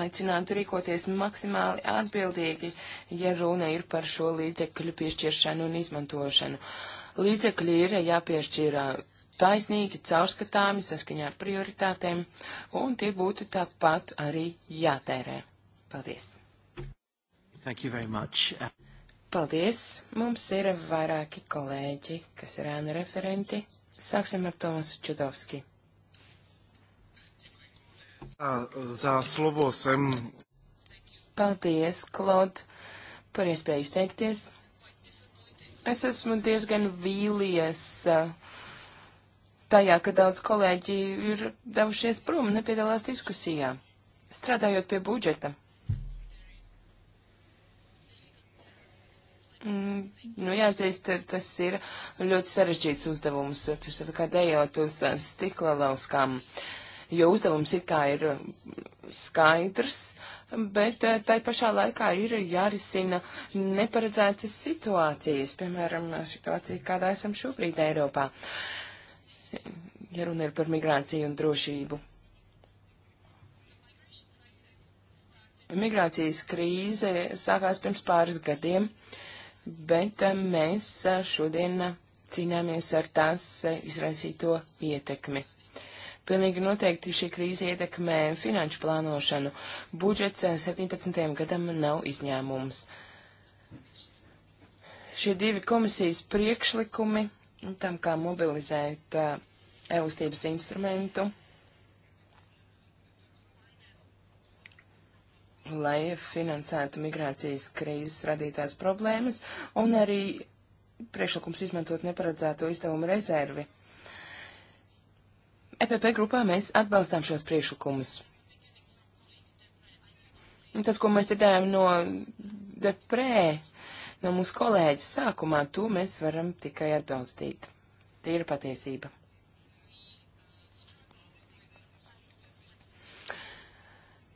aicinātu rīkoties maksimāli atbildīgi, ja runa ir par šo līdzekļu piešķiršanu un izmantošanu. Līdzekļi ir jāpiešķirā taisnīgi, caurskatāmi, saskaņā ar prioritātēm, un tie būtu tāpat arī jātērē. Paldies! Thank you very much. Paldies! Mums ir vairāki kolēģi, kas ir ēna referenti. Sāksim ar Tomasu Čudovski. Za slovo sem. Paldies, Klod, par iespēju izteikties. Es esmu diezgan vīlies uh, tajā, ka daudz kolēģi ir devušies prom un nepiedalās diskusijā, strādājot pie budžeta. Mm, nu, jāatzīst, tas ir ļoti sarežģīts uzdevums. Tas ir kā dejot uz stikla lauskām, jo uzdevums it kā ir skaidrs, bet eh, tai pašā laikā ir jārisina neparedzētas situācijas, piemēram, situācija, kādā esam šobrīd Eiropā. Uh, ja runa ir par migrāciju un drošību. Migrācijas krīze sākās pirms pāris gadiem, bet eh, mēs eh, šodien eh, cīnāmies ar tās izraisīto ietekmi. Pilnīgi noteikti šī krīze ietekmē finanšu plānošanu. Budžets 17. gadam nav izņēmums. Šie divi komisijas priekšlikumi tam, kā mobilizēt uh, elastības instrumentu, lai finansētu migrācijas krīzes radītās problēmas, un arī priekšlikums izmantot neparedzēto izdevumu rezervi. EPP grupā mēs atbalstām šos priekšlikumus. Tas, ko mēs dzirdējām no deprē, uh, no mūsu kolēģa sākumā, to mēs varam tikai atbalstīt. Tie ir patiesība.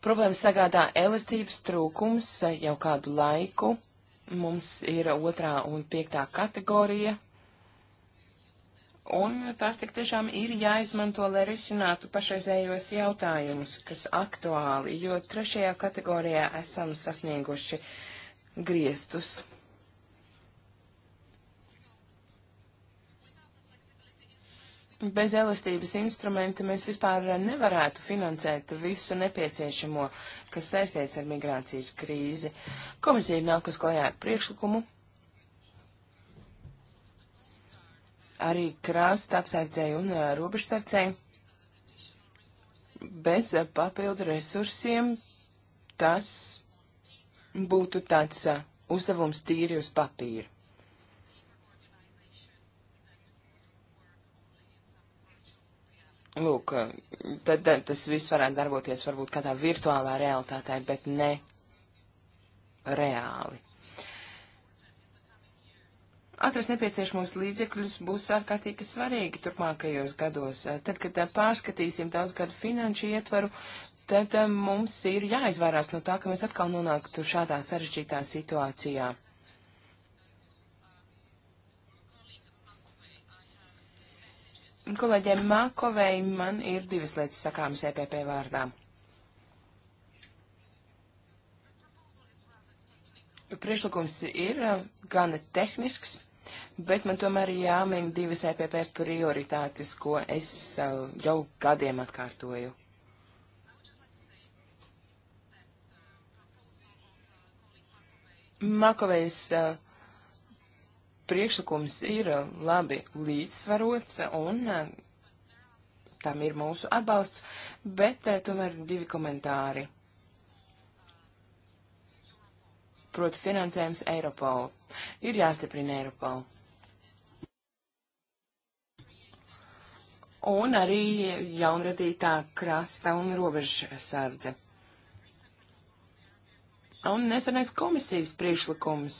Problēmas sagādā elastības trūkums jau kādu laiku. Mums ir otrā un piektā kategorija. Un tās tik tiešām ir jāizmanto, lai risinātu pašreizējos jautājumus, kas aktuāli, jo trešajā kategorijā esam sasnieguši griestus. bez elastības instrumenta mēs vispār nevarētu finansēt visu nepieciešamo, kas saistīts ar migrācijas krīzi. Komisija ir nākus klajā ar priekšlikumu. Arī krāsta apsardzēju un robežsardzēju. Bez papildu resursiem tas būtu tāds uzdevums tīri uz papīra. Lūk, tad, tad tas viss varētu darboties varbūt kādā virtuālā realitātē, bet ne reāli. Atrast nepieciešamos līdzekļus būs ārkārtīgi svarīgi turpmākajos gados. Tad, kad pārskatīsim daudzgadu finanšu ietvaru, tad mums ir jāizvairās no tā, ka mēs atkal nonāktu šādā sarežģītā situācijā. Kolēģiem Makovei man ir divas lietas sakāmas EPP vārdā. Priešlikums ir uh, gana tehnisks, bet man tomēr jāmin divas EPP prioritātes, ko es uh, jau gadiem atkārtoju. Makovejas uh, priekšlikums ir eh, labi līdzsvarots un eh, tam ir mūsu atbalsts, bet eh, tomēr divi komentāri. Proti finansējums Eiropolu. Ir jāstiprina Eiropolu. Un arī jaunradītā krasta un robežsardze. Un nesenais komisijas priekšlikums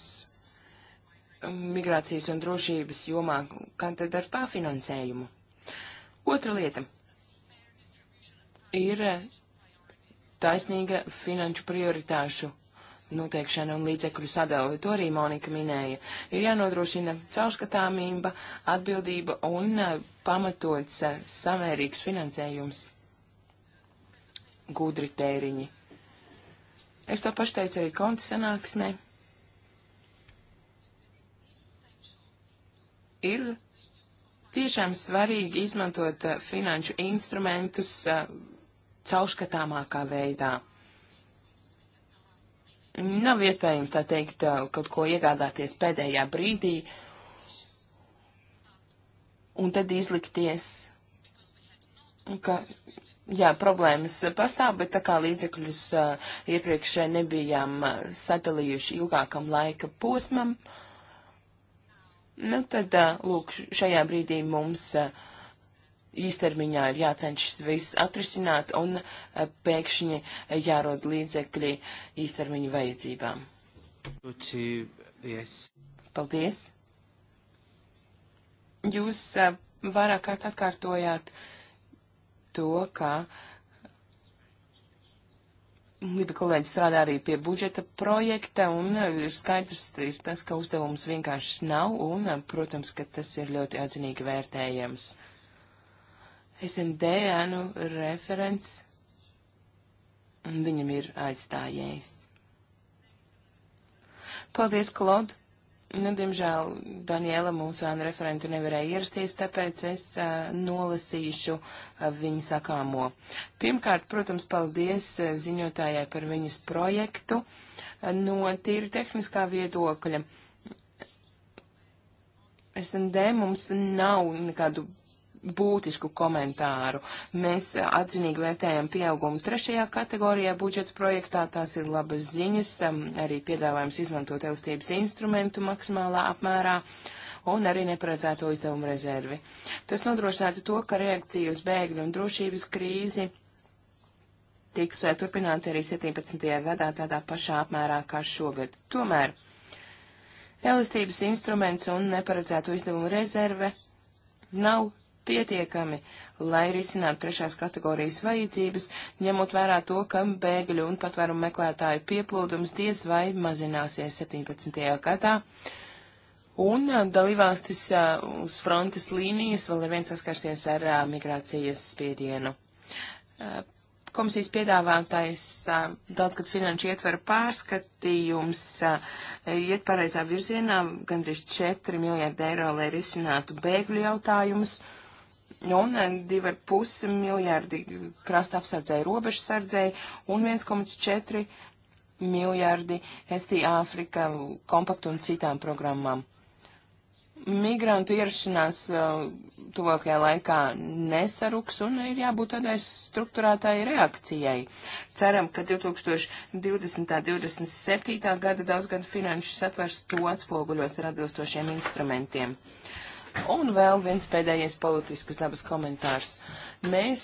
migrācijas un drošības jomā, kā tad ar tā finansējumu? Otra lieta ir eh, taisnīga finanšu prioritāšu noteikšana un līdzekļu sadali. To arī Monika minēja. Ir jānodrošina caurskatāmība, atbildība un eh, pamatots eh, samērīgs finansējums. Gudri tēriņi. Es to pašu teicu arī konta sanāksmē. ir tiešām svarīgi izmantot uh, finanšu instrumentus uh, caurskatāmākā veidā. Nav iespējams, tā teikt, uh, kaut ko iegādāties pēdējā brīdī un tad izlikties, ka, jā, problēmas pastāv, bet tā kā līdzekļus iepriekš nebijām sadalījuši ilgākam laika posmam, uh, Nu, tad, lūk, šajā brīdī mums īstermiņā ir jācenšas viss atrisināt un pēkšņi jārod līdzekļi īstermiņa vajadzībām. Paldies! Jūs vairāk kārt atkārtojāt to, ka uh, Liba kolēģi strādā arī pie budžeta projekta, un e, ir skaidrs, ir tas, ka uzdevums vienkārši nav, un, e, protams, ka tas ir ļoti atzinīgi vērtējams. SND ēnu referents, un viņam ir aizstājējis. Paldies, Klod! Nu, diemžēl Daniela mūsu ēnu referentu nevarēja ierasties, tāpēc es uh, nolasīšu uh, viņa sakāmo. Pirmkārt, protams, paldies uh, ziņotājai par viņas projektu uh, no tīri tehniskā viedokļa. SND mums nav nekādu būtisku komentāru. Mēs eh, atzinīgi vērtējam pieaugumu trešajā kategorijā budžeta projektā. Tās ir labas ziņas, arī piedāvājums izmantot elstības instrumentu maksimālā apmērā un arī neparedzēto izdevumu rezervi. Tas nodrošinātu to, ka reakcija uz bēgļu un drošības krīzi tiks eh, turpināta arī 17. gadā tādā pašā apmērā kā šogad. Tomēr elastības instruments un neparedzēto izdevumu rezerve nav pietiekami, lai risinātu trešās kategorijas vajadzības, ņemot vērā to, ka bēgļu un patvērumu meklētāju pieplūdums diez vai mazināsies 17. gadā. Un dalībvalstis uz frontes līnijas vēl ir viens saskarsies ar a, migrācijas spiedienu. A, komisijas piedāvātais daudzgad finanšu ietveru pārskatījums a, iet pareizā virzienā, gandrīz 4 miljārdi eiro, lai risinātu bēgļu jautājumus. Uh, un 2,5 eh, miljardi krasta apsardzēji, robežu sardzēji un 1,4 miljardi FT Āfrika kompaktu un citām programmām. Migrantu ierašanās eh, tuvākajā laikā nesaruks un ir jābūt tādai struktūrātai reakcijai. Ceram, ka 2020. 27. gada daudzgada finanšu satvers to atspoguļos ar atbilstošiem instrumentiem. Uh, Un vēl viens pēdējais politiskas dabas komentārs. Mēs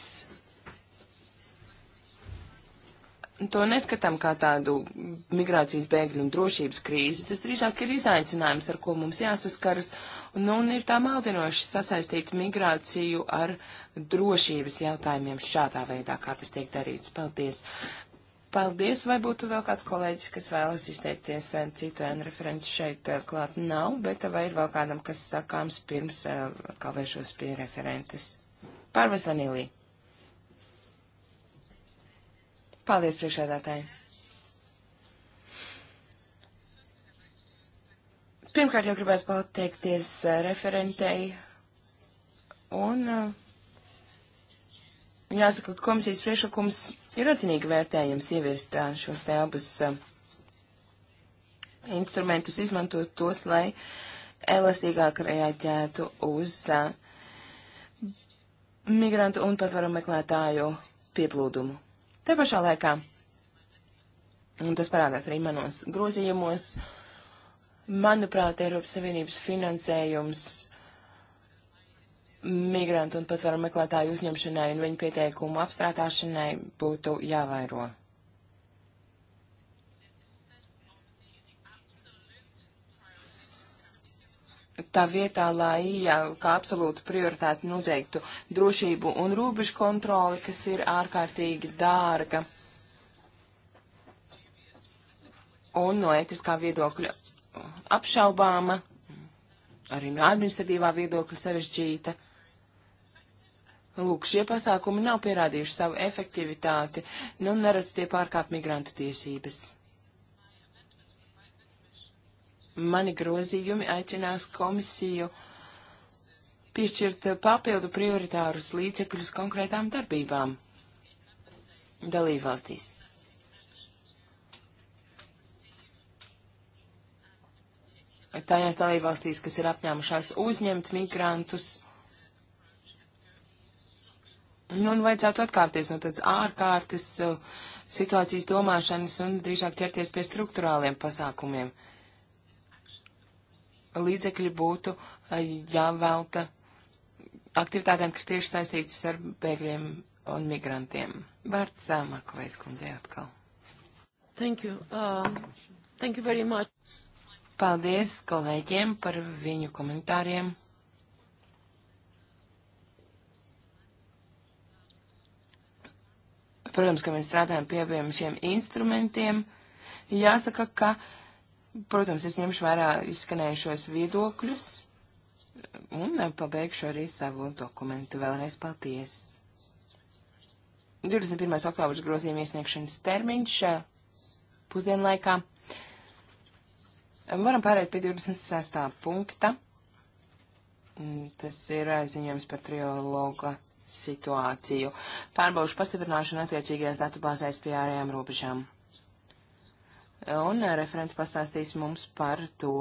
to neskatām kā tādu migrācijas bēgļu un drošības krīzi. Tas drīzāk ir izaicinājums, ar ko mums jāsaskaras. Nu, un ir tā maldinoši sasaistīt migrāciju ar drošības jautājumiem šādā veidā, kā tas tiek darīts. Paldies! Paldies, vai būtu vēl kāds kolēģis, kas vēlas izteikties eh, citu ēnu referenci šeit eh, klāt nav, bet eh, vai ir vēl kādam, kas sakāms pirms kalvēšos pie referentes? Pārvas Vanīlī. Paldies, priekšēdātāji. Pirmkārt, jau gribētu pateikties referentei un uh, jāsaka, ka komisijas priešlikums ir atzinīgi vērtējams ieviest šos te abus instrumentus, izmantot tos, lai elastīgāk reaģētu uz migrantu un patvaru meklētāju pieplūdumu. Te pašā laikā, un tas parādās arī manos grozījumos, manuprāt, Eiropas Savienības finansējums migrantu un patvēru meklētāju uzņemšanai un viņu pieteikumu apstrādāšanai būtu jāvairo. Tā vietā, lai ja, kā absolūtu prioritāti noteiktu drošību un robežu kontroli, kas ir ārkārtīgi dārga un no etiskā viedokļa apšaubāma, arī no administratīvā viedokļa sarežģīta. Lūk, šie pasākumi nav pierādījuši savu efektivitāti, nu nerad tie pārkāp migrantu tiesības. Mani grozījumi aicinās komisiju piešķirt papildu prioritārus līdzekļus konkrētām darbībām dalībvalstīs. Tajās dalībvalstīs, kas ir apņēmušās uzņemt migrantus Nu, un vajadzētu atkāpties no tādas ārkārtas uh, situācijas domāšanas un drīzāk ķerties pie struktūrāliem pasākumiem. Līdzekļi būtu uh, jāvelta aktivitātēm, kas tieši saistītas ar bēgļiem un migrantiem. Vārds uh, Markovais kundzei atkal. Thank you. Um, thank you very much. Paldies kolēģiem par viņu komentāriem. Protams, ka mēs strādājam pie abiem šiem instrumentiem. Jāsaka, ka, protams, es ņemšu vērā izskanējušos viedokļus un pabeigšu arī savu dokumentu. Vēlreiz paldies! 21. oktobrs grozījuma iesniegšanas termiņš pusdienlaikā. Varam pārēt pie 26. punkta. Tas ir ziņojums par triologa situāciju. Pārbaušu pastiprināšanu attiecīgajās datu bāzēs pie ārējām robežām. Un referents pastāstīs mums par to,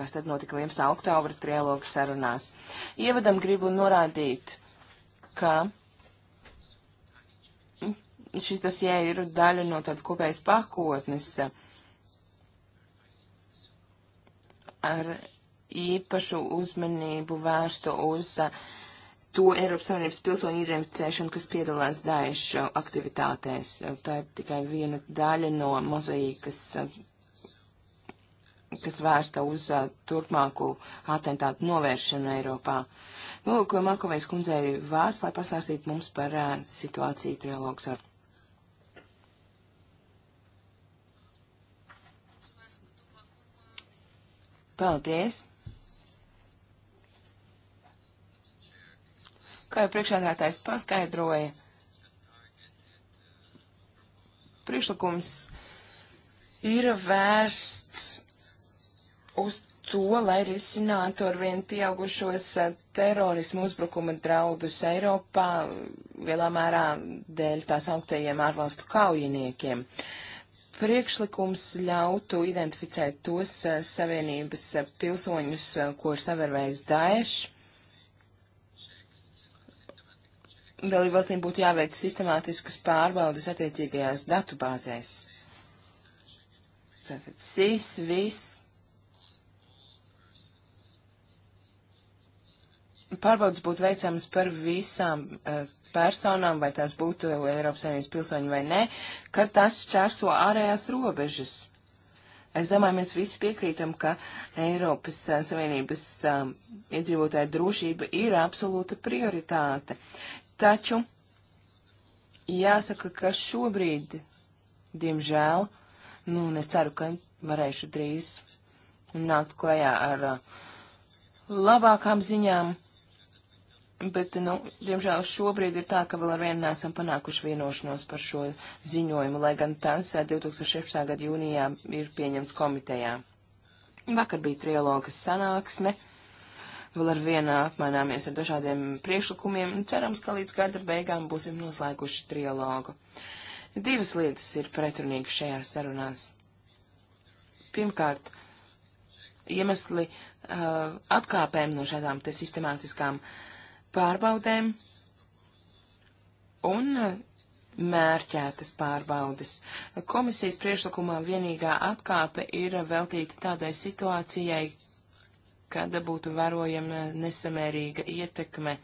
kas tad notika 11. oktobra trialoga sarunās. Ievadam gribu norādīt, ka šis dosie ir daļa no tādas kopējas pakotnes ar īpašu uzmanību vērstu uz uh, to Eiropas Savienības pilsoņu identificēšanu, kas piedalās Daešu aktivitātēs. Tā ir tikai viena daļa no mozaīkas, kas vērsta uz turpmāku atentātu novēršanu Eiropā. Nolūko nu, Makovejs kundzei vārds, lai pastāstītu mums par uh, situāciju trialogs ar. Paldies! Kā jau priekšādātājs paskaidroja, priekšlikums ir vērsts uz to, lai risinātu ar vien pieaugušos eh, terorismu uzbrukuma draudus Eiropā, lielā mērā dēļ tās augtajiem ārvalstu kaujiniekiem. Priekšlikums ļautu identificēt tos eh, savienības eh, pilsoņus, ko ir savervējis Daesh dalībvalstīm būtu jāveic sistemātiskas pārbaudas attiecīgajās datubāzēs. Tātad SIS, VIS. Pārbaudas būtu veicamas par visām uh, personām, vai tās būtu Eiropas Savienības pilsoņi vai nē, kad tas šķērso ārējās robežas. Es domāju, mēs visi piekrītam, ka Eiropas eh, Savienības um, iedzīvotāja drošība ir absolūta prioritāte. Taču jāsaka, ka šobrīd, diemžēl, nu, un es ceru, ka varēšu drīz nākt klajā ar uh, labākām ziņām, bet, nu, diemžēl šobrīd ir tā, ka vēl ar vienu nesam panākuši vienošanos par šo ziņojumu, lai gan tas 2016. Uh, gada jūnijā ir pieņemts komitejā. Vakar bija trialogas sanāksme. Uh, Vēl ar vienu apmaināmies ar dažādiem priekšlikumiem un cerams, ka līdz gada beigām būsim noslēguši trialogu. Divas lietas ir pretrunīgas šajās sarunās. Pirmkārt, iemesli uh, atkāpēm no šādām te sistemātiskām pārbaudēm un uh, mērķētas pārbaudes. Komisijas priešlikumā vienīgā atkāpe ir veltīta tādai situācijai, kad būtu vērojama nesamērīga ietekme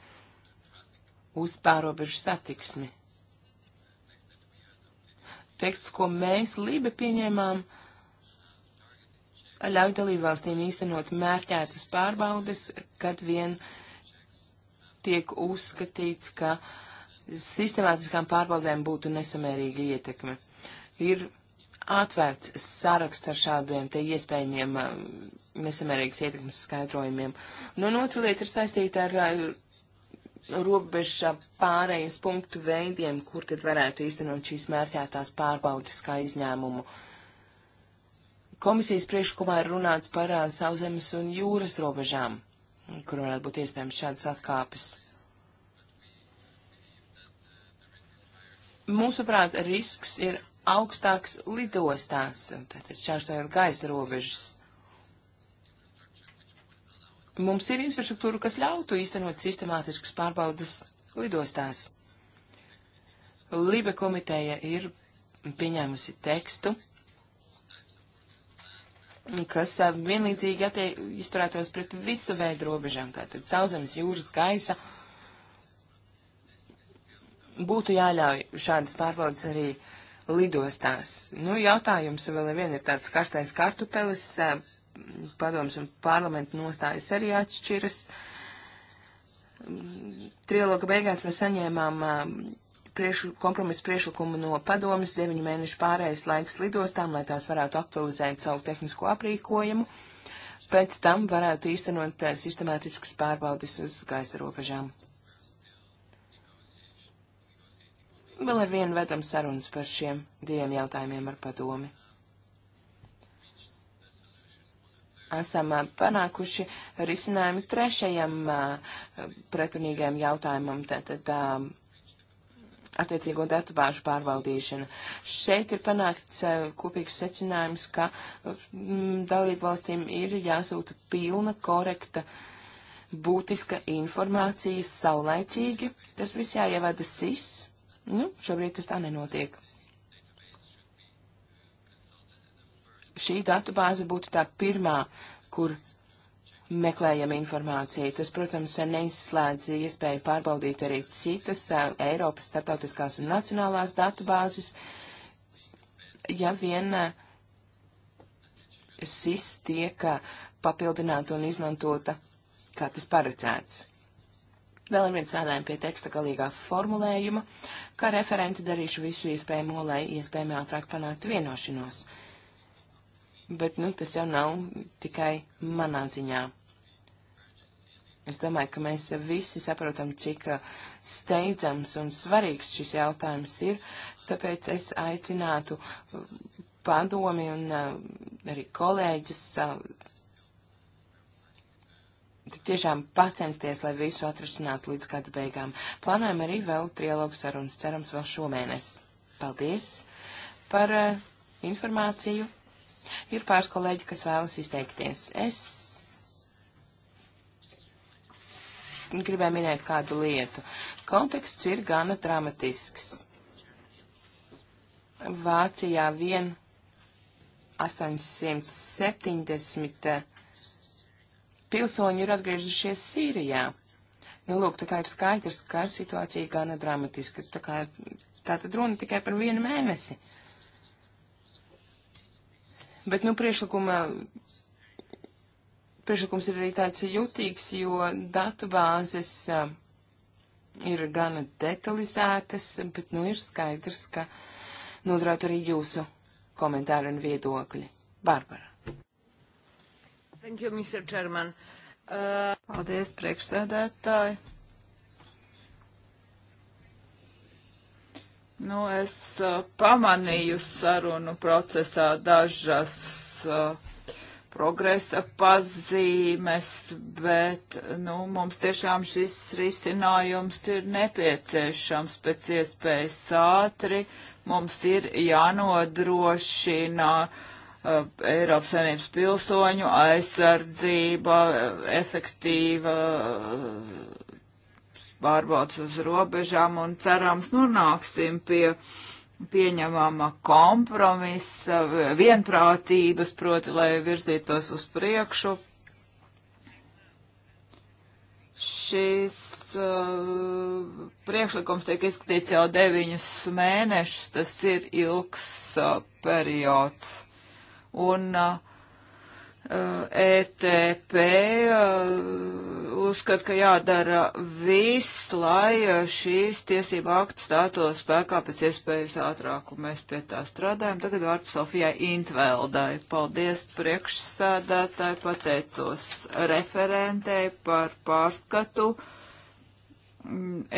uz pārobežu satiksmi. Teksts, ko mēs Lībe pieņēmām, ļauj dalībvalstīm īstenot mērķētas pārbaudes, kad vien tiek uzskatīts, ka sistemātiskām pārbaudēm būtu nesamērīga ietekme. Ir atvērts saraksts ar šādiem te iespējamiem um, nesamērīgas ietekmes skaidrojumiem. Nu, un otra lieta ir saistīta ar, ar uh, robeža pārējas punktu veidiem, kur tad varētu īstenot šīs mērķētās pārbaudas kā izņēmumu. Komisijas priekšlikumā ir runāts par uh, sauszemes un jūras robežām, kur varētu būt iespējams šādas atkāpes. Mūsuprāt, risks ir augstāks lidostās, tātad šķērsojot gaisa robežas. Mums ir infrastruktūra, kas ļautu īstenot sistemātiskas pārbaudas lidostās. Libe komiteja ir pieņēmusi tekstu, kas uh, vienlīdzīgi attie, izturētos pret visu veidu robežām, tātad sauzemes, jūras, gaisa. Būtu jāļauj šādas pārbaudas arī uh, lidostās. Nu, jautājums vēl vien ir tāds karstais kartupelis, padoms un parlamentu nostājas arī atšķiras. Triloga beigās mēs saņēmām priekšu, kompromisu priešlikumu no padomas, deviņu mēnešu pārējais laiks lidostām, lai tās varētu aktualizēt savu tehnisko aprīkojumu. Pēc tam varētu īstenot sistemātiskas pārbaudes uz gaisa robežām. Vēl ar vienu vedam sarunas par šiem diviem jautājumiem ar padomi. Esam panākuši risinājumu trešajam pretrunīgajam jautājumam, tātad attiecīgo datu bāžu pārvaldīšana. Šeit ir panākts kopīgs secinājums, ka dalību valstīm ir jāsūta pilna, korekta, būtiska informācija saulaicīgi. Tas viss jāievada SIS Nu, šobrīd tas tā nenotiek. Šī datu bāze būtu tā pirmā, kur meklējam informāciju. Tas, protams, neizslēdz iespēju pārbaudīt arī citas Eiropas starptautiskās un nacionālās datubāzes, ja vien SIS tiek papildināta un izmantota, kā tas paredzēts. Vēl ar vien strādājam pie teksta galīgā formulējuma, kā referenti darīšu visu iespējamo, lai iespējami ātrāk panāktu vienošanos. Bet, nu, tas jau nav tikai manā ziņā. Es domāju, ka mēs visi saprotam, cik steidzams un svarīgs šis jautājums ir, tāpēc es aicinātu padomi un uh, arī kolēģus uh, tiešām pacensties, lai visu atrasinātu līdz gada beigām. Plānojam arī vēl trialogu sarunas, cerams, vēl šomēnes. Paldies par uh, informāciju. Ir pāris kolēģi, kas vēlas izteikties. Es gribēju minēt kādu lietu. Konteksts ir gana dramatisks. Vācijā vien 870 pilsoņi ir atgriežušies Sīrijā. Nu, lūk, tā kā ir skaidrs, ka situācija gana dramatiska. Tā kā tā tad runa tikai par vienu mēnesi. Bet, nu, priešlikuma, priešlikums ir arī tāds jutīgs, jo datu bāzes uh, ir gana detalizētas, bet, nu, ir skaidrs, ka nodrāt nu, arī jūsu komentāri un viedokļi. Barbara. Thank you, Mr. Chairman. Uh... Paldies, priekšsēdētāji. Nu, es uh, pamanīju sarunu procesā dažas uh, progresa pazīmes, bet nu, mums tiešām šis risinājums ir nepieciešams pēc iespējas ātri. Mums ir jānodrošina uh, Uh, Eiropas Savienības pilsoņu aizsardzība, uh, efektīva uh, pārbaudas uz robežām un cerams nonāksim nu, pie pieņemama kompromisa, vienprātības, proti, lai virzītos uz priekšu. Šis uh, priekšlikums tiek izskatīts jau deviņus mēnešus, tas ir ilgs uh, periods un uh, eh, ETP uh, eh, uzskata, ka jādara viss, lai eh, šīs tiesība aktu stātos spēkā pēc iespējas ātrāk, un mēs pie tā strādājam. Tagad vārds Sofijai Intveldai. Paldies priekšsēdētāji, pateicos referentei par pārskatu.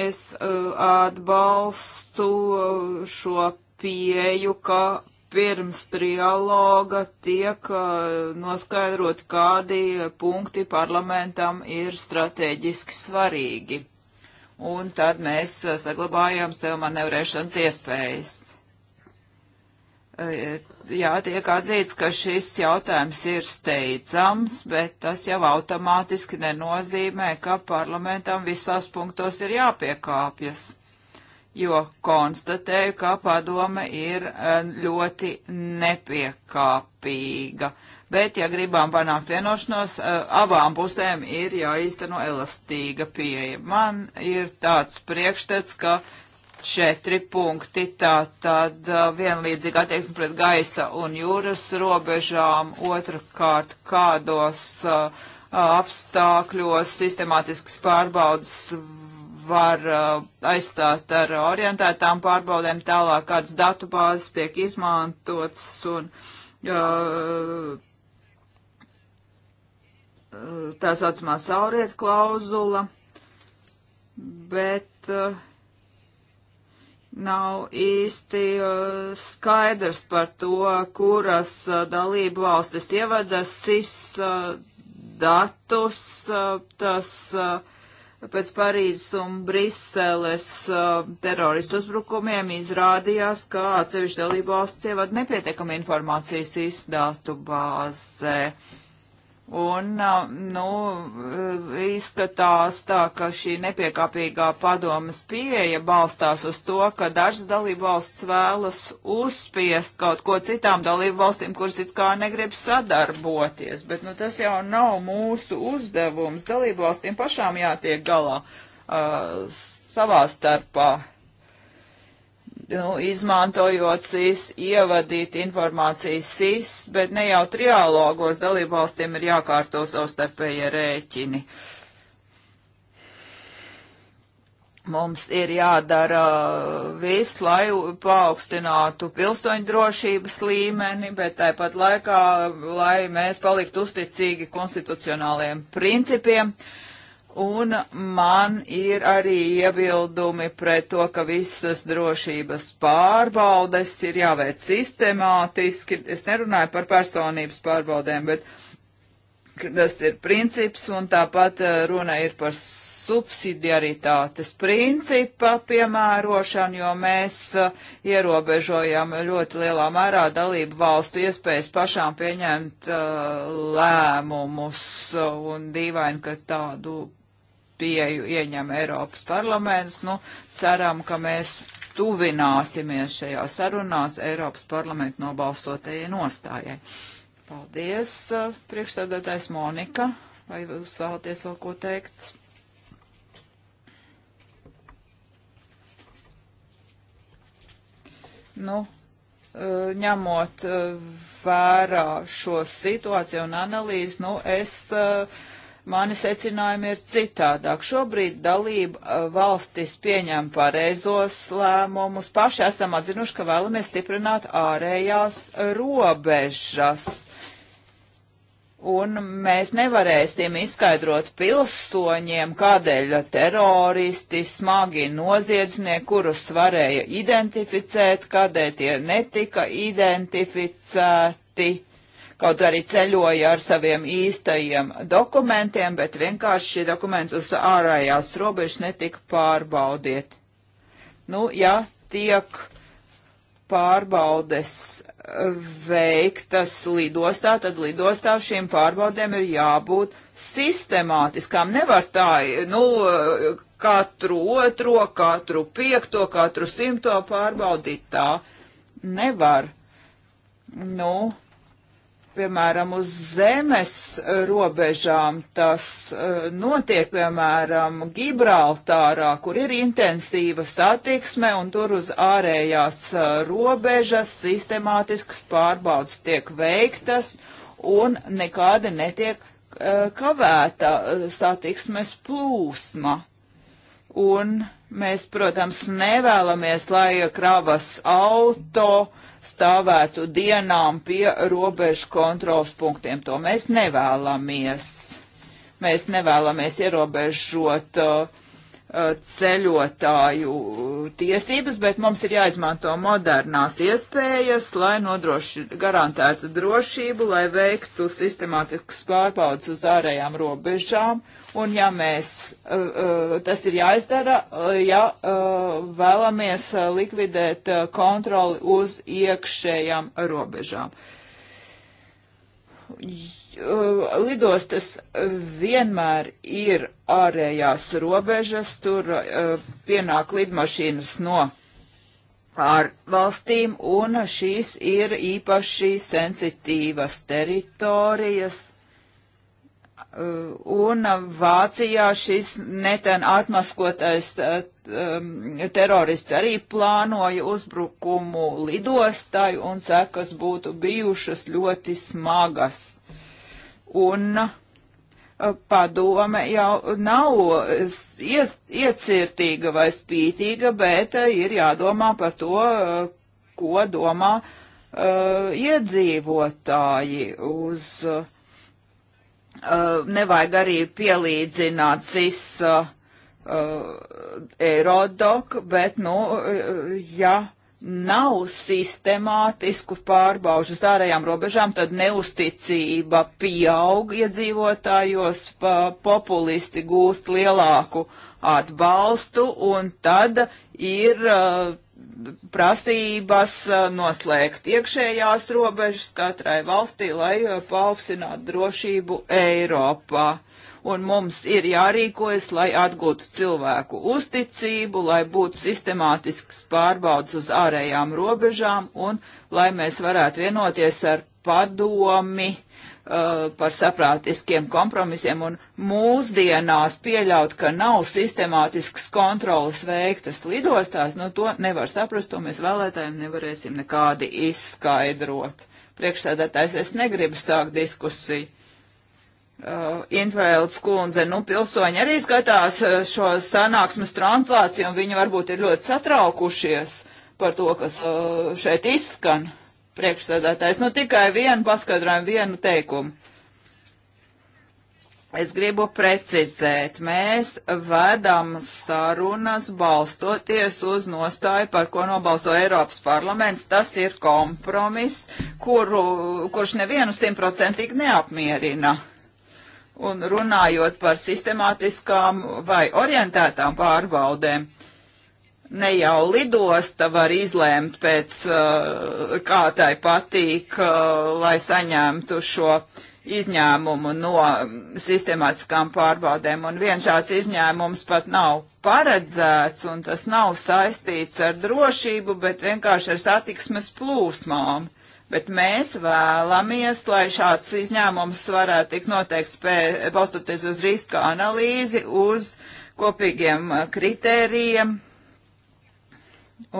Es uh, atbalstu šo pieju, ka pirms trialoga tiek uh, noskaidrot, kādi punkti parlamentam ir strateģiski svarīgi. Un tad mēs uh, saglabājam sev manevrēšanas iespējas. Uh, jā, tiek atzīts, ka šis jautājums ir steidzams, bet tas jau automātiski nenozīmē, ka parlamentam visos punktos ir jāpiekāpjas jo konstatēju, ka padome ir e, ļoti nepiekāpīga. Bet, ja gribam panākt vienošanos, e, abām pusēm ir jāīsteno elastīga pieeja. Man ir tāds priekšstats, ka četri punkti, tā tad e, vienlīdzīga attieksme pret gaisa un jūras robežām, otrkārt kādos apstākļos sistemātisks pārbaudas var uh, aizstāt ar orientētām pārbaudēm, tālāk kādas datu bāzes tiek izmantotas un uh, tā saucamā sauriet klauzula, bet uh, nav īsti uh, skaidrs par to, kuras uh, dalību valstis ievada SIS uh, datus, uh, tas uh, pēc Parīzes un Briseles uh, teroristu uzbrukumiem izrādījās, ka atsevišķi dalībvalsts ievad nepietiekami informācijas izdātu bāzē. Uh, Un, nu, izskatās tā, ka šī nepiekāpīgā padomas pieeja balstās uz to, ka dažas dalību valsts vēlas uzspiest kaut ko citām dalību valstīm, kuras it kā negrib sadarboties. Bet, nu, tas jau nav mūsu uzdevums. Dalību valstīm pašām jātiek galā uh, savā starpā nu, izmantojot SIS, ievadīt informāciju SIS, bet ne jau triālogos dalībvalstīm ir jākārto savstarpēja rēķini. Mums ir jādara viss, lai paaugstinātu pilsoņu drošības līmeni, bet tāpat laikā, lai mēs paliktu uzticīgi konstitucionāliem principiem. Uh, Un man ir arī iebildumi pret to, ka visas drošības pārbaudes ir jāveic sistemātiski. Es nerunāju par personības pārbaudēm, bet tas ir princips un tāpat eh, runa ir par subsidiaritātes principa piemērošanu, jo mēs eh, ierobežojam ļoti lielā mērā dalību valstu iespējas pašām pieņemt uh, lēmumus, un dīvaini, ka tādu pieju ieņem Eiropas parlaments. Nu, ceram, ka mēs tuvināsimies šajā sarunās Eiropas parlamentu nobalsotajai nostājai. Paldies, eh, priekšstādātais Monika. Vai jūs vēlaties vēl ko teikt? Nu, eh, ņemot eh, vērā šo situāciju un analīzi, nu, es uh, Mani secinājumi ir citādāk. Šobrīd dalība valstis pieņem pareizos lēmumus. Paši esam atzinuši, ka vēlamies stiprināt ārējās robežas un mēs nevarēsim izskaidrot pilsoņiem, kādēļ teroristi, smagi noziedznieki, kurus varēja identificēt, kādēļ tie netika identificēti kaut arī ceļoja ar saviem īstajiem dokumentiem, bet vienkārši šie dokumenti uz ārējās robežas netika pārbaudiet. Nu, ja tiek pārbaudes veiktas lidostā, tad lidostā šīm pārbaudēm ir jābūt sistemātiskām. Nevar tā, nu, katru otro, katru piekto, katru simto pārbaudīt tā. Nevar. Nu, piemēram, uz zemes robežām tas eh, notiek, piemēram, Gibraltārā, kur ir intensīva satiksme un tur uz ārējās eh, robežas sistemātiskas pārbaudas tiek veiktas un nekāda netiek eh, kavēta satiksmes plūsma. Un uh, Mēs, protams, nevēlamies, lai kravas auto stāvētu dienām pie robežu kontrols punktiem. To mēs nevēlamies. Mēs nevēlamies ierobežot uh, ceļotāju tiesības, bet mums ir jāizmanto modernās iespējas, lai nodroši, garantētu drošību, lai veiktu sistemātiskas pārbaudas uz ārējām robežām, un ja mēs, eh, eh, tas ir jāizdara, eh, ja vēlamies likvidēt kontroli uz iekšējām robežām Uh, lidostas vienmēr ir ārējās robežas, tur uh, pienāk lidmašīnas no ārvalstīm, un šīs ir īpaši sensitīvas teritorijas. Uh, un Vācijā šis neten atmaskotais um, terorists arī plānoja uzbrukumu lidostai, un sekas būtu bijušas ļoti smagas un uh, padome jau nav iecirtīga vai spītīga, bet uh, ir jādomā par to, uh, ko domā uh, iedzīvotāji uz. Uh, nevajag arī pielīdzināt SIS uh, Eirodok, bet, nu, ja nav sistemātisku pārbaužu uz ārējām robežām, tad neusticība pieaug iedzīvotājos, populisti gūst lielāku atbalstu, un tad ir uh, prasības uh, noslēgt iekšējās robežas katrai valstī, lai uh, paaugstinātu drošību Eiropā un mums ir jārīkojas, lai atgūtu cilvēku uzticību, lai būtu sistemātisks pārbauds uz ārējām robežām un lai mēs varētu vienoties ar padomi uh, par saprātiskiem kompromisiem un mūsdienās pieļaut, ka nav sistemātisks kontrolas veiktas lidostās, nu to nevar saprast, to mēs vēlētājiem nevarēsim nekādi izskaidrot priekšsēdētājs, es negribu sākt diskusiju, Uh, Invēlds kundze, nu pilsoņi arī skatās uh, šo sanāksmes translāciju un viņi varbūt ir ļoti satraukušies par to, kas uh, šeit izskan priekšsēdētājs. Nu tikai vienu paskaidrojumu, vienu teikumu. Es gribu precizēt, mēs vedam sarunas balstoties uz nostāju, par ko nobalso Eiropas parlaments. Tas ir kompromiss, kuru, kurš nevienu simtprocentīgi neapmierina. Un runājot par sistemātiskām vai orientētām pārbaudēm, ne jau lidosta var izlēmt pēc, uh, kā tai patīk, uh, lai saņemtu šo izņēmumu no sistemātiskām pārbaudēm. Un viens šāds izņēmums pat nav paredzēts, un tas nav saistīts ar drošību, bet vienkārši ar satiksmes plūsmām. Bet mēs vēlamies, lai šāds izņēmums varētu tik noteikti balstoties uz riska analīzi, uz kopīgiem uh, kritērijiem,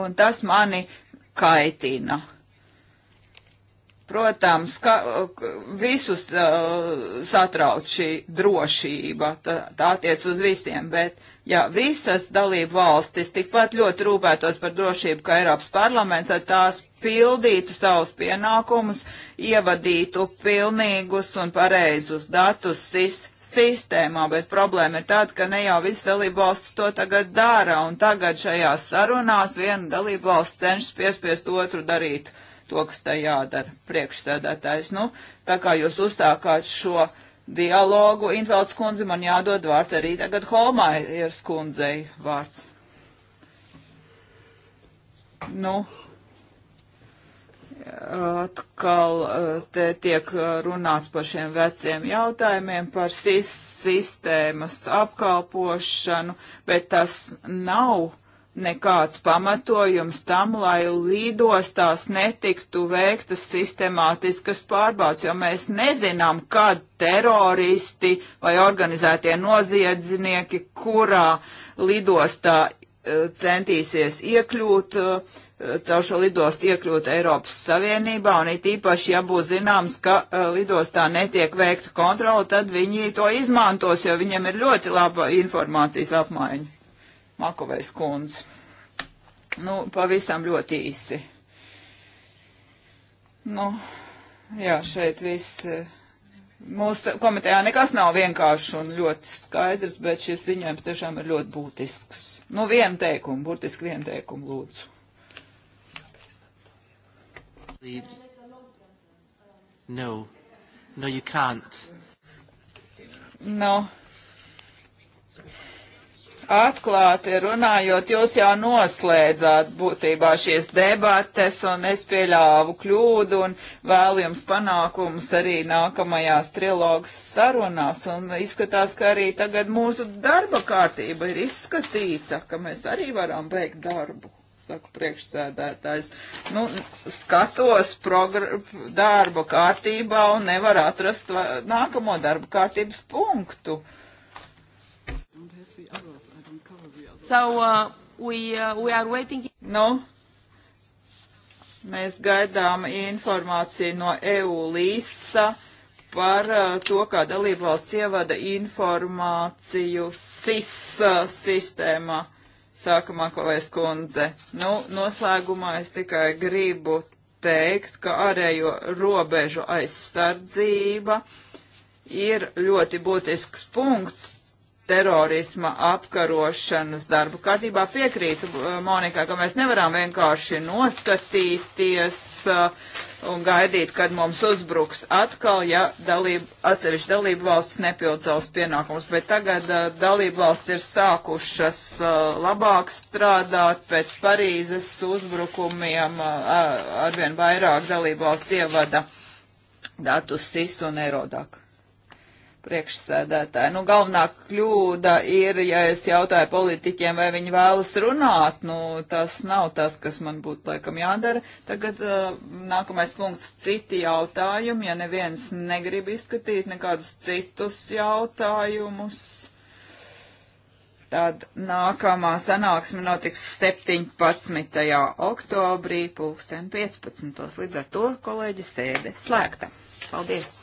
un tas mani kaitina. Protams, ka uh, visus uh, satrauc šī drošība, tā, tā tiec uz visiem, bet Ja visas dalību valstis tikpat ļoti rūpētos par drošību, kā Eiropas parlaments, tad tās pildītu savus pienākumus, ievadītu pilnīgus un pareizus datus SIS sistēmā, bet problēma ir tāda, ka ne jau visas dalību valstis to tagad dara, un tagad šajās sarunās viena dalību valsts cenšas piespiest otru darīt to, kas tā jādara priekšsēdētājs. Nu, tā kā jūs uzstākāt šo dialogu. Invalds kundze man jādod vārds arī tagad Holmaiers kundzei vārds. Nu, atkal eh, te tiek eh, runāts par šiem veciem jautājumiem, par sis sistēmas apkalpošanu, bet tas nav nekāds pamatojums tam, lai līdostās netiktu veiktas sistemātiskas pārbaudas, jo mēs nezinām, kad teroristi vai organizētie noziedznieki, kurā lidostā e, centīsies iekļūt, e, caur šo lidostu iekļūt Eiropas Savienībā, un it īpaši, ja būs zināms, ka e, lidostā netiek veikta kontrola, tad viņi to izmantos, jo viņiem ir ļoti laba informācijas apmaiņa. Makovejs kundze. Nu, pavisam ļoti īsi. Nu, jā, šeit viss. Eh, mūsu komitejā nekas nav vienkārši un ļoti skaidrs, bet šis ziņojums tiešām ir ļoti būtisks. Nu, vienu teikumu, burtiski vienu teikumu lūdzu. No, no, you can't. No atklāti runājot, jūs jau noslēdzāt būtībā šīs debates, un es pieļāvu kļūdu, un vēlu jums panākumus arī nākamajās trilogas sarunās, un izskatās, ka arī tagad mūsu darba kārtība ir izskatīta, ka mēs arī varam beigt darbu saka priekšsēdētājs. Nu, skatos darba kārtībā un nevar atrast nākamo darba kārtības punktu. So uh, we, uh, we are waiting. Nu, mēs gaidām informāciju no EU līsa par uh, to, kā dalībvalsts ievada informāciju SIS uh, sistēmā. Sākumā, kolēs kundze. Nu, noslēgumā es tikai gribu teikt, ka ārējo robežu aizsardzība ir ļoti būtisks punkts terorisma apkarošanas darbu kārtībā piekrītu uh, Monikā, ka mēs nevaram vienkārši noskatīties uh, un gaidīt, kad mums uzbruks atkal, ja dalību, atsevišķi dalību valsts nepild savus pienākumus, bet tagad uh, dalību valsts ir sākušas labāk strādāt pēc Parīzes uzbrukumiem, arvien vairāk dalību valsts ievada datus SIS un Eirodak priekšsēdētāji. Nu, galvenā kļūda ir, ja es jautāju politiķiem, vai viņi vēlas runāt, nu, tas nav tas, kas man būtu laikam jādara. Tagad uh, nākamais punkts - citi jautājumi, ja neviens negrib izskatīt nekādus citus jautājumus. Tad nākamā sanāksme notiks 17. oktobrī, pulksten 15. Līdz ar to kolēģi sēde slēgta. Paldies!